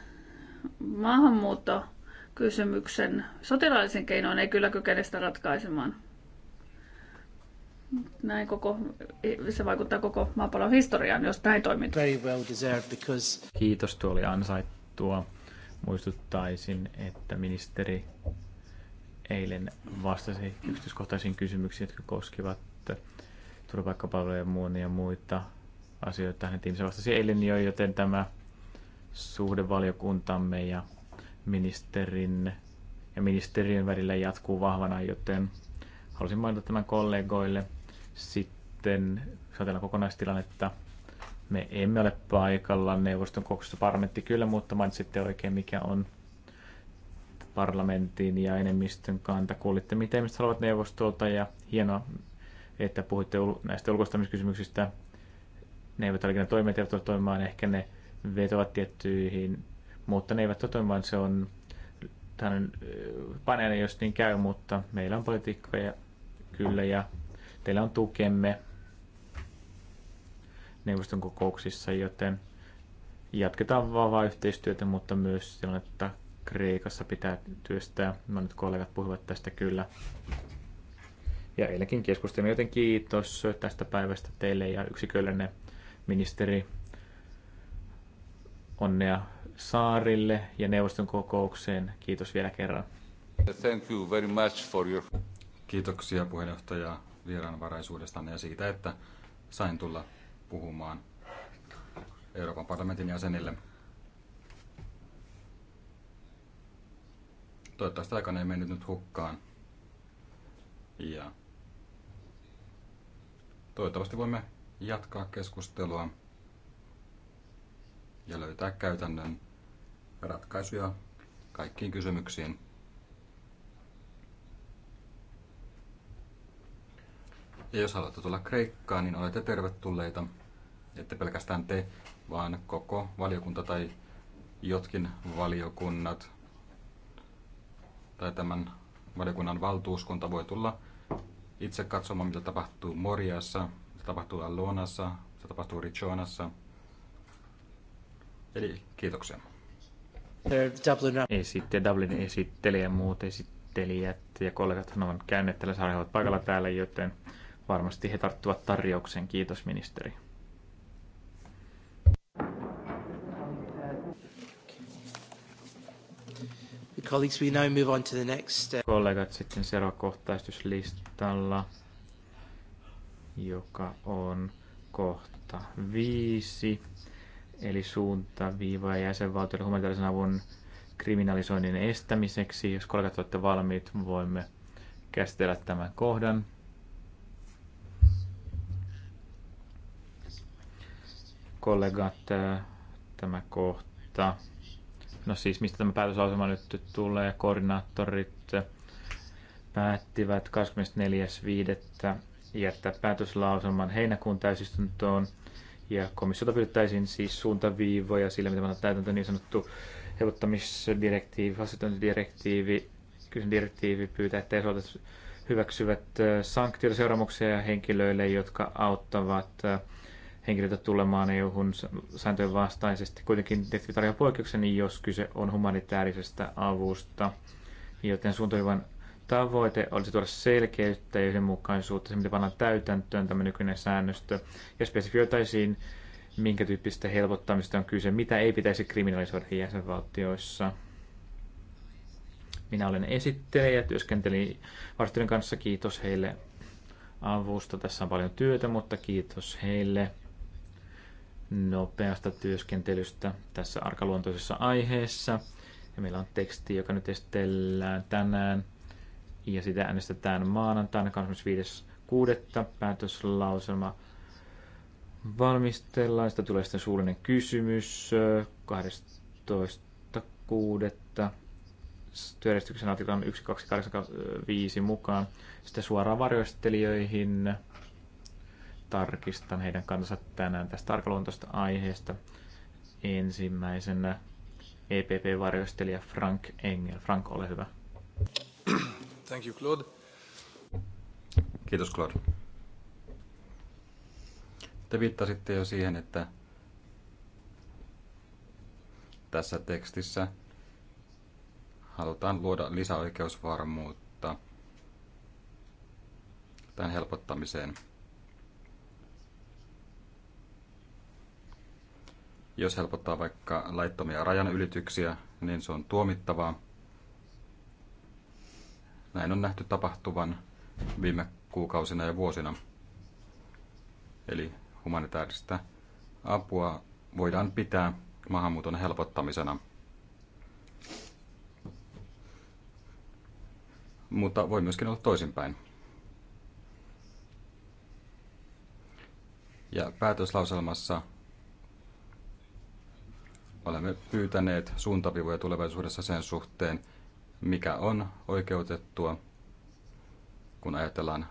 maahanmuutto kysymyksen sotilaallisen keinoin ei kyllä kykene sitä ratkaisemaan. Näin koko, se vaikuttaa koko maapallon historiaan, jos näin toimit. Very well deserved because... Kiitos, tuo oli ansaittua. Muistuttaisin, että ministeri eilen vastasi yksityiskohtaisiin kysymyksiin, jotka koskivat turvapaikkapalveluja ja muun ja muita asioita. Hänen tiiminsä vastasi eilen jo, joten tämä suhde valiokuntamme ja ministerin ja ministeriön välillä jatkuu vahvana, joten halusin mainita tämän kollegoille. Sitten, jos ajatellaan kokonaistilannetta, me emme ole paikalla neuvoston kokouksessa parlamentti kyllä, mutta mainitsitte oikein, mikä on parlamentin ja enemmistön kanta. Kuulitte, mitä ihmiset haluavat neuvostolta ja hienoa, että puhuitte näistä ulkoistamiskysymyksistä. Ne eivät ole toimia, toimimaan. Ehkä ne vetovat tiettyihin mutta ne eivät toteudu, vaan se on tämmöinen paneeli, jos niin käy, mutta meillä on politiikkoja kyllä ja teillä on tukemme neuvoston kokouksissa, joten jatketaan vahvaa yhteistyötä, mutta myös että Kreikassa pitää työstää. Mä no nyt kollegat puhuvat tästä kyllä. Ja eilenkin keskustelimme, joten kiitos tästä päivästä teille ja yksiköllenne ministeri. Onnea saarille ja neuvoston kokoukseen. Kiitos vielä kerran. Thank you very much for your... Kiitoksia puheenjohtaja vieraanvaraisuudestanne ja siitä, että sain tulla puhumaan Euroopan parlamentin jäsenille. Toivottavasti aikana ei mennyt nyt hukkaan. Ja toivottavasti voimme jatkaa keskustelua ja löytää käytännön ratkaisuja kaikkiin kysymyksiin. Ja jos haluatte tulla Kreikkaan, niin olette tervetulleita. Ette pelkästään te, vaan koko valiokunta tai jotkin valiokunnat tai tämän valiokunnan valtuuskunta voi tulla itse katsomaan, mitä tapahtuu Moriassa, mitä tapahtuu Alonassa, mitä tapahtuu Richonassa – Eli kiitoksia. Esitte, Dublinin esittelijä, muut esittelijät ja kollegat ovat käyneet tällä saarella paikalla mm. täällä, joten varmasti he tarttuvat tarjouksen. Kiitos ministeri. Colleagues, we now move on to the next. Uh- kollegat sitten seuraava kohtaistuslistalla, joka on kohta viisi eli suuntaviiva jäsenvaltioiden humanitaarisen avun kriminalisoinnin estämiseksi. Jos kollegat olette valmiit, voimme käsitellä tämän kohdan. Kollegat, äh, tämä kohta. No siis, mistä tämä päätöslausuma nyt tulee? Koordinaattorit päättivät 24.5. jättää päätöslauselman heinäkuun täysistuntoon – ja komissiota pyydettäisiin siis suuntaviivoja sille, mitä on täytäntö niin sanottu helpottamisdirektiivi, asettamisdirektiivi, kyseinen direktiivi pyytää, että ei hyväksyvät sanktioita seuraamuksia henkilöille, jotka auttavat henkilöitä tulemaan EU-hun sääntöjen vastaisesti. Kuitenkin direktiivi tarjoaa poikkeuksen, jos kyse on humanitaarisesta avusta, joten suuntaviivan tavoite olisi tuoda selkeyttä ja yhdenmukaisuutta, se mitä pannaan täytäntöön tämä nykyinen säännöstö, ja spesifioitaisiin, minkä tyyppistä helpottamista on kyse, mitä ei pitäisi kriminalisoida jäsenvaltioissa. Minä olen esittelijä, työskentelin varastojen kanssa, kiitos heille avusta. Tässä on paljon työtä, mutta kiitos heille nopeasta työskentelystä tässä arkaluontoisessa aiheessa. Ja meillä on teksti, joka nyt esitellään tänään ja sitä äänestetään maanantaina 25.6. päätöslauselma valmistellaan. Sitä tulee sitten suullinen kysymys 12.6. työjärjestyksen artiklan 1285 mukaan. Sitten suoraan varjoistelijoihin tarkistan heidän kanssa tänään tästä arkaluontoista aiheesta. Ensimmäisenä EPP-varjoistelija Frank Engel. Frank, ole hyvä. Thank you, Claude. Kiitos, Claude. Te viittasitte jo siihen, että tässä tekstissä halutaan luoda lisäoikeusvarmuutta tämän helpottamiseen. Jos helpottaa vaikka laittomia rajanylityksiä, niin se on tuomittavaa. Näin on nähty tapahtuvan viime kuukausina ja vuosina. Eli humanitaarista apua voidaan pitää maahanmuuton helpottamisena. Mutta voi myöskin olla toisinpäin. Ja päätöslauselmassa olemme pyytäneet suuntaviivoja tulevaisuudessa sen suhteen, mikä on oikeutettua, kun ajatellaan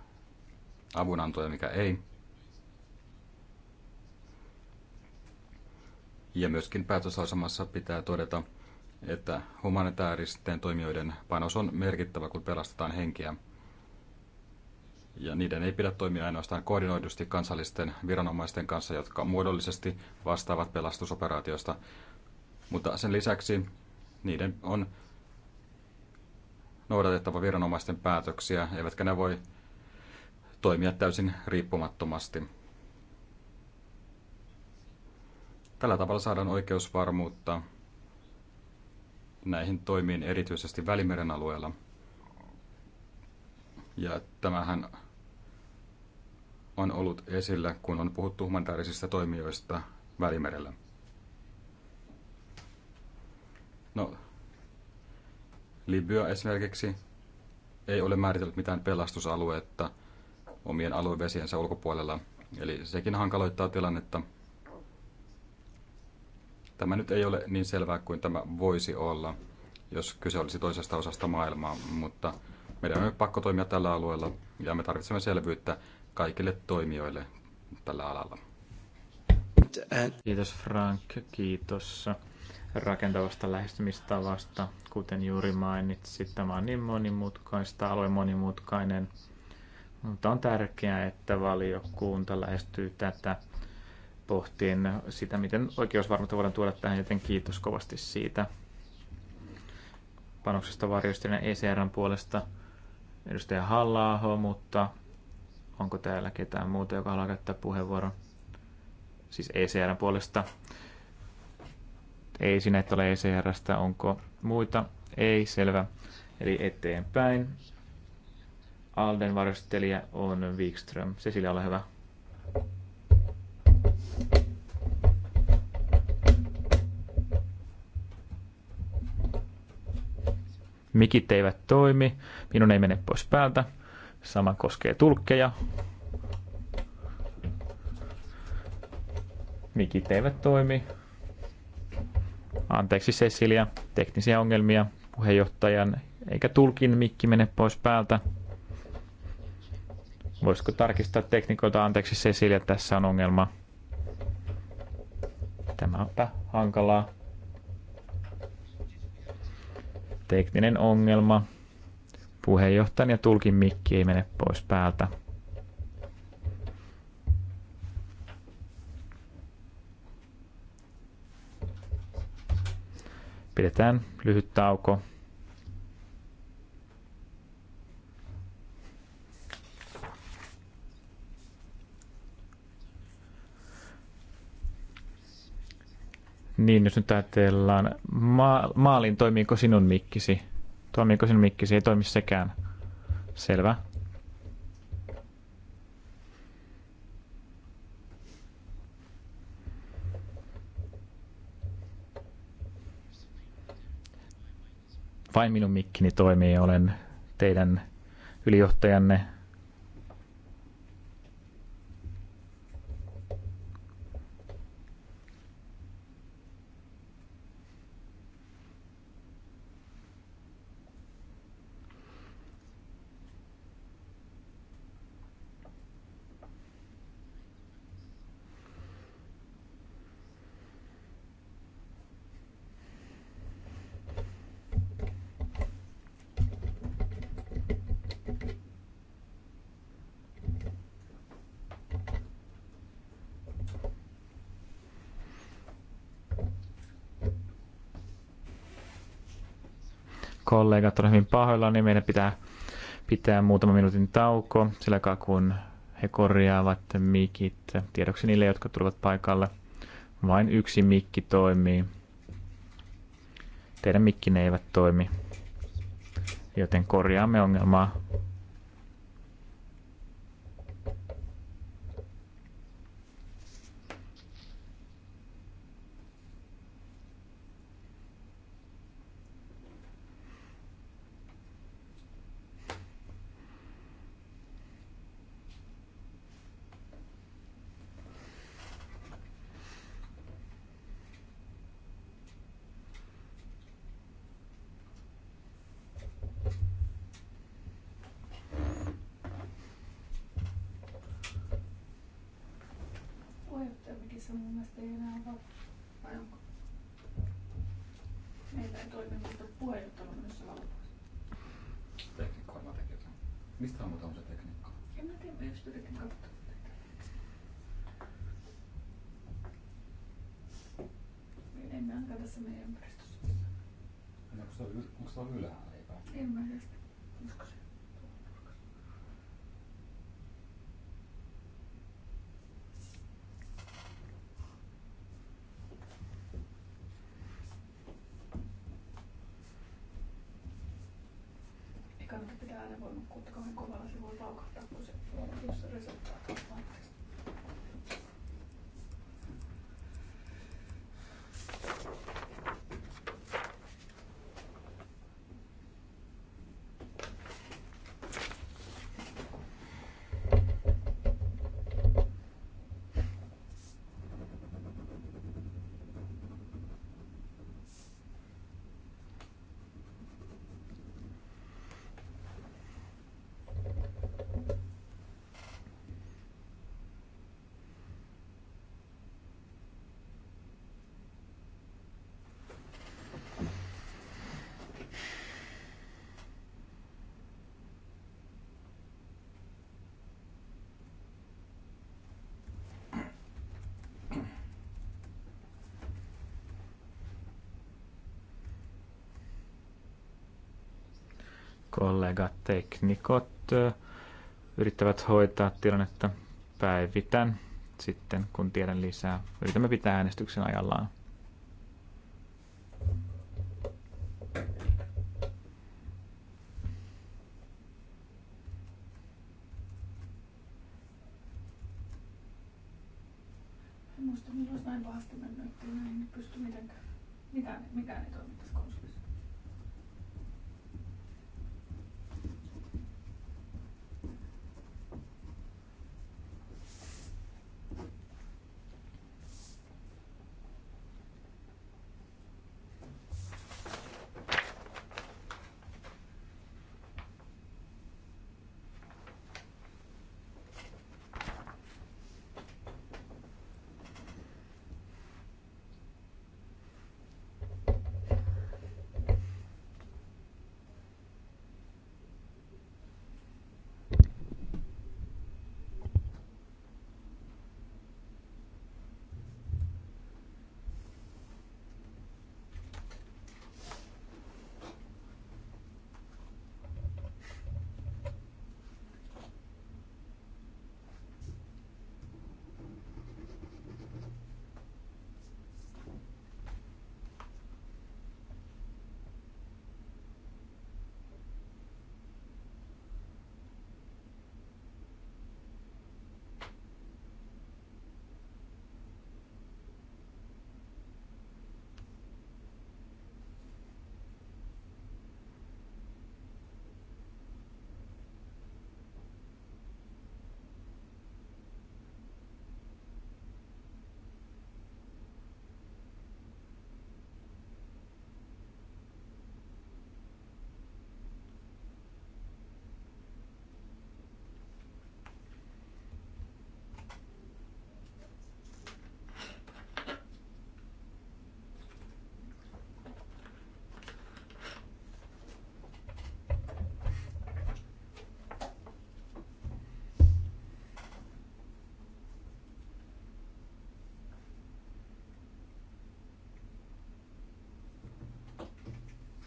avunantoja, mikä ei. Ja myöskin päätösasemassa pitää todeta, että humanitaaristen toimijoiden panos on merkittävä, kun pelastetaan henkiä. Ja niiden ei pidä toimia ainoastaan koordinoidusti kansallisten viranomaisten kanssa, jotka muodollisesti vastaavat pelastusoperaatiosta, mutta sen lisäksi niiden on noudatettava viranomaisten päätöksiä, eivätkä ne voi toimia täysin riippumattomasti. Tällä tavalla saadaan oikeusvarmuutta näihin toimiin erityisesti Välimeren alueella. Ja tämähän on ollut esillä, kun on puhuttu humanitaarisista toimijoista Välimerellä. No, Libya esimerkiksi ei ole määritellyt mitään pelastusaluetta omien aluevesiensä ulkopuolella, eli sekin hankaloittaa tilannetta. Tämä nyt ei ole niin selvää kuin tämä voisi olla, jos kyse olisi toisesta osasta maailmaa, mutta meidän on pakko toimia tällä alueella ja me tarvitsemme selvyyttä kaikille toimijoille tällä alalla. Kiitos Frank, kiitos rakentavasta lähestymistavasta, kuten juuri mainitsit. Tämä on niin monimutkaista, alue monimutkainen, mutta on tärkeää, että valiokunta lähestyy tätä pohtien sitä, miten oikeusvarmuutta voidaan tuoda tähän, joten kiitos kovasti siitä panoksesta varjostajana ECRn puolesta edustaja halla mutta onko täällä ketään muuta, joka haluaa käyttää puheenvuoron? Siis ECRn puolesta. Ei sinä ole ECRstä, onko muita? Ei, selvä. Eli eteenpäin. Alden varjostelija on Wikström. Cecilia, ole hyvä. Mikit eivät toimi, minun ei mene pois päältä. Sama koskee tulkkeja. Mikit eivät toimi. Anteeksi Cecilia, teknisiä ongelmia puheenjohtajan, eikä tulkin mikki mene pois päältä. Voisiko tarkistaa teknikoita? Anteeksi Cecilia, tässä on ongelma. Tämä on hankalaa. Tekninen ongelma. Puheenjohtajan ja tulkin mikki ei mene pois päältä. Pidetään lyhyt tauko. Niin, jos nyt ajatellaan, ma- maalin toimiiko sinun mikkisi? Toimiiko sinun mikkisi? Ei toimi sekään. Selvä. Vain minun mikkini toimii, olen teidän ylijohtajanne kollegat, on hyvin pahoilla, Niin meidän pitää pitää muutama minuutin tauko, sillä aikaa kun he korjaavat mikit. Tiedoksi niille, jotka tulevat paikalle, vain yksi mikki toimii. Teidän mikkinne eivät toimi, joten korjaamme ongelmaa. nähdään tässä meidän ympäristössä. Onko se, onko se ylhäällä ei pääse? En mä tiedä. Olisiko se? Ei kannata pitää äänenvoimakkuutta kauhean kovalla, se voi paukahtaa. kollegat, teknikot yrittävät hoitaa tilannetta. Päivitän sitten, kun tiedän lisää. Yritämme pitää äänestyksen ajallaan.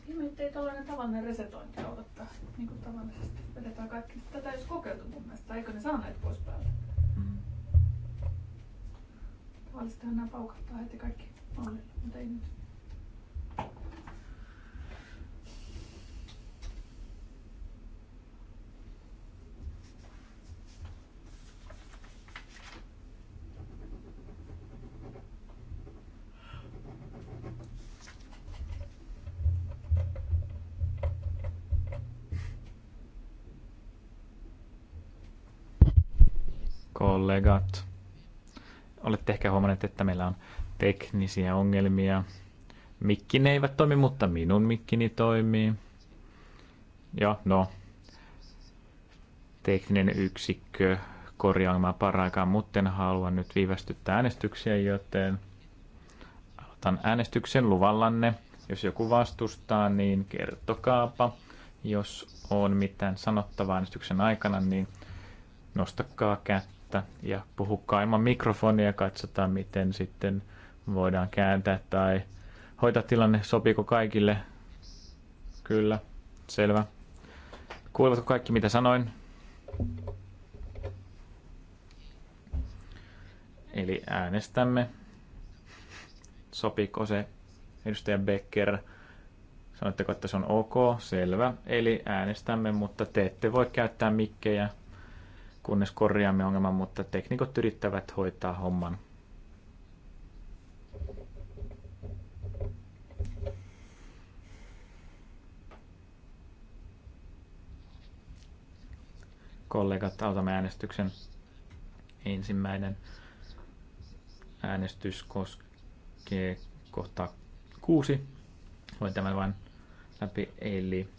Niin, ettei tällainen tavallinen resetointi odottaa, niin kuin tavallisesti vedetään kaikki. Tätä ei olisi kokeiltu mun mielestä, eikö ne saa näitä pois päältä? Mm. Mm-hmm. Tavallisestihan nämä paukahtaa heti kaikki mallille, mutta ei nyt. kollegat. Olette ehkä huomanneet, että meillä on teknisiä ongelmia. ne eivät toimi, mutta minun mikkini toimii. Ja no, tekninen yksikkö korjaamaan paraikaan, mutta en halua nyt viivästyttää äänestyksiä, joten aloitan äänestyksen luvallanne. Jos joku vastustaa, niin kertokaapa. Jos on mitään sanottavaa äänestyksen aikana, niin nostakaa kättä että, ja puhukaa ilman mikrofonia ja katsotaan, miten sitten voidaan kääntää tai hoitaa tilanne, sopiiko kaikille. Kyllä, selvä. Kuulevatko kaikki, mitä sanoin? Eli äänestämme. Sopiiko se edustaja Becker? Sanoitteko, että se on ok? Selvä. Eli äänestämme, mutta te ette voi käyttää mikkejä kunnes korjaamme ongelman, mutta teknikot yrittävät hoitaa homman. Kollegat, autamme äänestyksen. Ensimmäinen äänestys koskee kohtaa kuusi. Voin tämän vain läpi, eli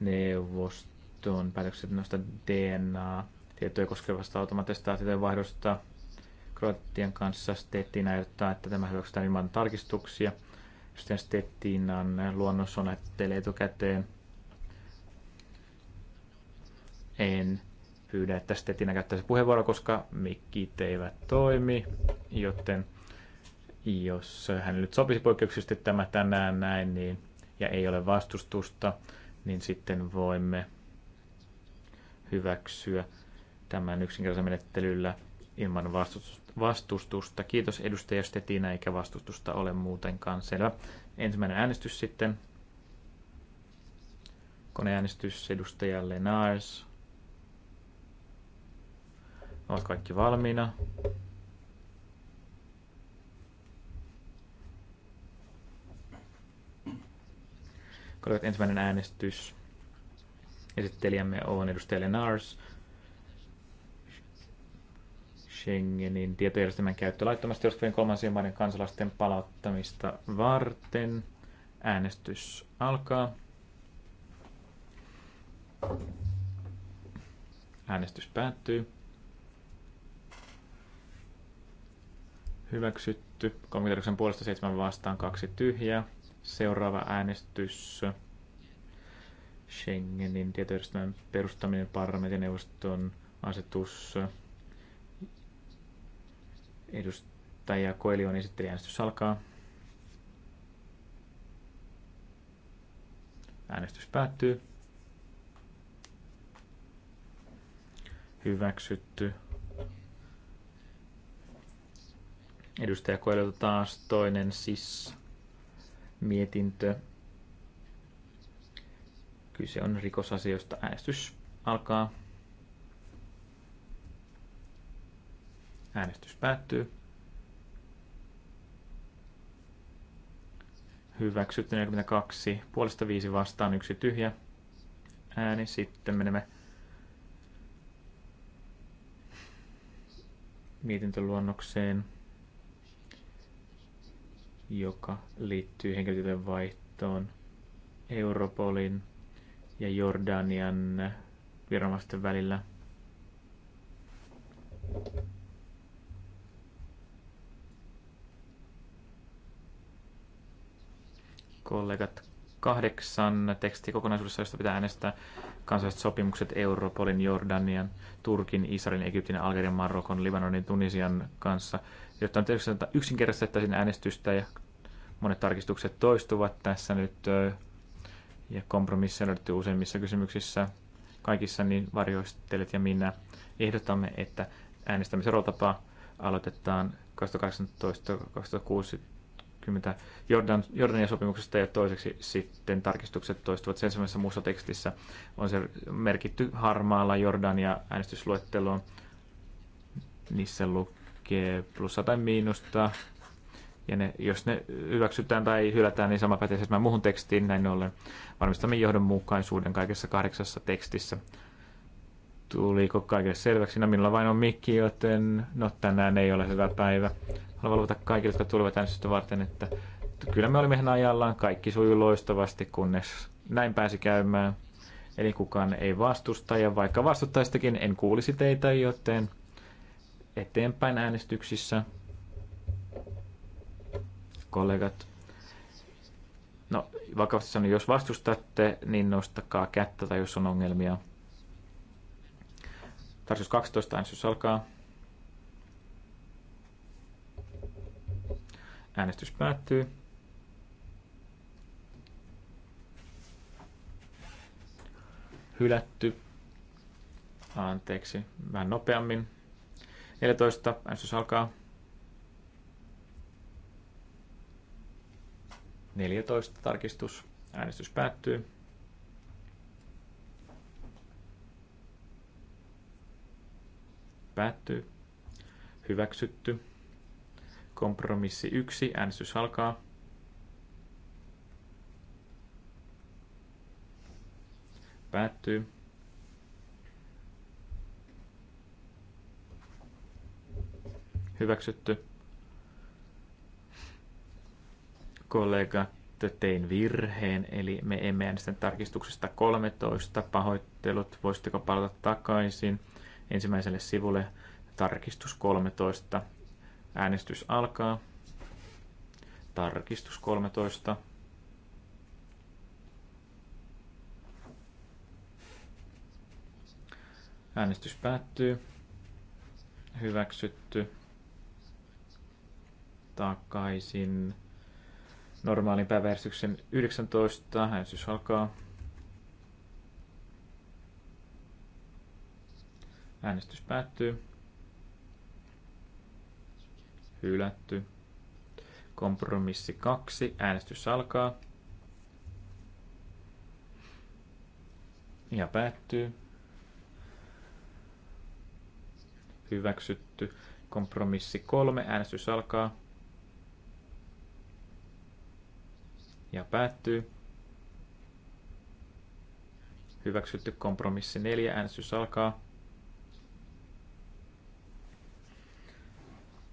neuvoston päätökset noista DNA tietoja koskevasta automaattisesta tietojen vaihdosta Kroatian kanssa. Stettina ehdottaa, että tämä hyväksytään ilman tarkistuksia. Sitten Stettinan luonnos on teille etukäteen. En pyydä, että Stettina käyttäisi puheenvuoroa, koska mikit eivät toimi, joten jos hän nyt sopisi poikkeuksellisesti tämä tänään näin, niin, ja ei ole vastustusta, niin sitten voimme hyväksyä tämän yksinkertaisella menettelyllä ilman vastustusta. Kiitos edustaja Stetina, eikä vastustusta ole muutenkaan selvä. Ensimmäinen äänestys sitten. Koneäänestys edustaja Lenars. Ovat kaikki valmiina. Kollegat, ensimmäinen äänestys. Esittelijämme on edustaja Lenars. Schengenin tietojärjestelmän käyttö laittomasti johtuvien kolmansien maiden kansalaisten palauttamista varten. Äänestys alkaa. Äänestys päättyy. Hyväksytty. 39 puolesta 7 vastaan kaksi tyhjää. Seuraava äänestys. Schengenin tietojärjestelmän perustaminen parlamentin neuvoston asetus Edustaja Koelion esittelijäänestys alkaa. Äänestys päättyy. Hyväksytty. Edustaja Koelilta taas toinen siis mietintö. Kyse on rikosasioista. Äänestys alkaa. Äänestys päättyy. Hyväksytty 42, puolesta 5 vastaan yksi tyhjä ääni. Sitten menemme mietintöluonnokseen, joka liittyy henkilötietojen vaihtoon Europolin ja Jordanian viranomaisten välillä. kollegat, kahdeksan tekstikokonaisuudessa, josta pitää äänestää kansalliset sopimukset Europolin, Jordanian, Turkin, Israelin, Egyptin, Algerian, Marokon, Libanonin, Tunisian kanssa, jotta on tietysti yksinkertaistettaisiin äänestystä ja monet tarkistukset toistuvat tässä nyt ja kompromisseja löytyy useimmissa kysymyksissä kaikissa, niin varjoistelet ja minä ehdotamme, että äänestämisen aloitetaan 2018-2016 20 Jordan, Jordanian sopimuksesta ja toiseksi sitten tarkistukset toistuvat samassa muussa tekstissä. On se merkitty harmaalla Jordania äänestysluetteloon. Niissä lukee plussa tai miinusta. Ja ne, jos ne hyväksytään tai hylätään, niin sama pätee muuhun tekstiin. Näin ollen varmistamme johdonmukaisuuden kaikessa kahdeksassa tekstissä. Tuliko kaikille selväksi? No minulla vain on mikki, joten no tänään ei ole hyvä päivä. Haluan luvata kaikille, jotka tulevat äänestystä varten, että kyllä me olimme ihan ajallaan. Kaikki sujuu loistavasti, kunnes näin pääsi käymään. Eli kukaan ei vastusta ja vaikka vastuttaistakin, en kuulisi teitä, joten eteenpäin äänestyksissä. Kollegat, no vakavasti sanon, jos vastustatte, niin nostakaa kättä tai jos on ongelmia. Tarkistus 12, äänestys alkaa. Äänestys päättyy. Hylätty. Anteeksi, vähän nopeammin. 14, äänestys alkaa. 14, tarkistus. Äänestys päättyy. Päättyy. Hyväksytty. Kompromissi 1. Äänestys alkaa. Päättyy. Hyväksytty. Kollegat, tein virheen, eli me emme äänestä tarkistuksesta 13. Pahoittelut, voisitteko palata takaisin ensimmäiselle sivulle. Tarkistus 13. Äänestys alkaa. Tarkistus 13. Äänestys päättyy. Hyväksytty. Takaisin normaalin päiväjärjestyksen 19. Äänestys alkaa. Äänestys päättyy. Hylätty. Kompromissi 2. Äänestys alkaa. Ja päättyy. Hyväksytty. Kompromissi 3. Äänestys alkaa. Ja päättyy. Hyväksytty kompromissi 4. Äänestys alkaa.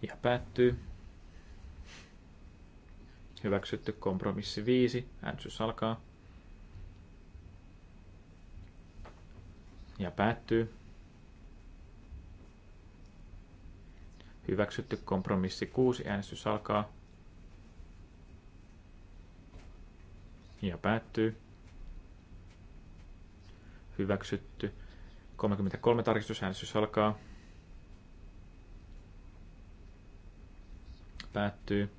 ja päättyy. Hyväksytty kompromissi 5. Äänestys alkaa. Ja päättyy. Hyväksytty kompromissi 6. Äänestys alkaa. Ja päättyy. Hyväksytty. 33 tarkistusäänestys alkaa. Päättyy.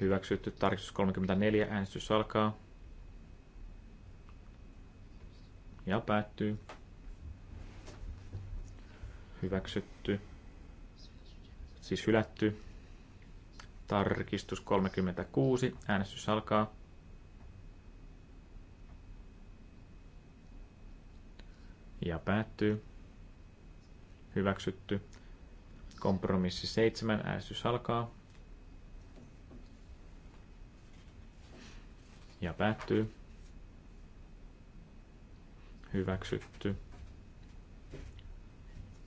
Hyväksytty. Tarkistus 34. Äänestys alkaa. Ja päättyy. Hyväksytty. Siis hylätty. Tarkistus 36. Äänestys alkaa. Ja päättyy. Hyväksytty. Kompromissi 7. Äänestys alkaa. Ja päättyy. Hyväksytty.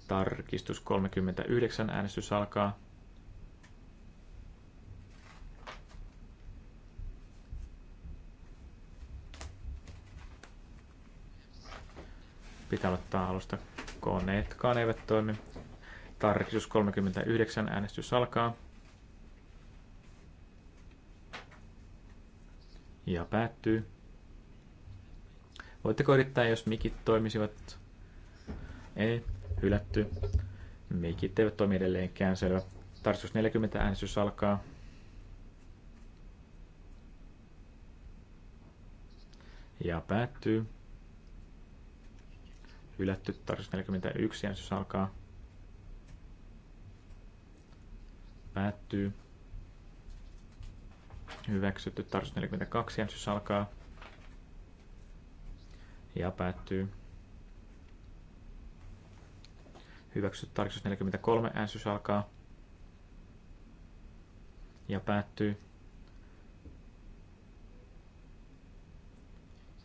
Tarkistus 39. Äänestys alkaa. Pitää ottaa alusta. Koneetkaan eivät toimi. Tarkistus 39, äänestys alkaa. Ja päättyy. Voitteko yrittää, jos mikit toimisivat? Ei, hylätty. Mikit eivät toimi edelleenkään, selvä. Tarkistus 40, äänestys alkaa. Ja päättyy. Hylätty, tarkistus 41, äänestys alkaa. päättyy. Hyväksytty tarkistus 42 jänsys alkaa. Ja päättyy. Hyväksytty tarkistus 43 äänestys alkaa. Ja päättyy.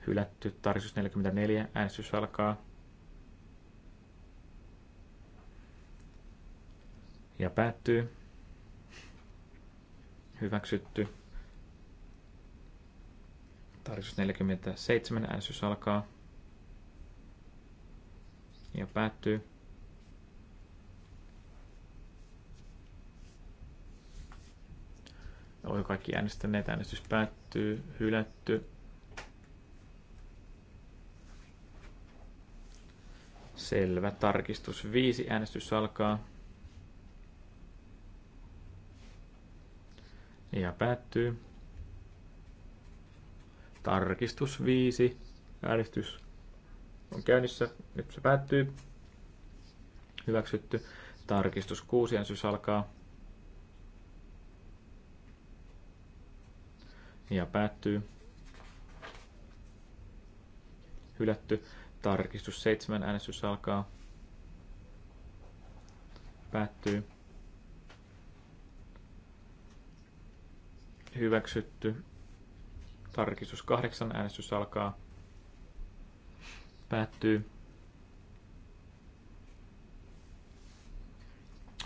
Hylätty tarkistus 44 äänestys alkaa. ja päättyy. Hyväksytty. Tarkistus 47. Äänestys alkaa. Ja päättyy. Oi kaikki äänestäneet. Äänestys päättyy. Hylätty. Selvä. Tarkistus 5. Äänestys alkaa. Ja päättyy. Tarkistus 5. Äänestys on käynnissä. Nyt se päättyy. Hyväksytty. Tarkistus 6. Äänestys alkaa. Ja päättyy. Hylätty. Tarkistus 7. Äänestys alkaa. Päättyy hyväksytty. Tarkistus kahdeksan äänestys alkaa. Päättyy.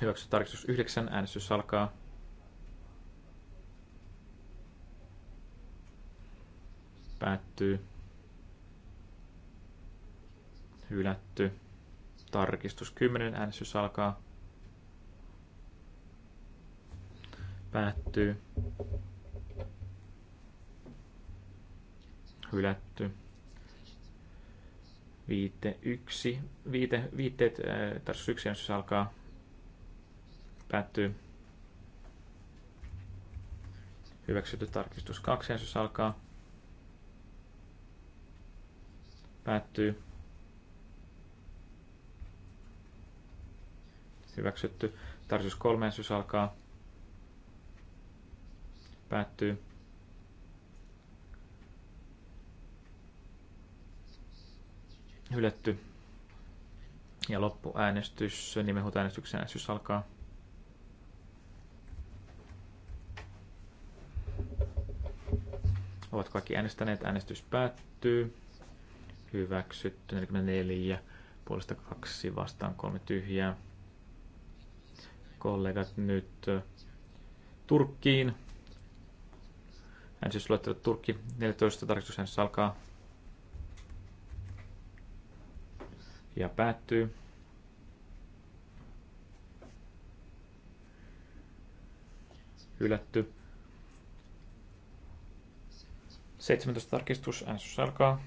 Hyväksytty tarkistus yhdeksän äänestys alkaa. Päättyy. Hylätty. Tarkistus 10 äänestys alkaa. Päättyy. hylätty. Viite, yksi, viite, viitteet, äh, tarkoitus yksi äänestys alkaa, päättyy. Hyväksytty tarkistus kaksi äänestys alkaa, päättyy. Hyväksytty. Tarkistus kolme äänestys alkaa, päättyy Hylätty. Ja loppuäänestys, nimenhuutoäänestyksen äänestys alkaa. Ovat kaikki äänestäneet, äänestys päättyy. Hyväksytty 44, puolesta kaksi vastaan kolme tyhjää. Kollegat nyt Turkkiin. Äänestysluettelo Turkki 14 tarkistus alkaa. ja päättyy. Hylätty. 17 tarkistus, äänestys alkaa.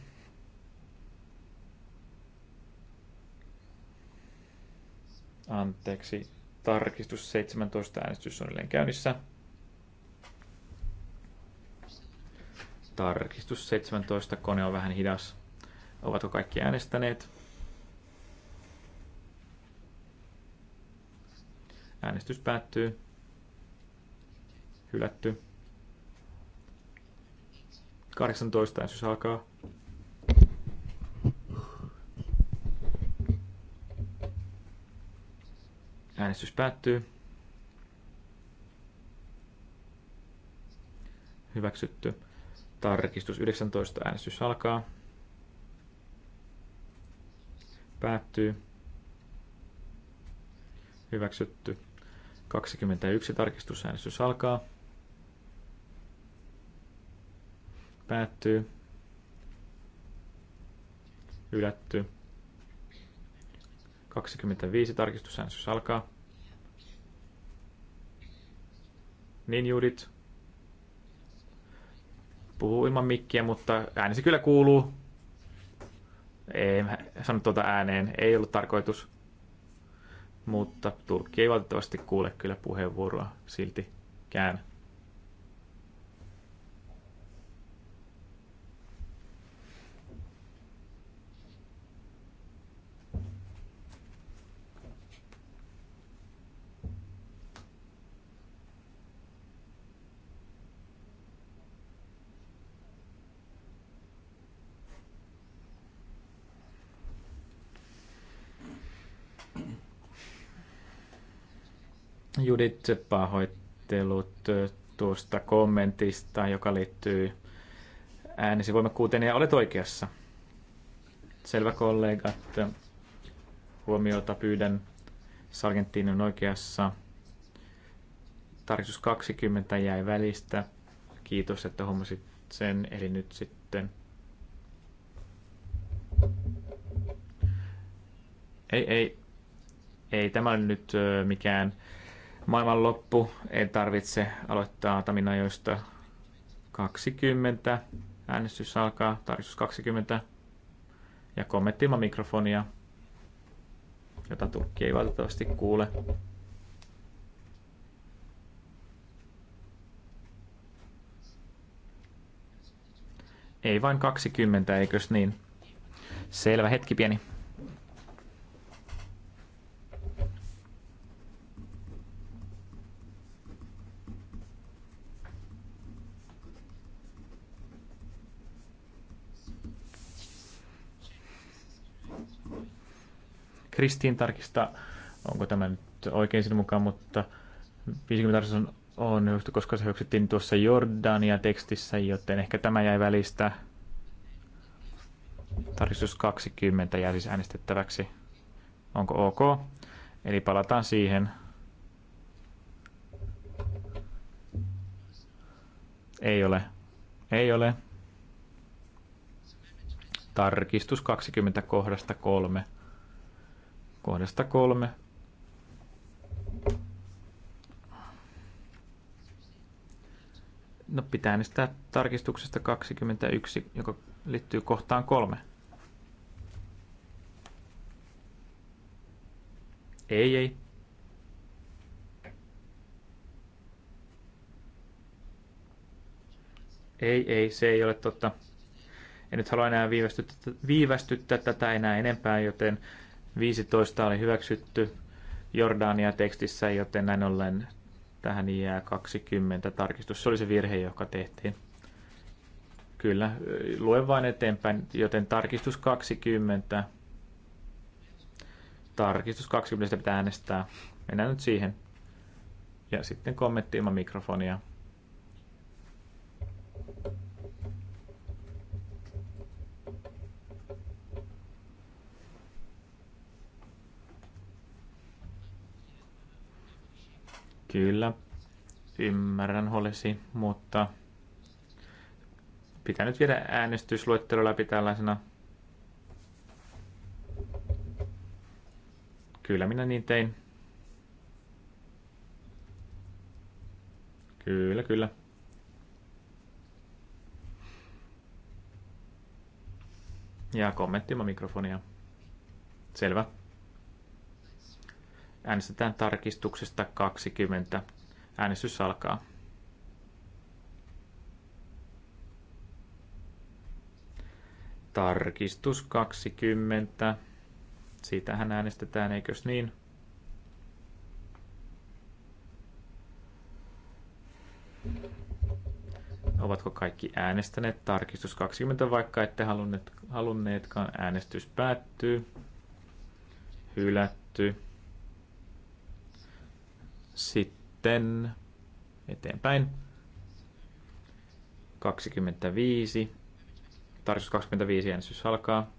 Anteeksi, tarkistus 17, äänestys on edelleen käynnissä. Tarkistus 17, kone on vähän hidas. Ovatko kaikki äänestäneet? Äänestys päättyy. Hylätty. 18 äänestys alkaa. Äänestys päättyy. Hyväksytty. Tarkistus 19. Äänestys alkaa. Päättyy. Hyväksytty. 21 tarkistusäänestys alkaa. Päättyy. Ylätty. 25 tarkistusäänestys alkaa. Niin Judit. Puhuu ilman mikkiä, mutta ääni se kyllä kuuluu. Ei sano tuota ääneen, ei ollut tarkoitus mutta Turkki ei valitettavasti kuule kyllä puheenvuoroa siltikään. Judith, pahoittelut tuosta kommentista, joka liittyy äänesi voimakkuuteen, ja olet oikeassa. Selvä että huomiota pyydän. Sargentin on oikeassa. Tarkistus 20 jäi välistä. Kiitos, että huomasit sen. Eli nyt sitten... Ei, ei, ei tämä on nyt mikään loppu. ei tarvitse aloittaa Taminajoista 20. Äänestys alkaa, tarkistus 20. Ja kommentti ilman mikrofonia, jota Turkki ei valitettavasti kuule. Ei vain 20, eikös niin? Selvä, hetki pieni. kristiin tarkista, onko tämä nyt oikein sinun mukaan, mutta 50 tarkistus on just, koska se hyöksyttiin tuossa Jordania tekstissä, joten ehkä tämä jäi välistä. Tarkistus 20 jää siis äänestettäväksi. Onko ok? Eli palataan siihen. Ei ole. Ei ole. Tarkistus 20 kohdasta 3 kohdasta kolme. No pitää äänestää tarkistuksesta 21, joka liittyy kohtaan kolme. Ei, ei. Ei, ei, se ei ole totta. En nyt halua enää viivästyttää, viivästyttää tätä enää enempää, joten 15 oli hyväksytty Jordania tekstissä, joten näin ollen tähän jää 20 tarkistus. Se oli se virhe, joka tehtiin. Kyllä, luen vain eteenpäin, joten tarkistus 20. Tarkistus 20 pitää äänestää. Mennään nyt siihen. Ja sitten kommentti ilman mikrofonia. Kyllä, ymmärrän huolesi, mutta pitää nyt viedä äänestysluettelo läpi tällaisena. Kyllä minä niin tein. Kyllä, kyllä. Ja kommentti mikrofonia. Selvä. Äänestetään tarkistuksesta 20. Äänestys alkaa. Tarkistus 20. Siitähän äänestetään, eikös niin? Ovatko kaikki äänestäneet? Tarkistus 20, vaikka ette halunneet, halunneetkaan. Äänestys päättyy. Hylätty. Sitten eteenpäin. 25. Tarkistus 25 äänestys alkaa.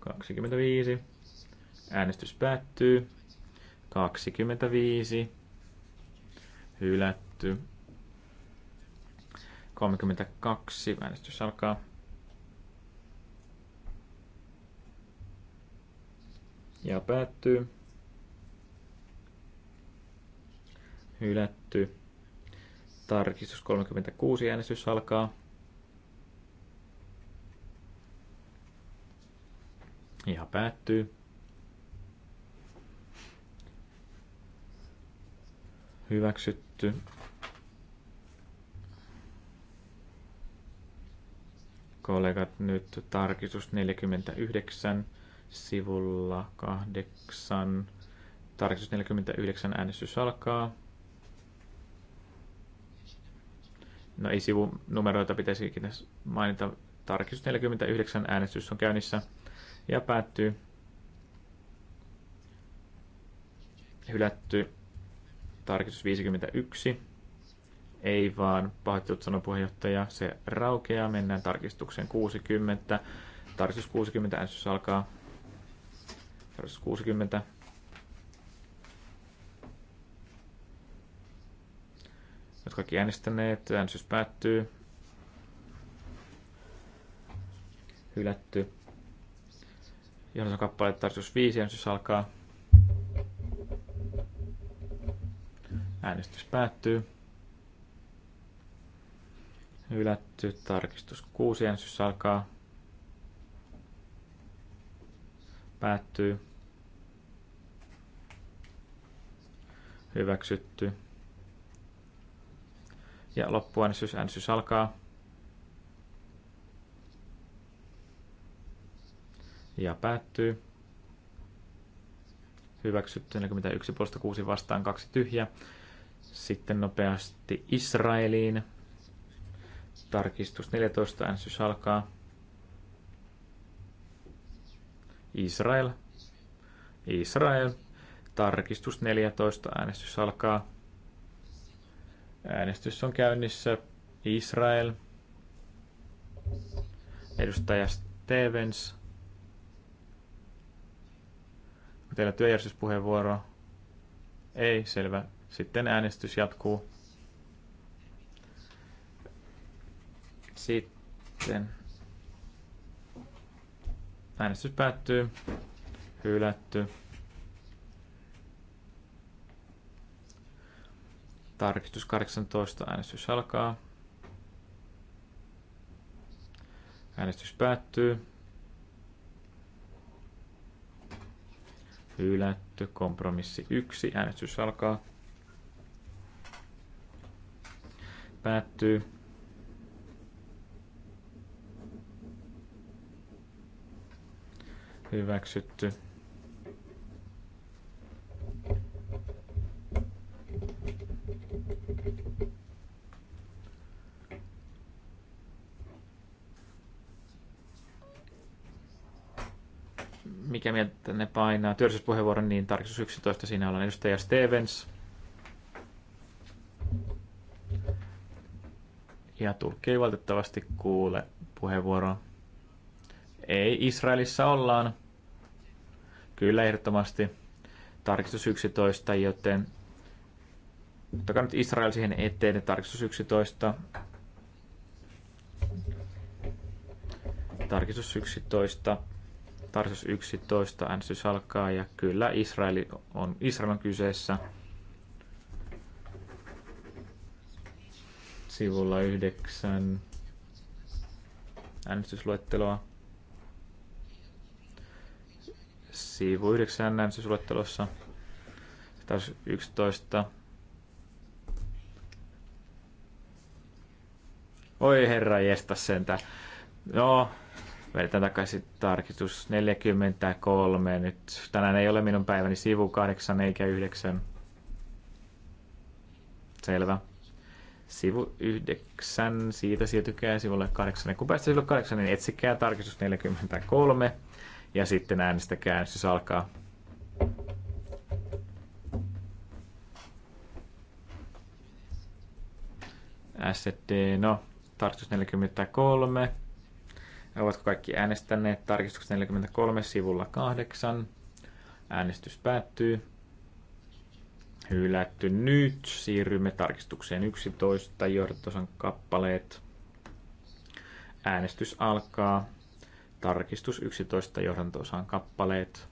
25. Äänestys päättyy. 25. Hylätty. 32. Äänestys alkaa. ja päättyy. Hylätty. Tarkistus 36 äänestys alkaa. Ja päättyy. Hyväksytty. Kollegat, nyt tarkistus 49 sivulla kahdeksan. Tarkistus 49 äänestys alkaa. No ei sivunumeroita pitäisikin mainita. Tarkistus 49 äänestys on käynnissä ja päättyy. Hylätty tarkistus 51. Ei vaan, pahoittelut sanoi puheenjohtaja, se raukeaa. Mennään tarkistukseen 60. Tarkistus 60 äänestys alkaa. 60. Nyt kaikki äänestäneet. Äänestys päättyy. Hylätty. Johdassa kappale tarkistus 5. Äänestys alkaa. Äänestys päättyy. Hylätty. Tarkistus 6. Äänestys alkaa. Päättyy. hyväksytty. Ja loppuäänestys, äänestys alkaa. Ja päättyy. Hyväksytty 41 puolesta 6 vastaan, 2 tyhjä. Sitten nopeasti Israeliin. Tarkistus 14, äänestys alkaa. Israel. Israel. Tarkistus 14. Äänestys alkaa. Äänestys on käynnissä. Israel. Edustaja Stevens. Onko teillä työjärjestyspuheenvuoro? Ei, selvä. Sitten äänestys jatkuu. Sitten äänestys päättyy. Hylätty. Tarkistus 18. Äänestys alkaa. Äänestys päättyy. Hylätty. Kompromissi 1. Äänestys alkaa. Päättyy. Hyväksytty. työllisyyspuheenvuoron, niin tarkistus 11 siinä ollaan edustaja Stevens. Ja Turkki ei valitettavasti kuule puheenvuoroa. Ei, Israelissa ollaan. Kyllä, ehdottomasti. Tarkistus 11, joten ottakaa nyt Israel siihen eteen, tarkistus 11. Tarkistus 11 Tarsus 11 äänestys alkaa ja kyllä Israel on, Israel on kyseessä. Sivulla 9 äänestysluetteloa. Sivu 9 äänestysluettelossa. yksi 11. Oi herra jestas sentä. No, Vedetään takaisin tarkistus 43. Nyt tänään ei ole minun päiväni sivu 8 eikä 9. Selvä. Sivu 9, siitä siirtykää sivulle 8. Kun päästään sivulle 8, niin etsikää tarkistus 43 ja sitten äänestäkää äänestys siis alkaa. SD, no, tarkistus 43. Ovatko kaikki äänestäneet? Tarkistukset 43 sivulla 8. Äänestys päättyy. Hylätty nyt. Siirrymme tarkistukseen 11. Johdotosan kappaleet. Äänestys alkaa. Tarkistus 11 johdantoosaan kappaleet.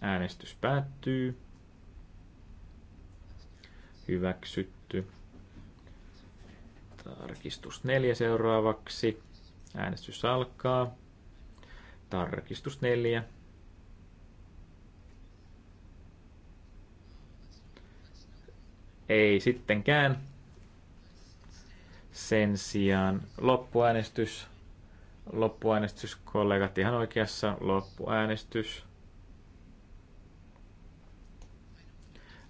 Äänestys päättyy. Hyväksytty. Tarkistus neljä seuraavaksi. Äänestys alkaa. Tarkistus neljä. Ei sittenkään. Sen sijaan loppuäänestys. Loppuäänestys, kollegat ihan oikeassa. Loppuäänestys.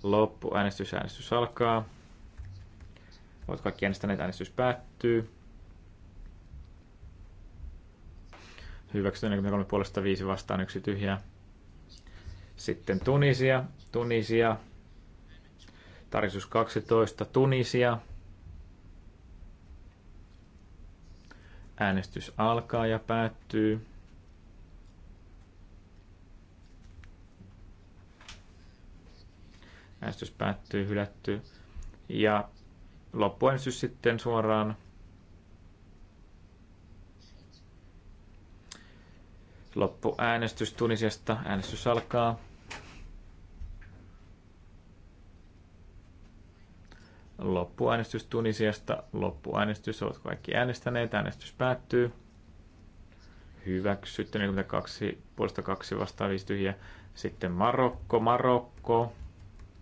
Loppuäänestys, äänestys alkaa. Ovat kaikki äänestäneet. Äänestys päättyy. Hyväksytty 43 puolesta 5 vastaan yksi tyhjä. Sitten Tunisia. Tunisia. Tarkistus 12. Tunisia. Äänestys alkaa ja päättyy. Äänestys päättyy, hylätty. Ja loppuäänestys sitten suoraan. Loppuäänestys Tunisiasta. Äänestys alkaa. Loppuäänestys Tunisiasta. Loppuäänestys. Olet kaikki äänestäneet. Äänestys päättyy. Hyväksytty. 42 puolesta 2 vastaan 5 tyhjää. Sitten Marokko, Marokko,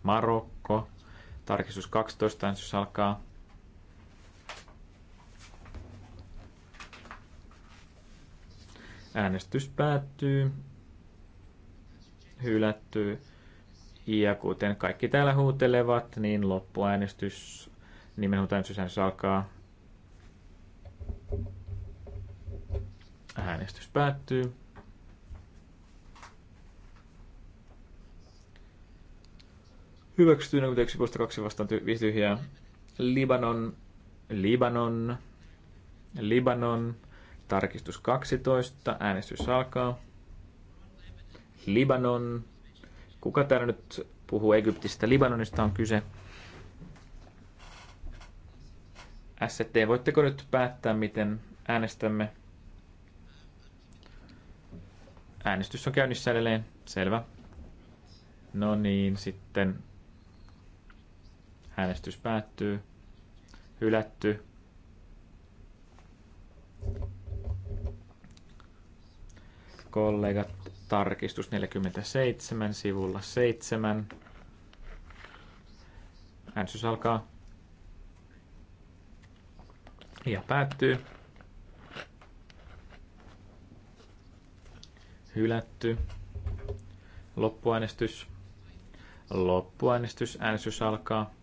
Marokko. Tarkistus 12, äänestys alkaa. Äänestys päättyy. Hylätty. Ja kuten kaikki täällä huutelevat, niin loppuäänestys, tämän alkaa. Äänestys päättyy. Hyväksytty 41 plus 2 vastaan 5 tyhjää. Libanon, Libanon, Libanon. Tarkistus 12. Äänestys alkaa. Libanon. Kuka täällä nyt puhuu Egyptistä? Libanonista on kyse. ST, voitteko nyt päättää, miten äänestämme? Äänestys on käynnissä edelleen. Selvä. No niin, sitten Äänestys päättyy. Hylätty. Kollegat, tarkistus 47 sivulla 7. Äänestys alkaa. Ja päättyy. Hylätty. Loppuäänestys. Loppuäänestys. Äänestys alkaa.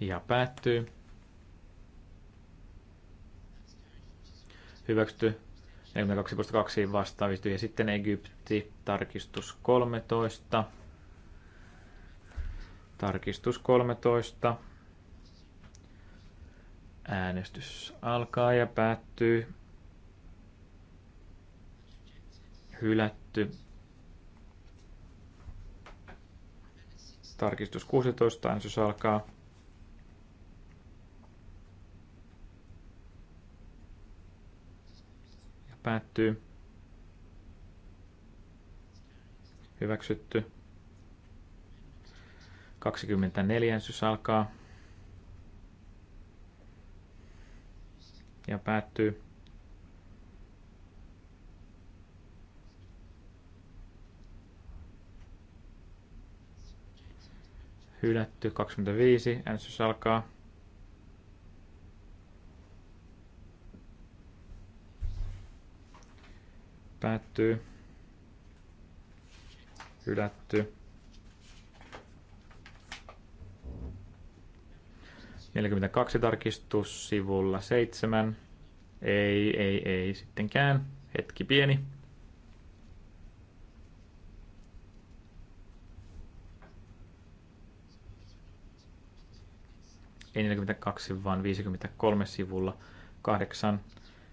ja päättyy. Hyväksytty 42.2 vastaavistu ja sitten Egypti, tarkistus 13. Tarkistus 13. Äänestys alkaa ja päättyy. Hylätty. Tarkistus 16. Äänestys alkaa. Päättyy. Hyväksytty. 24 ensys alkaa. Ja päättyy. Hylätty 25 ensys alkaa. Päättyy. Hylätty. 42 tarkistus sivulla 7. Ei, ei, ei sittenkään. Hetki pieni. Ei 42, vaan 53 sivulla 8.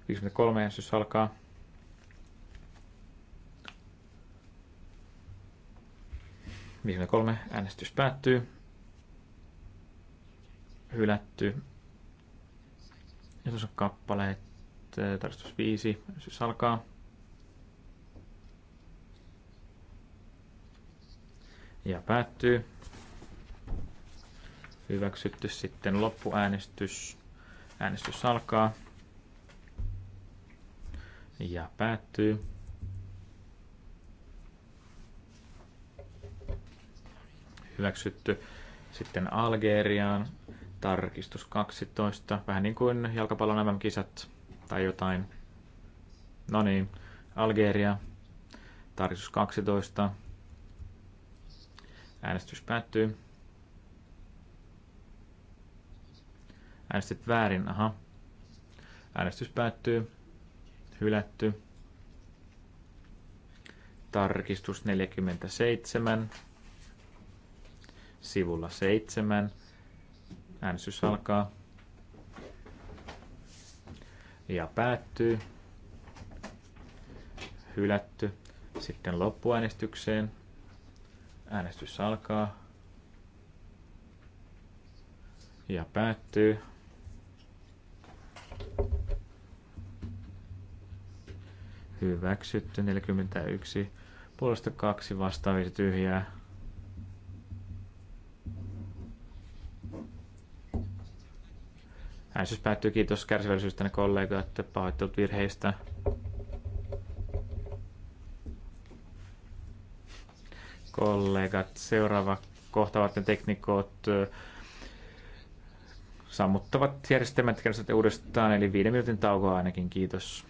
53 jos alkaa. 53 äänestys päättyy. Hylätty. Ja tuossa on kappaleet. Tarkastus 5. Äänestys alkaa. Ja päättyy. Hyväksytty sitten loppuäänestys. Äänestys alkaa. Ja päättyy. hyväksytty. Sitten Algeriaan, tarkistus 12, vähän niin kuin jalkapallon mm kisat tai jotain. No niin, Algeria, tarkistus 12. Äänestys päättyy. Äänestit väärin, aha. Äänestys päättyy. Hylätty. Tarkistus 47 sivulla 7. Äänsys alkaa. Ja päättyy. Hylätty. Sitten loppuäänestykseen. Äänestys alkaa. Ja päättyy. Hyväksytty 41. Puolesta kaksi vastaavista tyhjää Äänestys päättyy. Kiitos kärsivällisyystä kollegoja, että pahoittelut virheistä. Kollegat, seuraava kohta varten teknikot sammuttavat järjestelmät kärsivät uudestaan, eli viiden minuutin taukoa ainakin. Kiitos.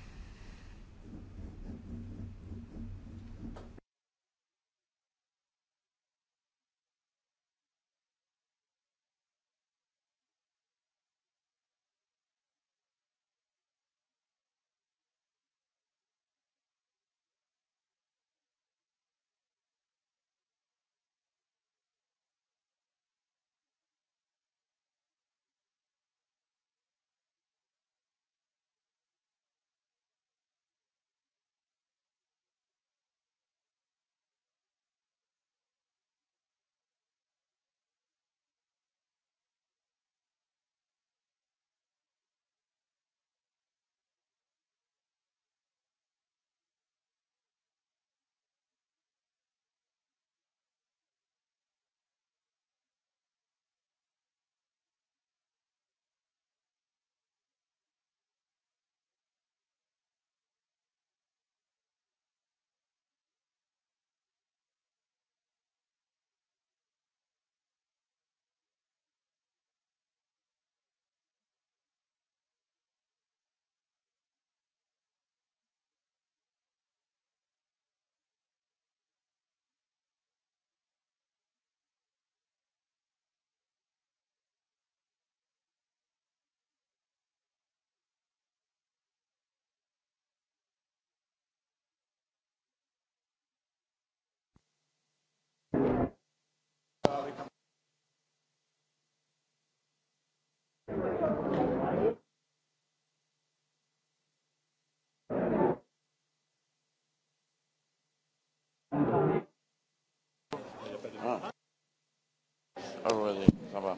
Ah. Already, ah, ça va.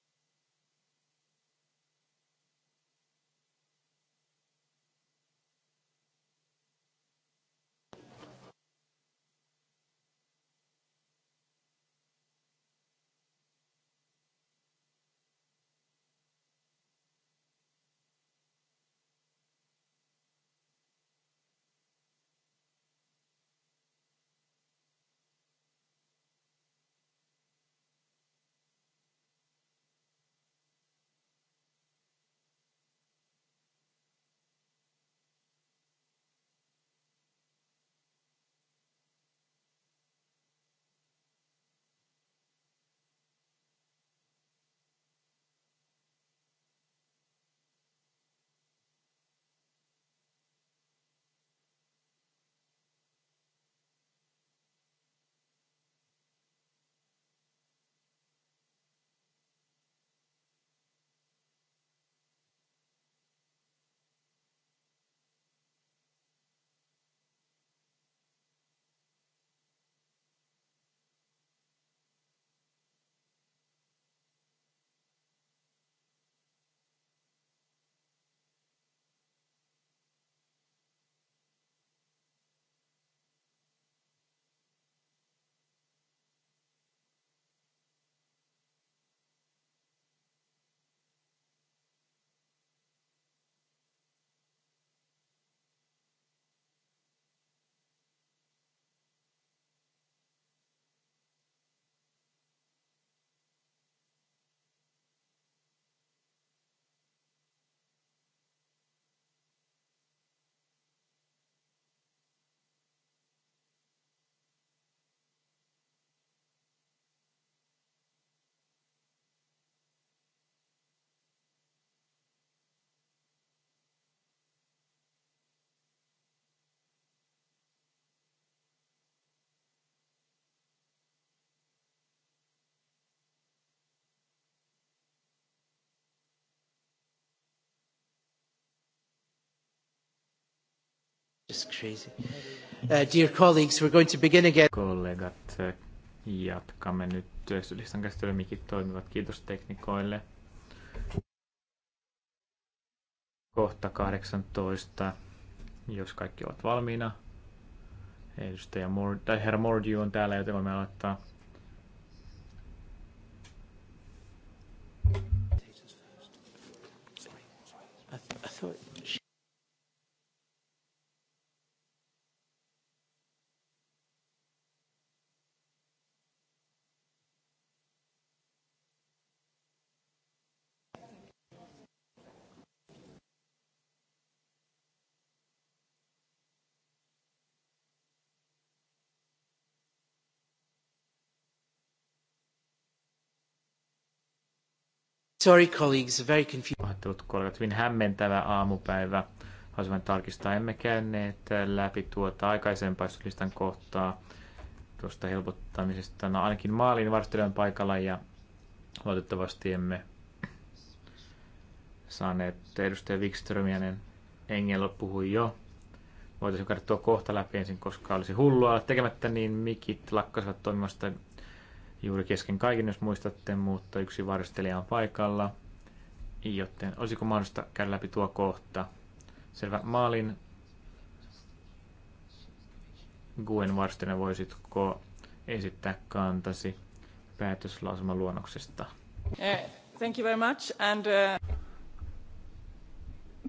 Just crazy. Uh, dear colleagues, we're going to begin again. Kollegat, jatkamme nyt työstylistan käsittelyä. Mikit toimivat. Kiitos teknikoille. Kohta 18, jos kaikki ovat valmiina. Edustaja Mord, tai herra Mordiu on täällä, joten voimme aloittaa. Sorry colleagues, very confused. kollegat, hyvin hämmentävä aamupäivä. Haluaisin tarkistaa, emme käyneet läpi tuota aikaisempaa listan kohtaa tuosta helpottamisesta. No ainakin maalin varustelijan paikalla ja valitettavasti emme saaneet edustaja Wikströmiä, niin Engel puhui jo. Voitaisiin käydä tuo kohta läpi ensin, koska olisi hullua tekemättä, niin mikit lakkasivat toimimasta juuri kesken kaiken, jos muistatte, mutta yksi varjostelija on paikalla. Joten olisiko mahdollista käydä läpi tuo kohta? Selvä. Maalin Guen varstena voisitko esittää kantasi päätöslausuman luonnoksesta? Eh, thank you very much and, uh...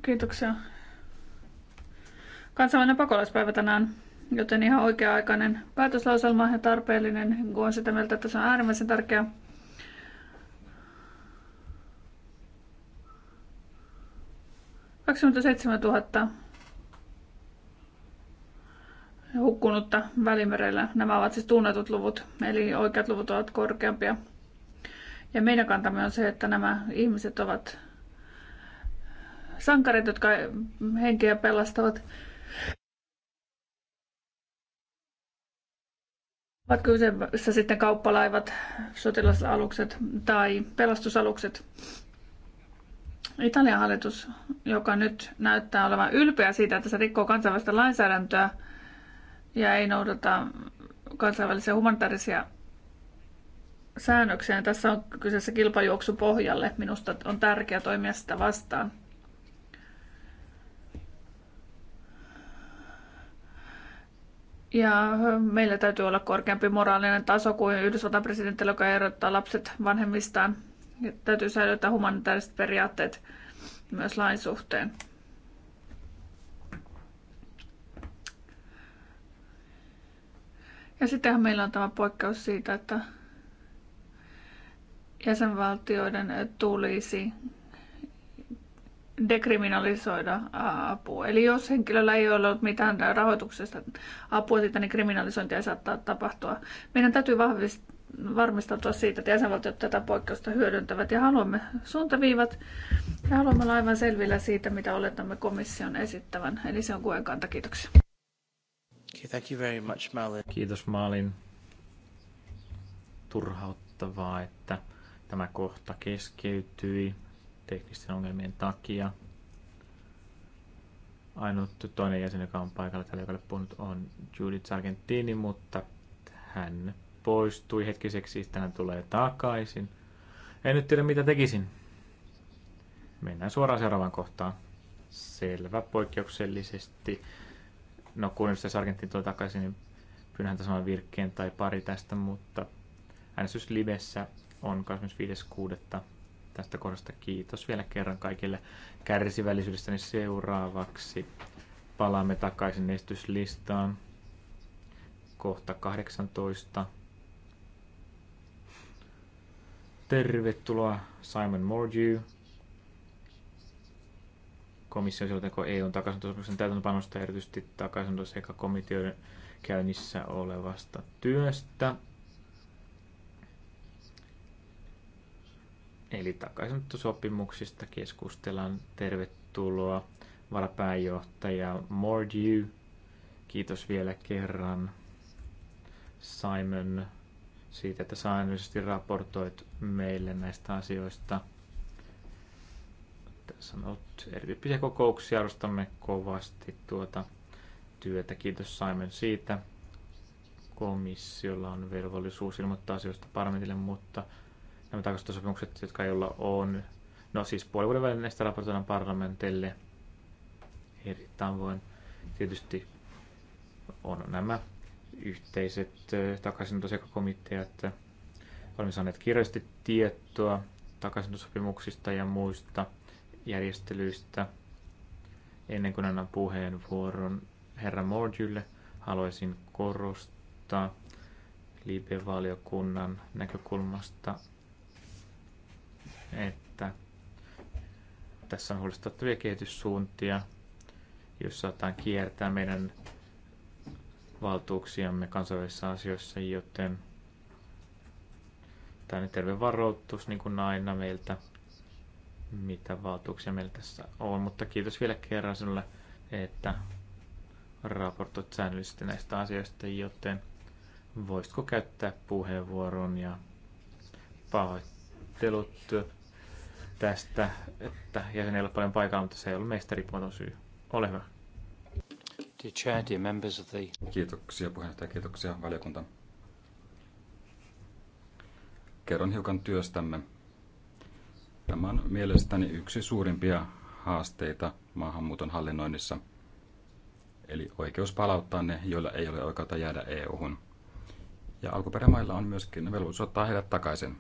Kiitoksia. Kansainvälinen pakolaispäivä tänään. Joten ihan oikea-aikainen päätöslauselma ja tarpeellinen, kun on sitä mieltä, että se on äärimmäisen tärkeä. ja hukkunutta välimerellä. Nämä ovat siis tunnetut luvut, eli oikeat luvut ovat korkeampia. Ja meidän kantamme on se, että nämä ihmiset ovat sankarit, jotka henkeä pelastavat. Ovat kyseessä sitten kauppalaivat, sotilasalukset tai pelastusalukset. Italian hallitus, joka nyt näyttää olevan ylpeä siitä, että se rikkoo kansainvälistä lainsäädäntöä ja ei noudata kansainvälisiä humanitaarisia säännöksiä. Tässä on kyseessä kilpajuoksu pohjalle. Minusta on tärkeää toimia sitä vastaan. Ja meillä täytyy olla korkeampi moraalinen taso kuin Yhdysvaltain presidentti, joka erottaa lapset vanhemmistaan. Ja täytyy säilyttää humanitaariset periaatteet myös lain suhteen. Ja sittenhän meillä on tämä poikkeus siitä, että jäsenvaltioiden tulisi dekriminalisoida apua. Eli jos henkilöllä ei ole ollut mitään rahoituksesta apua siitä, niin kriminalisointia saattaa tapahtua. Meidän täytyy vahvistaa varmistautua siitä, että jäsenvaltiot tätä poikkeusta hyödyntävät ja haluamme suuntaviivat ja haluamme olla aivan selvillä siitä, mitä oletamme komission esittävän. Eli se on kuen kanta. Kiitoksia. Okay, thank you very much, Malin. Kiitos Malin. Turhauttavaa, että tämä kohta keskeytyi teknisten ongelmien takia. Ainut toinen jäsen, joka on paikalla tällä joka puhunut, on Judith Argentini, mutta hän poistui hetkiseksi, hän tulee takaisin. En nyt tiedä, mitä tekisin. Mennään suoraan seuraavaan kohtaan. Selvä, poikkeuksellisesti. No, kun edustaja Sargentin tulee takaisin, niin pyydän häntä saman virkkeen tai pari tästä, mutta äänestys livessä on 25.6 tästä kohdasta. Kiitos vielä kerran kaikille kärsivällisyydestäni seuraavaksi. Palaamme takaisin estyslistaan. Kohta 18. Tervetuloa Simon Mordew. Komission selonteko EUn takaisinontosopimuksen täytäntöpanosta erityisesti takaisinontosekä komiteoiden käynnissä olevasta työstä. Eli takaisinottosopimuksista keskustellaan. Tervetuloa varapääjohtaja Mordew. Kiitos vielä kerran Simon siitä, että säännöllisesti raportoit meille näistä asioista. Tässä on ollut erityyppisiä kokouksia, arvostamme kovasti tuota työtä. Kiitos Simon siitä. Komissiolla on velvollisuus ilmoittaa asioista parlamentille, mutta nämä takaisin jotka olla on, no siis puoli vuoden välin näistä raportoidaan parlamentille eri tavoin. Tietysti on nämä yhteiset takaisinotosekakomiteat. Olemme saaneet kirjallisesti tietoa takaisinottosopimuksista ja muista järjestelyistä. Ennen kuin annan puheenvuoron herra Mordylle, haluaisin korostaa liipevaliokunnan näkökulmasta että tässä on huolestuttavia kehityssuuntia, jos saataan kiertää meidän valtuuksiamme kansainvälisissä asioissa, joten tämä on terve varoitus niin kuin aina meiltä, mitä valtuuksia meillä tässä on. Mutta kiitos vielä kerran sinulle, että raportoit säännöllisesti näistä asioista, joten voisitko käyttää puheenvuoron ja pahoittelut tästä, että jäsen ei ole paljon paikalla, mutta se ei ollut meistä syy. Ole hyvä. Kiitoksia puheenjohtaja, kiitoksia valiokunta. Kerron hiukan työstämme. Tämä on mielestäni yksi suurimpia haasteita maahanmuuton hallinnoinnissa, eli oikeus palauttaa ne, joilla ei ole oikeutta jäädä EU-hun. Ja alkuperämailla on myöskin velvollisuus ottaa heidät takaisin.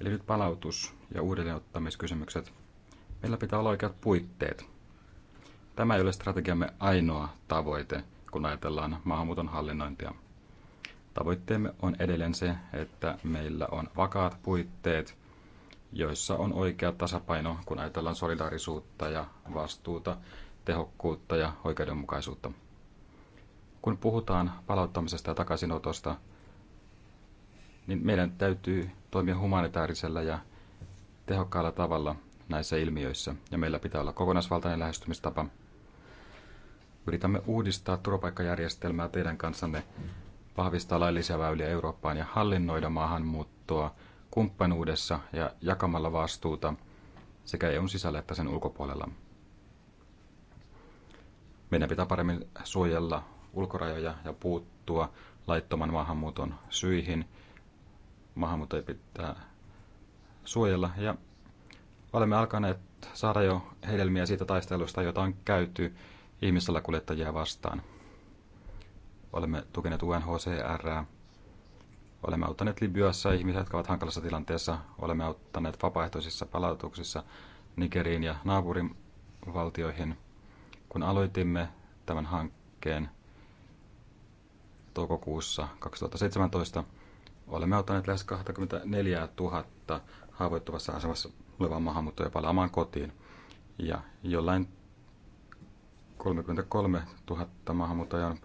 Eli nyt palautus- ja uudelleenottamiskysymykset. Meillä pitää olla oikeat puitteet. Tämä ei ole strategiamme ainoa tavoite, kun ajatellaan maahanmuuton hallinnointia. Tavoitteemme on edelleen se, että meillä on vakaat puitteet, joissa on oikea tasapaino, kun ajatellaan solidaarisuutta ja vastuuta, tehokkuutta ja oikeudenmukaisuutta. Kun puhutaan palauttamisesta ja takaisinotosta, niin meidän täytyy toimia humanitaarisella ja tehokkaalla tavalla näissä ilmiöissä, ja meillä pitää olla kokonaisvaltainen lähestymistapa. Yritämme uudistaa turvapaikkajärjestelmää teidän kanssanne, vahvistaa laillisia väyliä Eurooppaan ja hallinnoida maahanmuuttoa kumppanuudessa ja jakamalla vastuuta sekä EUn sisällä että sen ulkopuolella. Meidän pitää paremmin suojella ulkorajoja ja puuttua laittoman maahanmuuton syihin maahanmuuttajia pitää suojella. Ja olemme alkaneet saada jo hedelmiä siitä taistelusta, jota on käyty kuljettajia vastaan. Olemme tukeneet UNHCR, olemme auttaneet Libyassa ihmisiä, jotka ovat hankalassa tilanteessa, olemme auttaneet vapaaehtoisissa palautuksissa Nigeriin ja naapurivaltioihin. Kun aloitimme tämän hankkeen toukokuussa 2017, Olemme ottaneet lähes 24 000 haavoittuvassa asemassa olevaa maahanmuuttajaa palaamaan kotiin. Ja jollain 33 000 maahanmuuttajaa on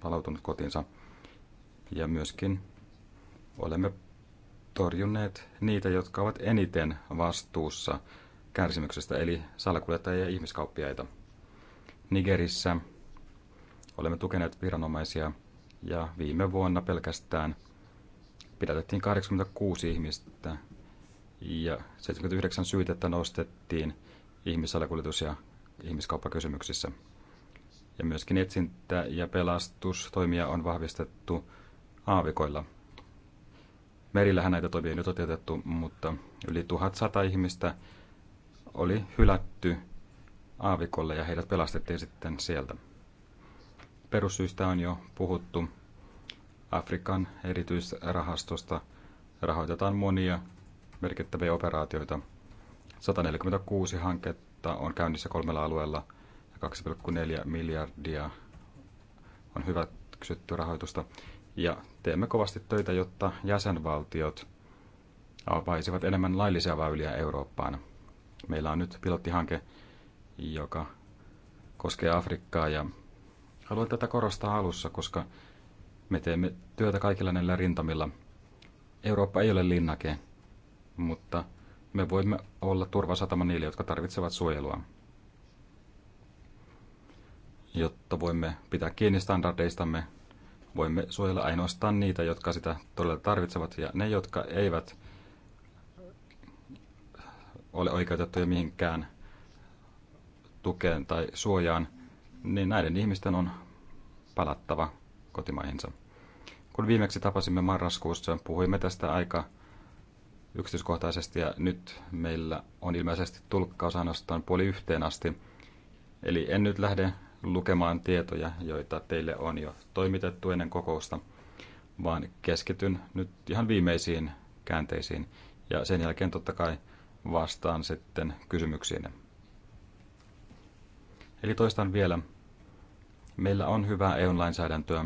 palautunut kotiinsa. Ja myöskin olemme torjunneet niitä, jotka ovat eniten vastuussa kärsimyksestä, eli salakuljettajia ja ihmiskauppiaita. Nigerissä olemme tukeneet viranomaisia ja viime vuonna pelkästään pidätettiin 86 ihmistä ja 79 syytettä nostettiin ihmissalakuljetus- ja ihmiskauppakysymyksissä. Ja myöskin etsintä- ja pelastustoimia on vahvistettu aavikoilla. Merillähän näitä toimia ei nyt toteutettu, mutta yli 1100 ihmistä oli hylätty aavikolle ja heidät pelastettiin sitten sieltä. Perussyistä on jo puhuttu Afrikan erityisrahastosta rahoitetaan monia merkittäviä operaatioita. 146 hanketta on käynnissä kolmella alueella ja 2,4 miljardia on hyväksytty rahoitusta. Ja teemme kovasti töitä, jotta jäsenvaltiot avaisivat enemmän laillisia väyliä Eurooppaan. Meillä on nyt pilottihanke, joka koskee Afrikkaa ja haluan tätä korostaa alussa, koska me teemme työtä kaikilla näillä rintamilla. Eurooppa ei ole linnake, mutta me voimme olla turvasatama niille, jotka tarvitsevat suojelua. Jotta voimme pitää kiinni standardeistamme, voimme suojella ainoastaan niitä, jotka sitä todella tarvitsevat, ja ne, jotka eivät ole oikeutettuja mihinkään tukeen tai suojaan, niin näiden ihmisten on palattava kotimaihinsa. Kun viimeksi tapasimme marraskuussa, puhuimme tästä aika yksityiskohtaisesti ja nyt meillä on ilmeisesti tulkkausainostaan puoli yhteen asti. Eli en nyt lähde lukemaan tietoja, joita teille on jo toimitettu ennen kokousta, vaan keskityn nyt ihan viimeisiin käänteisiin ja sen jälkeen totta kai vastaan sitten kysymyksiin. Eli toistan vielä. Meillä on hyvää EU-lainsäädäntöä,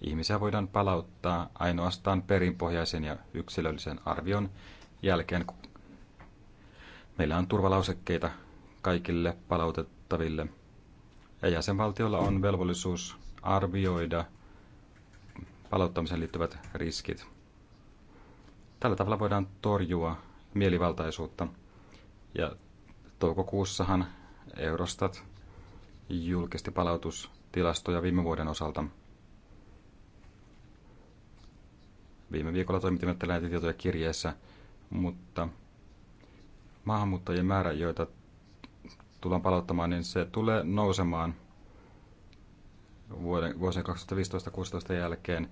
Ihmisiä voidaan palauttaa ainoastaan perinpohjaisen ja yksilöllisen arvion jälkeen. Meillä on turvalausekkeita kaikille palautettaville ja jäsenvaltiolla on velvollisuus arvioida palauttamiseen liittyvät riskit. Tällä tavalla voidaan torjua mielivaltaisuutta. Ja toukokuussahan Eurostat julkisti palautustilastoja viime vuoden osalta – Viime viikolla toimitimme näitä tietoja kirjeessä, mutta maahanmuuttajien määrä, joita tullaan palauttamaan, niin se tulee nousemaan vuoden, vuosien 2015-2016 jälkeen.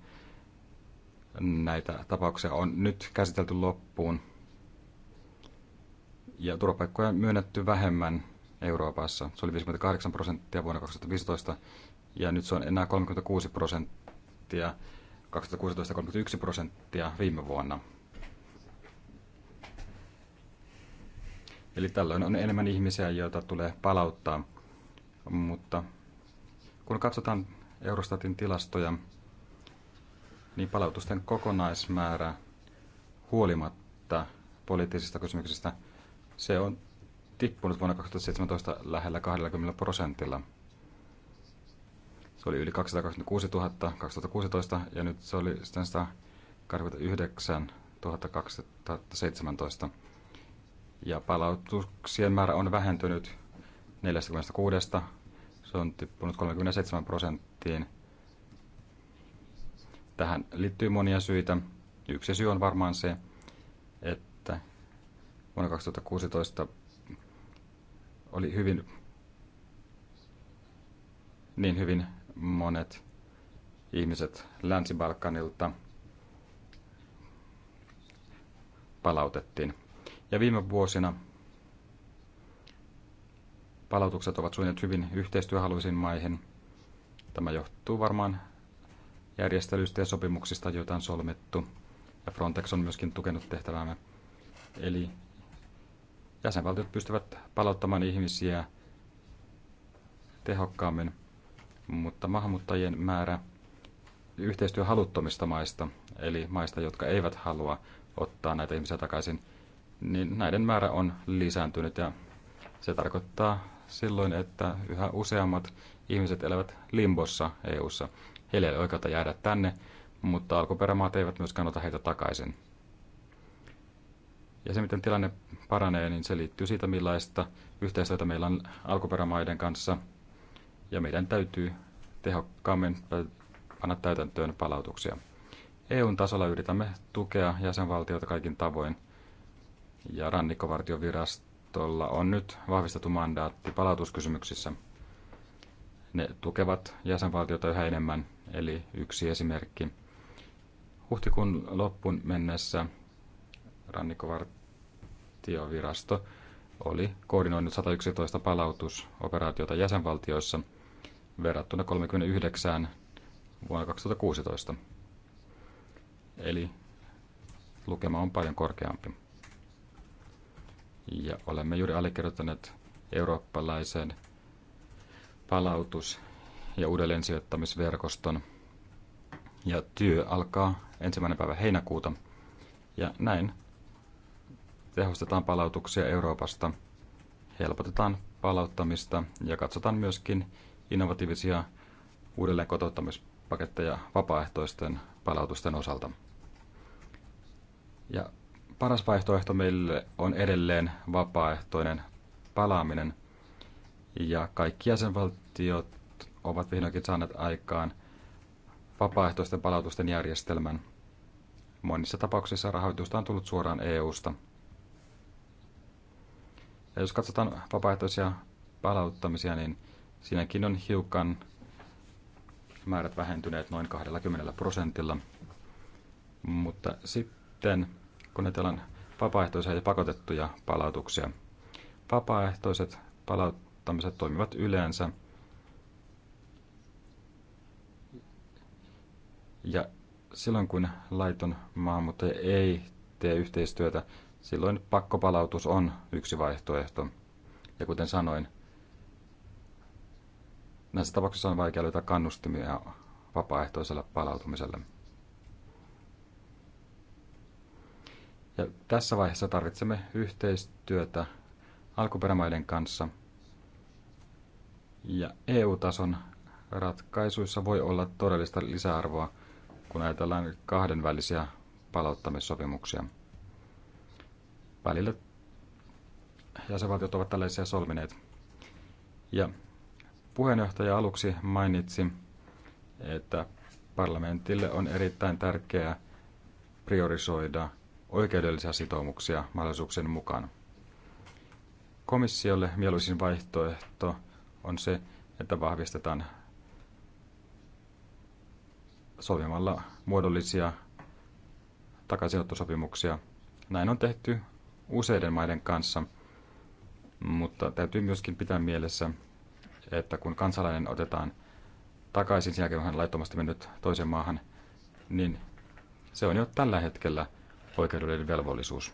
Näitä tapauksia on nyt käsitelty loppuun ja turvapaikkoja on myönnetty vähemmän Euroopassa. Se oli 58 prosenttia vuonna 2015 ja nyt se on enää 36 prosenttia 2016 31 prosenttia viime vuonna. Eli tällöin on enemmän ihmisiä, joita tulee palauttaa. Mutta kun katsotaan Eurostatin tilastoja, niin palautusten kokonaismäärä huolimatta poliittisista kysymyksistä, se on tippunut vuonna 2017 lähellä 20 prosentilla – se oli yli 226 000 2016 ja nyt se oli 189 000 2017. Ja palautuksien määrä on vähentynyt 46. Se on tippunut 37 prosenttiin. Tähän liittyy monia syitä. Yksi syy on varmaan se, että vuonna 2016 oli hyvin, niin hyvin monet ihmiset Länsi-Balkanilta palautettiin. Ja viime vuosina palautukset ovat suunnitelmat hyvin yhteistyöhaluisiin maihin. Tämä johtuu varmaan järjestelyistä ja sopimuksista, joita on solmittu. Ja Frontex on myöskin tukenut tehtävämme. Eli jäsenvaltiot pystyvät palauttamaan ihmisiä tehokkaammin – mutta maahanmuuttajien määrä yhteistyöhaluttomista maista, eli maista, jotka eivät halua ottaa näitä ihmisiä takaisin, niin näiden määrä on lisääntynyt ja se tarkoittaa silloin, että yhä useammat ihmiset elävät limbossa EU:ssa. Heillä ei ole oikeutta jäädä tänne, mutta alkuperämaat eivät myöskään ota heitä takaisin. Ja se, miten tilanne paranee, niin se liittyy siitä, millaista yhteistyötä meillä on alkuperämaiden kanssa – ja meidän täytyy tehokkaammin panna täytäntöön palautuksia. EUn tasolla yritämme tukea jäsenvaltioita kaikin tavoin, ja rannikkovartiovirastolla on nyt vahvistettu mandaatti palautuskysymyksissä. Ne tukevat jäsenvaltiota yhä enemmän, eli yksi esimerkki. Huhtikuun loppuun mennessä rannikkovartiovirasto oli koordinoinut 111 palautusoperaatiota jäsenvaltioissa – verrattuna 39 vuonna 2016. Eli lukema on paljon korkeampi. Ja olemme juuri allekirjoittaneet eurooppalaisen palautus- ja uudelleensijoittamisverkoston. Ja työ alkaa ensimmäinen päivä heinäkuuta. Ja näin tehostetaan palautuksia Euroopasta, helpotetaan palauttamista ja katsotaan myöskin innovatiivisia uudelleen kotouttamispaketteja vapaaehtoisten palautusten osalta. Ja paras vaihtoehto meille on edelleen vapaaehtoinen palaaminen. Ja kaikki jäsenvaltiot ovat vihdoinkin saaneet aikaan vapaaehtoisten palautusten järjestelmän. Monissa tapauksissa rahoitusta on tullut suoraan EU-sta. Ja jos katsotaan vapaaehtoisia palauttamisia, niin Siinäkin on hiukan määrät vähentyneet noin 20 prosentilla. Mutta sitten kun ajatellaan vapaaehtoisia ja pakotettuja palautuksia. Vapaaehtoiset palauttamiset toimivat yleensä ja silloin kun laiton maahanmuuttaja ei tee yhteistyötä, silloin pakkopalautus on yksi vaihtoehto. Ja kuten sanoin, Näissä tapauksissa on vaikea löytää kannustimia vapaaehtoiselle palautumiselle. Ja tässä vaiheessa tarvitsemme yhteistyötä alkuperämaiden kanssa. Ja EU-tason ratkaisuissa voi olla todellista lisäarvoa, kun ajatellaan kahdenvälisiä palauttamissopimuksia. Välillä jäsenvaltiot ovat tällaisia solmineet. Ja Puheenjohtaja aluksi mainitsi, että parlamentille on erittäin tärkeää priorisoida oikeudellisia sitoumuksia mahdollisuuksien mukaan. Komissiolle mieluisin vaihtoehto on se, että vahvistetaan sovimalla muodollisia takaisinottosopimuksia. Näin on tehty useiden maiden kanssa, mutta täytyy myöskin pitää mielessä, että kun kansalainen otetaan takaisin sen jälkeen, kun hän laittomasti mennyt toiseen maahan, niin se on jo tällä hetkellä oikeudellinen velvollisuus.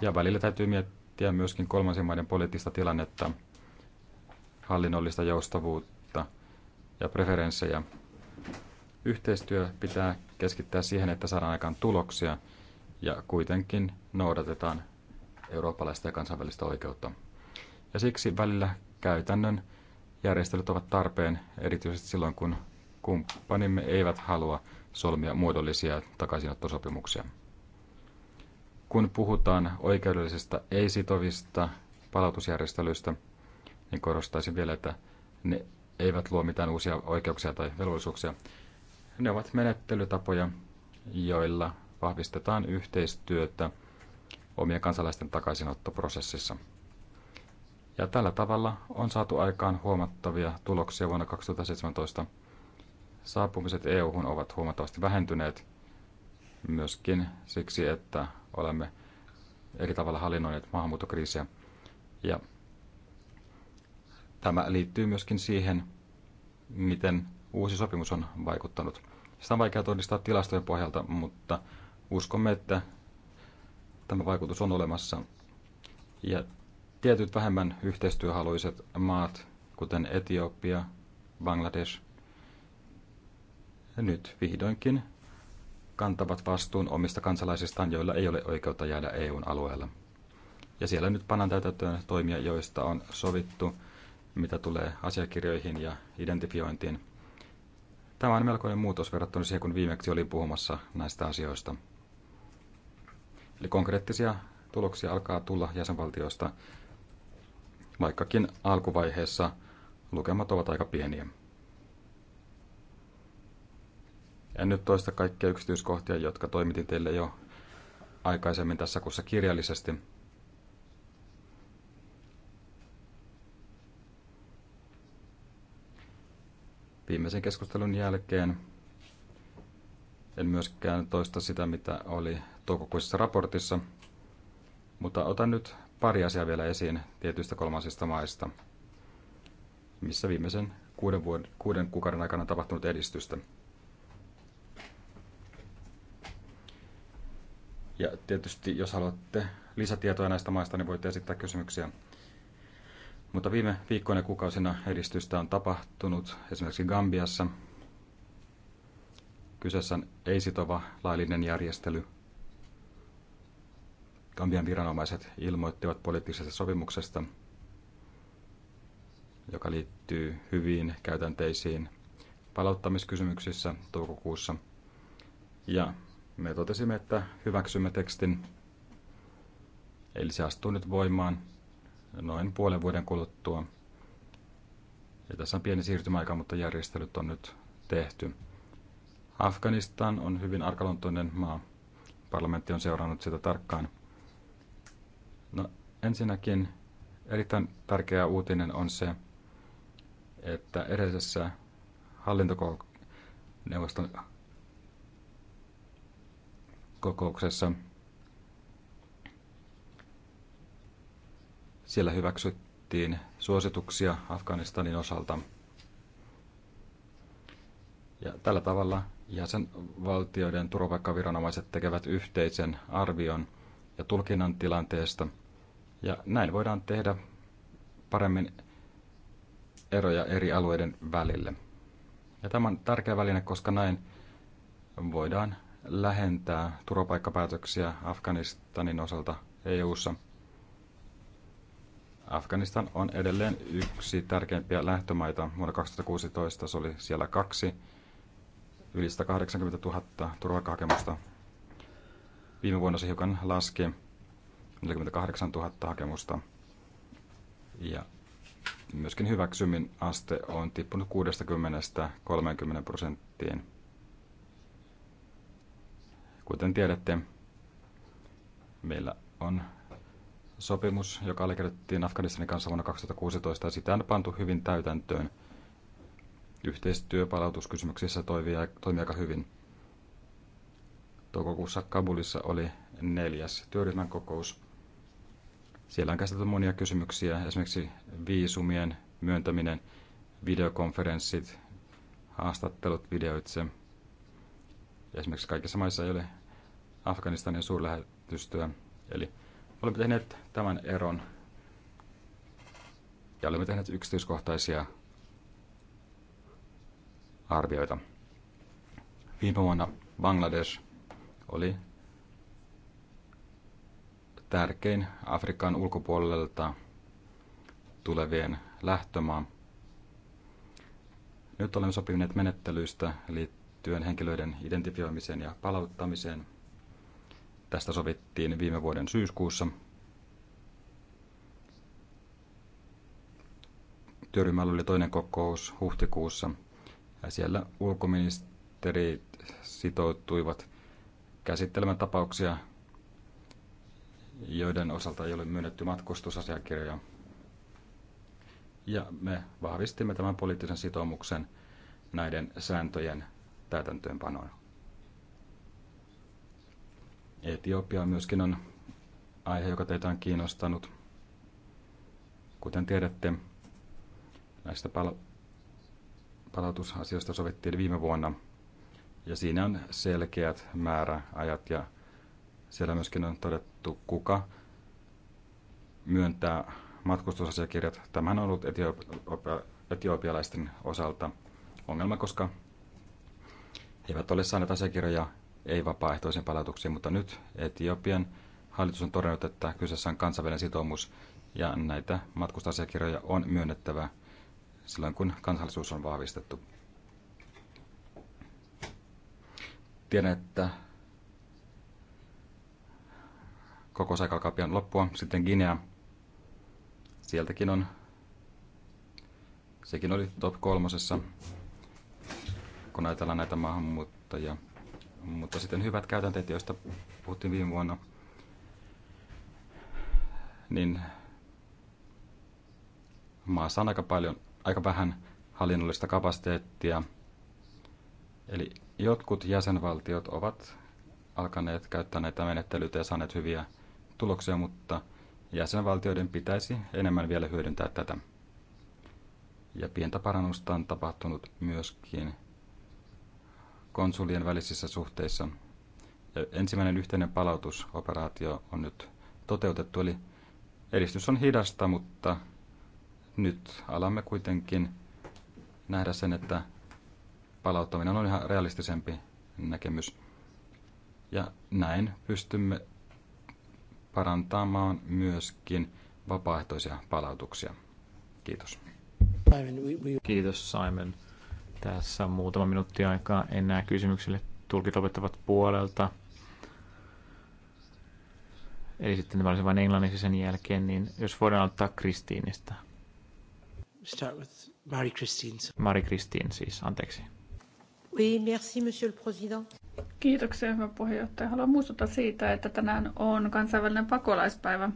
Ja välillä täytyy miettiä myöskin kolmansien maiden poliittista tilannetta, hallinnollista joustavuutta ja preferenssejä. Yhteistyö pitää keskittää siihen, että saadaan aikaan tuloksia ja kuitenkin noudatetaan eurooppalaista ja kansainvälistä oikeutta. Ja siksi välillä käytännön järjestelyt ovat tarpeen erityisesti silloin, kun kumppanimme eivät halua solmia muodollisia takaisinottosopimuksia. Kun puhutaan oikeudellisesta ei-sitovista palautusjärjestelyistä, niin korostaisin vielä, että ne eivät luo mitään uusia oikeuksia tai velvollisuuksia. Ne ovat menettelytapoja, joilla vahvistetaan yhteistyötä omien kansalaisten takaisinottoprosessissa. Ja tällä tavalla on saatu aikaan huomattavia tuloksia vuonna 2017. Saapumiset EU-hun ovat huomattavasti vähentyneet myöskin siksi, että olemme eri tavalla hallinnoineet maahanmuuttokriisiä. Ja tämä liittyy myöskin siihen, miten uusi sopimus on vaikuttanut. Sitä on vaikea todistaa tilastojen pohjalta, mutta uskomme, että tämä vaikutus on olemassa. Ja tietyt vähemmän yhteistyöhaluiset maat, kuten Etiopia, Bangladesh, nyt vihdoinkin kantavat vastuun omista kansalaisistaan, joilla ei ole oikeutta jäädä EUn alueella. Ja siellä nyt pannaan täytäntöön toimia, joista on sovittu, mitä tulee asiakirjoihin ja identifiointiin. Tämä on melkoinen muutos verrattuna siihen, kun viimeksi olin puhumassa näistä asioista. Eli konkreettisia tuloksia alkaa tulla jäsenvaltioista vaikkakin alkuvaiheessa lukemat ovat aika pieniä. En nyt toista kaikkia yksityiskohtia, jotka toimitin teille jo aikaisemmin tässä kuussa kirjallisesti. Viimeisen keskustelun jälkeen en myöskään toista sitä, mitä oli toukokuisessa raportissa, mutta otan nyt pari asiaa vielä esiin tietyistä kolmansista maista, missä viimeisen kuuden, vuoden, kuuden kuukauden aikana on tapahtunut edistystä. Ja tietysti, jos haluatte lisätietoja näistä maista, niin voitte esittää kysymyksiä. Mutta viime viikkoina ja kuukausina edistystä on tapahtunut esimerkiksi Gambiassa. Kyseessä on ei-sitova laillinen järjestely – Gambian viranomaiset ilmoittivat poliittisesta sopimuksesta, joka liittyy hyviin käytänteisiin palauttamiskysymyksissä toukokuussa. Ja me totesimme, että hyväksymme tekstin, eli se astuu nyt voimaan noin puolen vuoden kuluttua. Ja tässä on pieni siirtymäaika, mutta järjestelyt on nyt tehty. Afganistan on hyvin arkaluontoinen maa. Parlamentti on seurannut sitä tarkkaan – Ensinnäkin erittäin tärkeä uutinen on se, että edellisessä hallintoneuvoston kokouksessa siellä hyväksyttiin suosituksia Afganistanin osalta. Ja tällä tavalla jäsenvaltioiden turvapaikkaviranomaiset tekevät yhteisen arvion ja tulkinnan tilanteesta – ja näin voidaan tehdä paremmin eroja eri alueiden välille. Ja tämä on tärkeä väline, koska näin voidaan lähentää turvapaikkapäätöksiä Afganistanin osalta EU:ssa. Afganistan on edelleen yksi tärkeimpiä lähtömaita. Vuonna 2016 se oli siellä kaksi, yli 180 000 turvapaikkahakemusta. Viime vuonna se hiukan laski 48 000 hakemusta. Ja myöskin hyväksymin aste on tippunut 60-30 prosenttiin. Kuten tiedätte, meillä on sopimus, joka allekirjoitettiin Afganistanin kanssa vuonna 2016, ja sitä on pantu hyvin täytäntöön. Yhteistyöpalautuskysymyksissä toimii, toimii aika hyvin. Toukokuussa Kabulissa oli neljäs työryhmän kokous, siellä on käsitelty monia kysymyksiä, esimerkiksi viisumien myöntäminen, videokonferenssit, haastattelut videoitse. Esimerkiksi kaikissa maissa ei ole Afganistanin suurlähetystöä. Eli olemme tehneet tämän eron ja olemme tehneet yksityiskohtaisia arvioita. Viime vuonna Bangladesh oli tärkein Afrikan ulkopuolelta tulevien lähtömaa. Nyt olemme sopineet menettelyistä liittyen henkilöiden identifioimiseen ja palauttamiseen. Tästä sovittiin viime vuoden syyskuussa. Työryhmällä oli toinen kokous huhtikuussa ja siellä ulkoministerit sitoutuivat käsittelemään tapauksia joiden osalta ei ole myönnetty matkustusasiakirjoja. Ja me vahvistimme tämän poliittisen sitoumuksen näiden sääntöjen täytäntöönpanoon. Etiopia myöskin on aihe, joka teitä on kiinnostanut. Kuten tiedätte, näistä pal- palautusasioista sovittiin viime vuonna, ja siinä on selkeät määräajat ja siellä myöskin on todettu, kuka myöntää matkustusasiakirjat. Tämä on ollut etiopialaisten osalta ongelma, koska he eivät ole saaneet asiakirjoja ei vapaaehtoisiin palautuksiin, mutta nyt Etiopian hallitus on todennut, että kyseessä on kansainvälinen sitoumus ja näitä matkustusasiakirjoja on myönnettävä silloin, kun kansallisuus on vahvistettu. Tiedän, että Koko alkaa pian loppua. Sitten Guinea. Sieltäkin on. Sekin oli top kolmosessa, kun ajatellaan näitä maahanmuuttajia. Mutta sitten hyvät käytänteet, joista puhuttiin viime vuonna, niin maassa on aika paljon, aika vähän hallinnollista kapasiteettia. Eli jotkut jäsenvaltiot ovat alkaneet käyttää näitä menettelyitä ja saaneet hyviä tuloksia, mutta jäsenvaltioiden pitäisi enemmän vielä hyödyntää tätä. Ja pientä parannusta on tapahtunut myöskin konsulien välisissä suhteissa. Ja ensimmäinen yhteinen palautusoperaatio on nyt toteutettu, eli edistys on hidasta, mutta nyt alamme kuitenkin nähdä sen, että palauttaminen on ihan realistisempi näkemys. Ja näin pystymme parantamaan myöskin vapaaehtoisia palautuksia. Kiitos. Kiitos Simon. Tässä on muutama minuutti aikaa enää kysymyksille. Tulkit opettavat puolelta. Eli sitten tämä olisi vain englanniksi sen jälkeen, niin jos voidaan ottaa Kristiinistä. Start with Mari Christine. Mari Christine siis, anteeksi. Oui, merci, monsieur le président. Kiitoksia, hyvä puheenjohtaja. Haluan muistuttaa siitä, että tänään on kansainvälinen pakolaispäivä.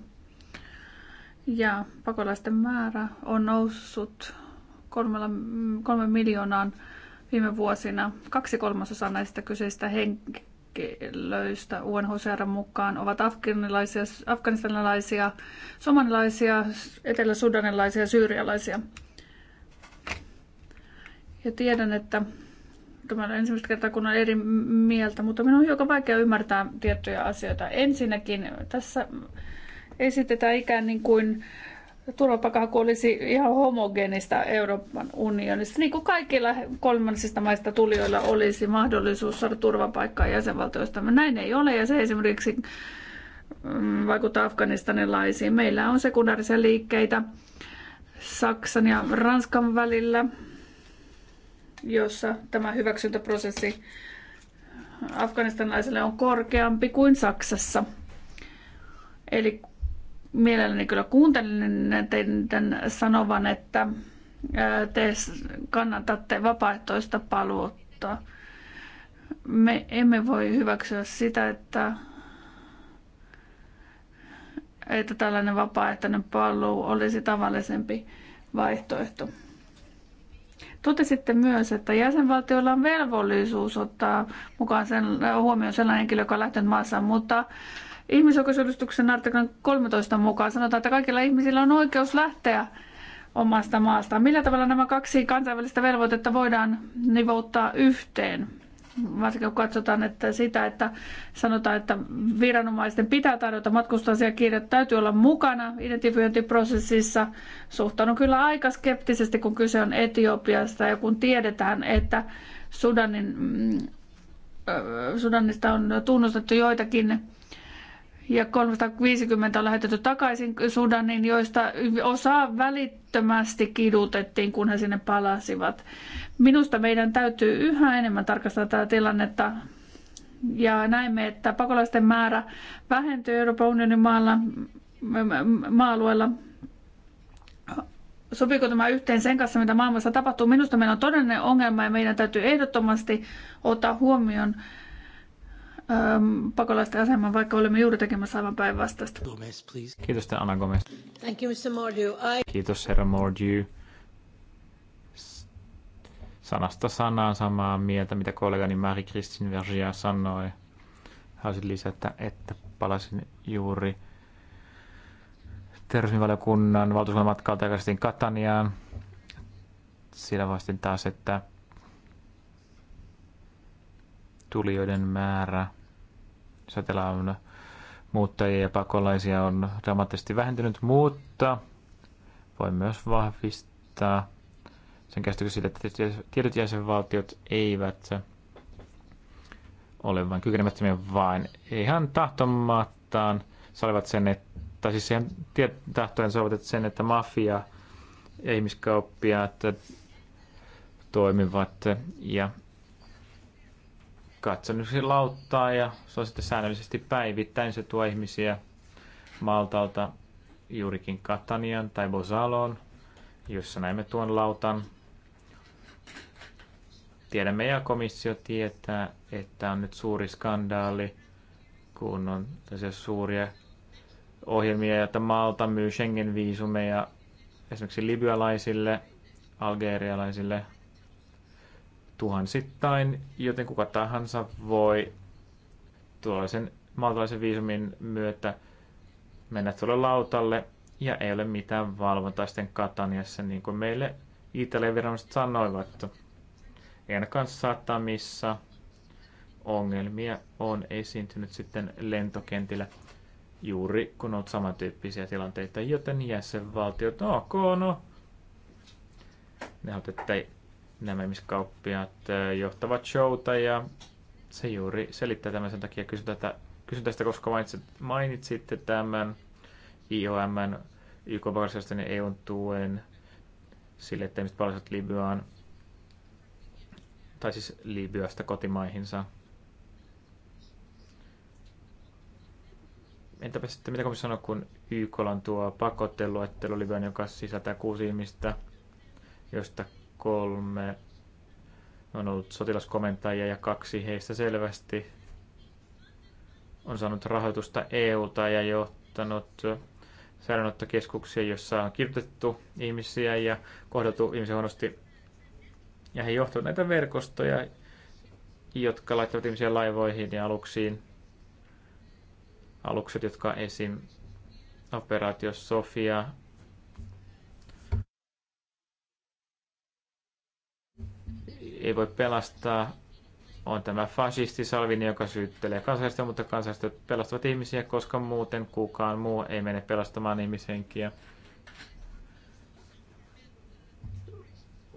Ja pakolaisten määrä on noussut kolmella, kolme miljoonaan viime vuosina. Kaksi kolmasosaa näistä kyseistä henkilöistä UNHCR mukaan ovat afganilaisia, afganistanilaisia, somanilaisia, etelä-sudanilaisia ja syyrialaisia. Ja tiedän, että Tämä on ensimmäistä kertaa, kun on eri mieltä, mutta minun on hiukan vaikea ymmärtää tiettyjä asioita. Ensinnäkin tässä esitetään ikään niin kuin turvapaikanhaku olisi ihan homogeenista Euroopan unionissa. Niin kuin kaikilla kolmansista maista tulijoilla olisi mahdollisuus saada turvapaikkaa jäsenvaltioista. Näin ei ole ja se esimerkiksi mm, vaikuttaa afganistanilaisiin. Meillä on sekundaarisia liikkeitä Saksan ja Ranskan välillä jossa tämä hyväksyntäprosessi afganistanaisille on korkeampi kuin Saksassa. Eli mielelläni kyllä kuuntelen teidän sanovan, että te kannatatte vapaaehtoista paluutta. Me emme voi hyväksyä sitä, että, että tällainen vapaaehtoinen paluu olisi tavallisempi vaihtoehto. Totesitte myös, että jäsenvaltioilla on velvollisuus ottaa mukaan sen, huomioon sellainen henkilö, joka on lähtenyt maassa, mutta ihmisoikeusjulistuksen artiklan 13 mukaan sanotaan, että kaikilla ihmisillä on oikeus lähteä omasta maastaan. Millä tavalla nämä kaksi kansainvälistä velvoitetta voidaan nivouttaa yhteen? varsinkin kun katsotaan että sitä, että sanotaan, että viranomaisten pitää tarjota matkustusasiakirjat, täytyy olla mukana identifiointiprosessissa. Suhtaudun kyllä aika skeptisesti, kun kyse on Etiopiasta ja kun tiedetään, että Sudanin, mm, Sudanista on tunnustettu joitakin ja 350 on lähetetty takaisin Sudaniin, joista osa välittömästi kidutettiin, kun he sinne palasivat. Minusta meidän täytyy yhä enemmän tarkastaa tätä tilannetta ja näemme, että pakolaisten määrä vähentyy Euroopan unionin maalla, maa-alueella. Sopiiko tämä yhteen sen kanssa, mitä maailmassa tapahtuu? Minusta meillä on todellinen ongelma ja meidän täytyy ehdottomasti ottaa huomioon äm, pakolaisten aseman, vaikka olemme juuri tekemässä aivan päinvastaista. Kiitos, Anna Gomez. Thank you, Mr. Mordew. I... Kiitos, herra Mordew sanasta sanaan samaa mieltä, mitä kollegani Mari Kristin Vergia sanoi. Haluaisin lisätä, että palasin juuri terveysvaliokunnan valtuuskunnan matkalta takaisin Kataniaan. Siellä vastin taas, että tulijoiden määrä, satella on muuttajia ja pakolaisia on dramaattisesti vähentynyt, mutta voi myös vahvistaa sen käsityksen siitä, että tietyt jäsenvaltiot eivät ole vain kykenemättömiä, vaan ihan tahtomattaan salivat sen, että siis ihan tahtojen salivat sen, että mafia ja ihmiskauppiaat toimivat ja katson lauttaa ja se on sitten säännöllisesti päivittäin. Se tuo ihmisiä Maltalta juurikin Katanian tai Bosalon, jossa näemme tuon lautan. Tiedämme ja komissio tietää, että on nyt suuri skandaali, kun on tällaisia suuria ohjelmia, joita Malta myy Schengen-viisumeja esimerkiksi libyalaisille, algerialaisille tuhansittain, joten kuka tahansa voi tuollaisen maltalaisen viisumin myötä mennä tuolle lautalle ja ei ole mitään valvontaa sitten Kataniassa, niin kuin meille Italian viranomaiset sanoivat. En ainakaan satamissa. Ongelmia on esiintynyt sitten lentokentillä juuri kun on samantyyppisiä tilanteita, joten jäsenvaltiot, no ok, no, ne että nämä ihmiskauppiaat johtavat showta ja se juuri selittää tämän sen takia kysyn, tätä, kysyn tästä, koska mainitsit, mainitsitte tämän IOMn YK pakolaisjärjestön ja EUn tuen sille, että ihmiset palaisivat Libyaan tai siis Libyasta kotimaihinsa. Entäpä sitten, mitä komissio sanoo kun YK on tuo pakoteluettelo Libyan, joka sisältää kuusi ihmistä, joista kolme on ollut sotilaskomentajia ja kaksi heistä selvästi on saanut rahoitusta EU-ta ja johtanut säilönottokeskuksia, jossa on kirjoitettu ihmisiä ja kohdeltu ihmisiä huonosti ja he johtavat näitä verkostoja, jotka laittavat ihmisiä laivoihin ja aluksiin. Alukset, jotka esim. operaatio Sofia ei voi pelastaa. On tämä fasisti Salvini, joka syyttelee kansalaisista, mutta kansalaiset pelastavat ihmisiä, koska muuten kukaan muu ei mene pelastamaan ihmishenkiä.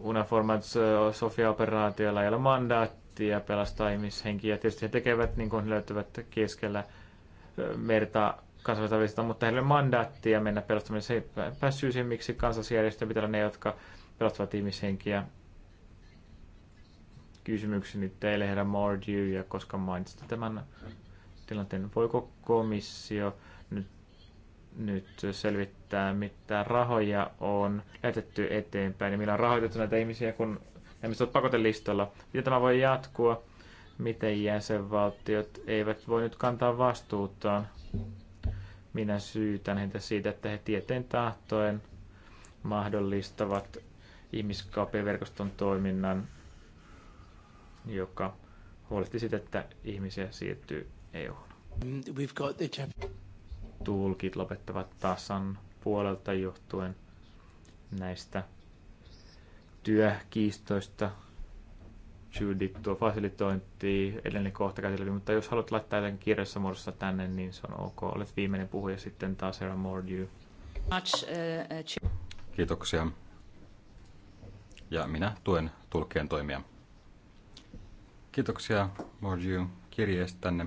Unaformats Sofia-operaatiolla ei ole mandaattia pelastaa ihmishenkiä. Tietysti he tekevät niin kuin he löytyvät keskellä merta kansallistavista, mutta heillä on mandaattia mennä pelastamaan. Se ei päässyt siihen, miksi kansallisjärjestö pitää olla ne, jotka pelastavat ihmishenkiä. Kysymykseni teille, herra Mordew, ja koska mainitsitte tämän tilanteen, voiko komissio nyt selvittää, mitä rahoja on lähetetty eteenpäin ja millä on rahoitettu näitä ihmisiä, kun ihmiset ovat pakotelistalla. Miten tämä voi jatkua? Miten jäsenvaltiot eivät voi nyt kantaa vastuutaan? Minä syytän heitä siitä, että he tieteen tahtoen mahdollistavat ihmiskaupien verkoston toiminnan, joka huolehtii siitä, että ihmisiä siirtyy EU. We've got the tulkit lopettavat tasan puolelta johtuen näistä työkiistoista. Judy tuo fasilitointi edellinen kohta käsitellä, mutta jos haluat laittaa jotenkin kirjassa muodossa tänne, niin se on ok. Olet viimeinen puhuja sitten taas Herra Mordew. Uh, uh, Kiitoksia. Ja minä tuen tulkkien toimia. Kiitoksia Mordew tänne.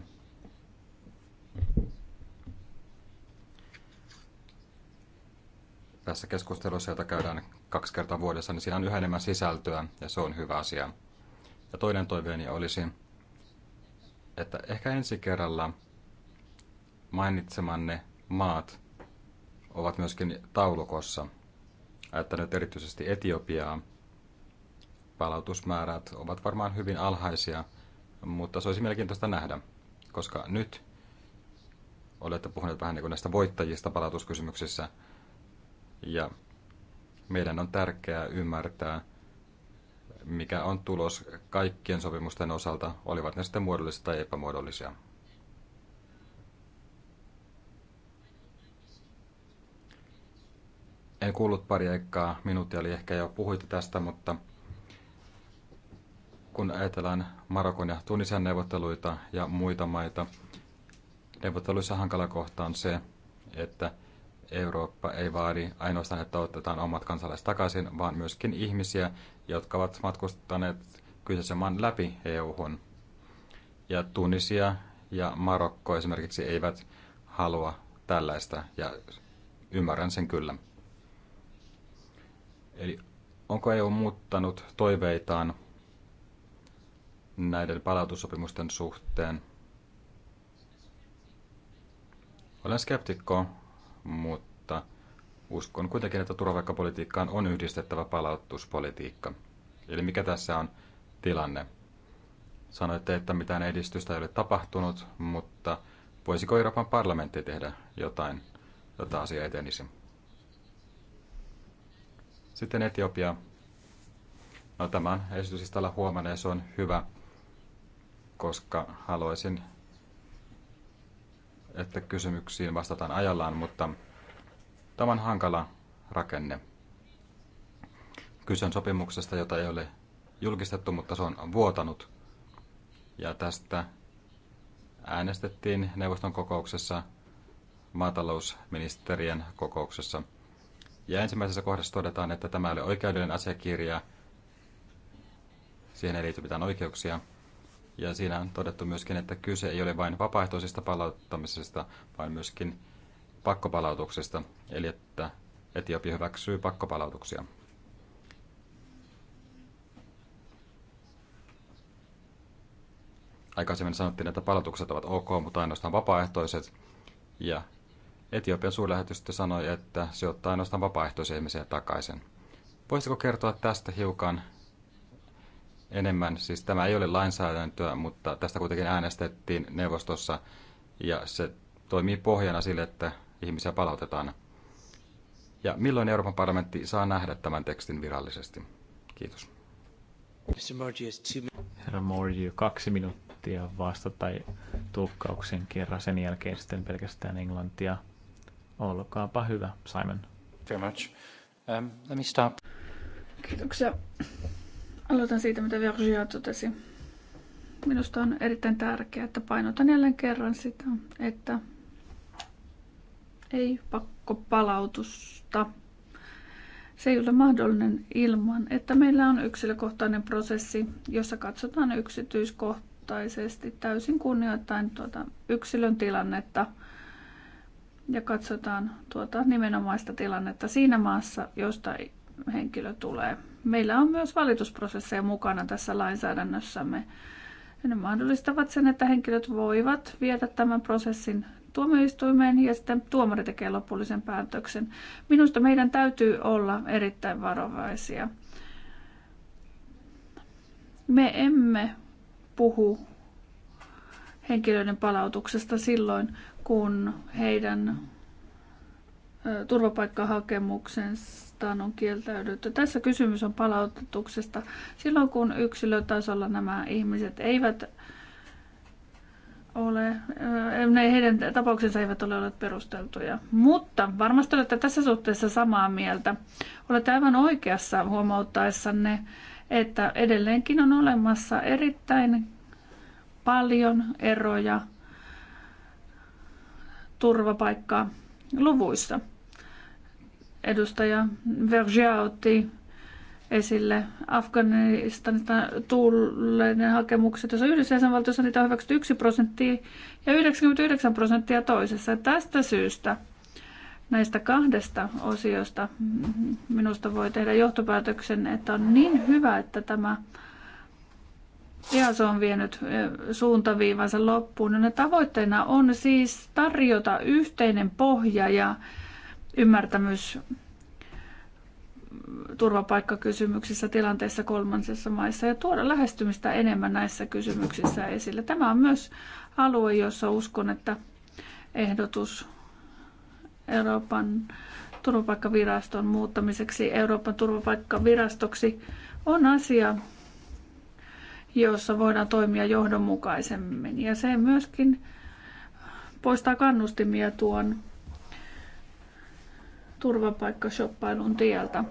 tässä keskustelussa, jota käydään kaksi kertaa vuodessa, niin siinä on yhä enemmän sisältöä ja se on hyvä asia. Ja toinen toiveeni olisi, että ehkä ensi kerralla mainitsemanne maat ovat myöskin taulukossa. Ajattelen nyt erityisesti Etiopiaa. Palautusmäärät ovat varmaan hyvin alhaisia, mutta se olisi mielenkiintoista nähdä, koska nyt olette puhuneet vähän niin kuin näistä voittajista palautuskysymyksissä – ja meidän on tärkeää ymmärtää, mikä on tulos kaikkien sopimusten osalta, olivat ne sitten muodollisia tai epämuodollisia. En kuullut pari aikaa, minuutti oli ehkä jo puhuitte tästä, mutta kun ajatellaan Marokon ja Tunisian neuvotteluita ja muita maita, neuvotteluissa hankala kohta on se, että Eurooppa ei vaadi ainoastaan, että otetaan omat kansalaiset takaisin, vaan myöskin ihmisiä, jotka ovat matkustaneet kyseisen maan läpi EU-hun. Ja Tunisia ja Marokko esimerkiksi eivät halua tällaista, ja ymmärrän sen kyllä. Eli onko EU muuttanut toiveitaan näiden palautussopimusten suhteen? Olen skeptikko mutta uskon kuitenkin, että turvapaikkapolitiikkaan on yhdistettävä palautuspolitiikka. Eli mikä tässä on tilanne? Sanoitte, että mitään edistystä ei ole tapahtunut, mutta voisiko Euroopan parlamentti tehdä jotain, jotta asia etenisi? Sitten Etiopia. No, tämän esitys esityslistalla huomenna se on hyvä, koska haluaisin että kysymyksiin vastataan ajallaan, mutta tämä on hankala rakenne. Kyse on sopimuksesta, jota ei ole julkistettu, mutta se on vuotanut. Ja tästä äänestettiin neuvoston kokouksessa, maatalousministerien kokouksessa. Ja ensimmäisessä kohdassa todetaan, että tämä oli oikeudellinen asiakirja, siihen ei liity mitään oikeuksia – ja siinä on todettu myöskin, että kyse ei ole vain vapaaehtoisesta palauttamisesta, vaan myöskin pakkopalautuksesta, eli että Etiopia hyväksyy pakkopalautuksia. Aikaisemmin sanottiin, että palautukset ovat ok, mutta ainoastaan vapaaehtoiset. Ja Etiopian suurlähetystö sanoi, että se ottaa ainoastaan vapaaehtoisia ihmisiä takaisin. Voisitko kertoa tästä hiukan enemmän. Siis tämä ei ole lainsäädäntöä, mutta tästä kuitenkin äänestettiin neuvostossa ja se toimii pohjana sille, että ihmisiä palautetaan. Ja milloin Euroopan parlamentti saa nähdä tämän tekstin virallisesti? Kiitos. Herra Mordiu, kaksi minuuttia vasta tai tulkkauksen kerran, sen jälkeen sitten pelkästään englantia. Olkaapa hyvä, Simon. Very much. Um, let me stop. Kiitoksia. Aloitan siitä, mitä Virgia totesi. Minusta on erittäin tärkeää, että painotan jälleen kerran sitä, että ei pakko palautusta. Se ei ole mahdollinen ilman, että meillä on yksilökohtainen prosessi, jossa katsotaan yksityiskohtaisesti täysin kunnioittain tuota yksilön tilannetta ja katsotaan tuota nimenomaista tilannetta siinä maassa, josta henkilö tulee. Meillä on myös valitusprosesseja mukana tässä lainsäädännössämme. Ne mahdollistavat sen, että henkilöt voivat viedä tämän prosessin tuomioistuimeen ja sitten tuomari tekee lopullisen päätöksen. Minusta meidän täytyy olla erittäin varovaisia. Me emme puhu henkilöiden palautuksesta silloin, kun heidän turvapaikkahakemuksensa kohtaan on kieltäydytty. Tässä kysymys on palautetuksesta. Silloin kun yksilötasolla nämä ihmiset eivät ole, ne heidän tapauksensa eivät ole olleet perusteltuja. Mutta varmasti olette tässä suhteessa samaa mieltä. Olette aivan oikeassa huomauttaessanne, että edelleenkin on olemassa erittäin paljon eroja turvapaikkaa luvuissa – edustaja Vergia otti esille Afganistanista tulleiden hakemukset, jos on yhdessä jäsenvaltiossa niitä on hyväksytty 1 prosenttia ja 99 prosenttia toisessa. Tästä syystä näistä kahdesta osiosta minusta voi tehdä johtopäätöksen, että on niin hyvä, että tämä EASO on vienyt eh, suuntaviivansa loppuun. Ja no, ne tavoitteena on siis tarjota yhteinen pohja ja ymmärtämys turvapaikkakysymyksissä tilanteissa kolmansissa maissa ja tuoda lähestymistä enemmän näissä kysymyksissä esille. Tämä on myös alue, jossa uskon, että ehdotus Euroopan turvapaikkaviraston muuttamiseksi Euroopan turvapaikkavirastoksi on asia, jossa voidaan toimia johdonmukaisemmin. Ja se myöskin poistaa kannustimia tuon turvapaikkashoppailun tieltä.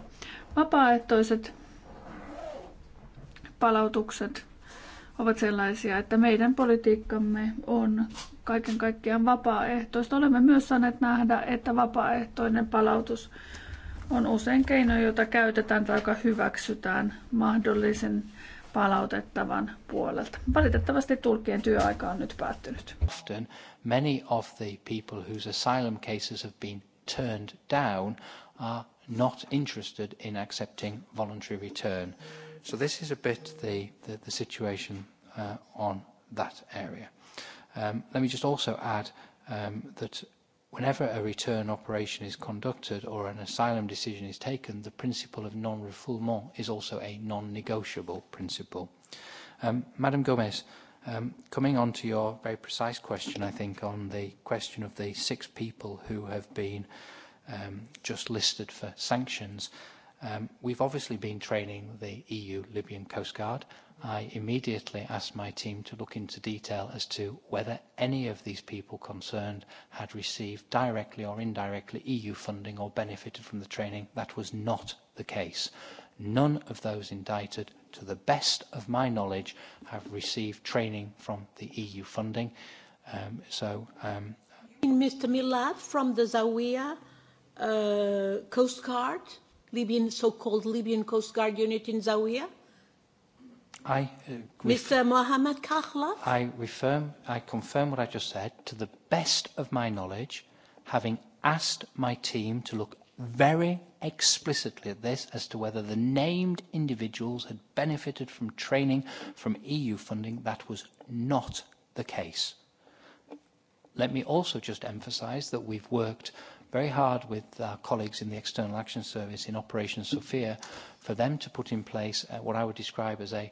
Vapaaehtoiset palautukset ovat sellaisia, että meidän politiikkamme on kaiken kaikkiaan vapaaehtoista. Olemme myös saaneet nähdä, että vapaaehtoinen palautus on usein keino, jota käytetään tai joka hyväksytään mahdollisen palautettavan puolelta. Valitettavasti tulkien työaika on nyt päättynyt. many of the people whose asylum cases have been turned down are not interested in accepting voluntary return. So this is a bit the, the, the situation uh, on that area. Um, let me just also add um, that whenever a return operation is conducted or an asylum decision is taken, the principle of non-refoulement is also a non-negotiable principle. Um, Madam Gomez, uh, Um, coming on to your very precise question, I think, on the question of the six people who have been um, just listed for sanctions, um, we've obviously been training the EU Libyan Coast Guard. I immediately asked my team to look into detail as to whether any of these people concerned had received directly or indirectly EU funding or benefited from the training. That was not the case none of those indicted, to the best of my knowledge, have received training from the EU funding. Um, so, um, Mr. Milad from the Zawiya uh, Coast Guard, Libyan so-called Libyan Coast Guard unit in Zawiya. I, uh, Mr. Mohammed Kahla. I, I confirm what I just said. To the best of my knowledge, having asked my team to look very explicitly at this as to whether the named individuals had benefited from training from EU funding. That was not the case. Let me also just emphasise that we've worked very hard with our colleagues in the External Action Service in Operation Sophia for them to put in place uh, what I would describe as a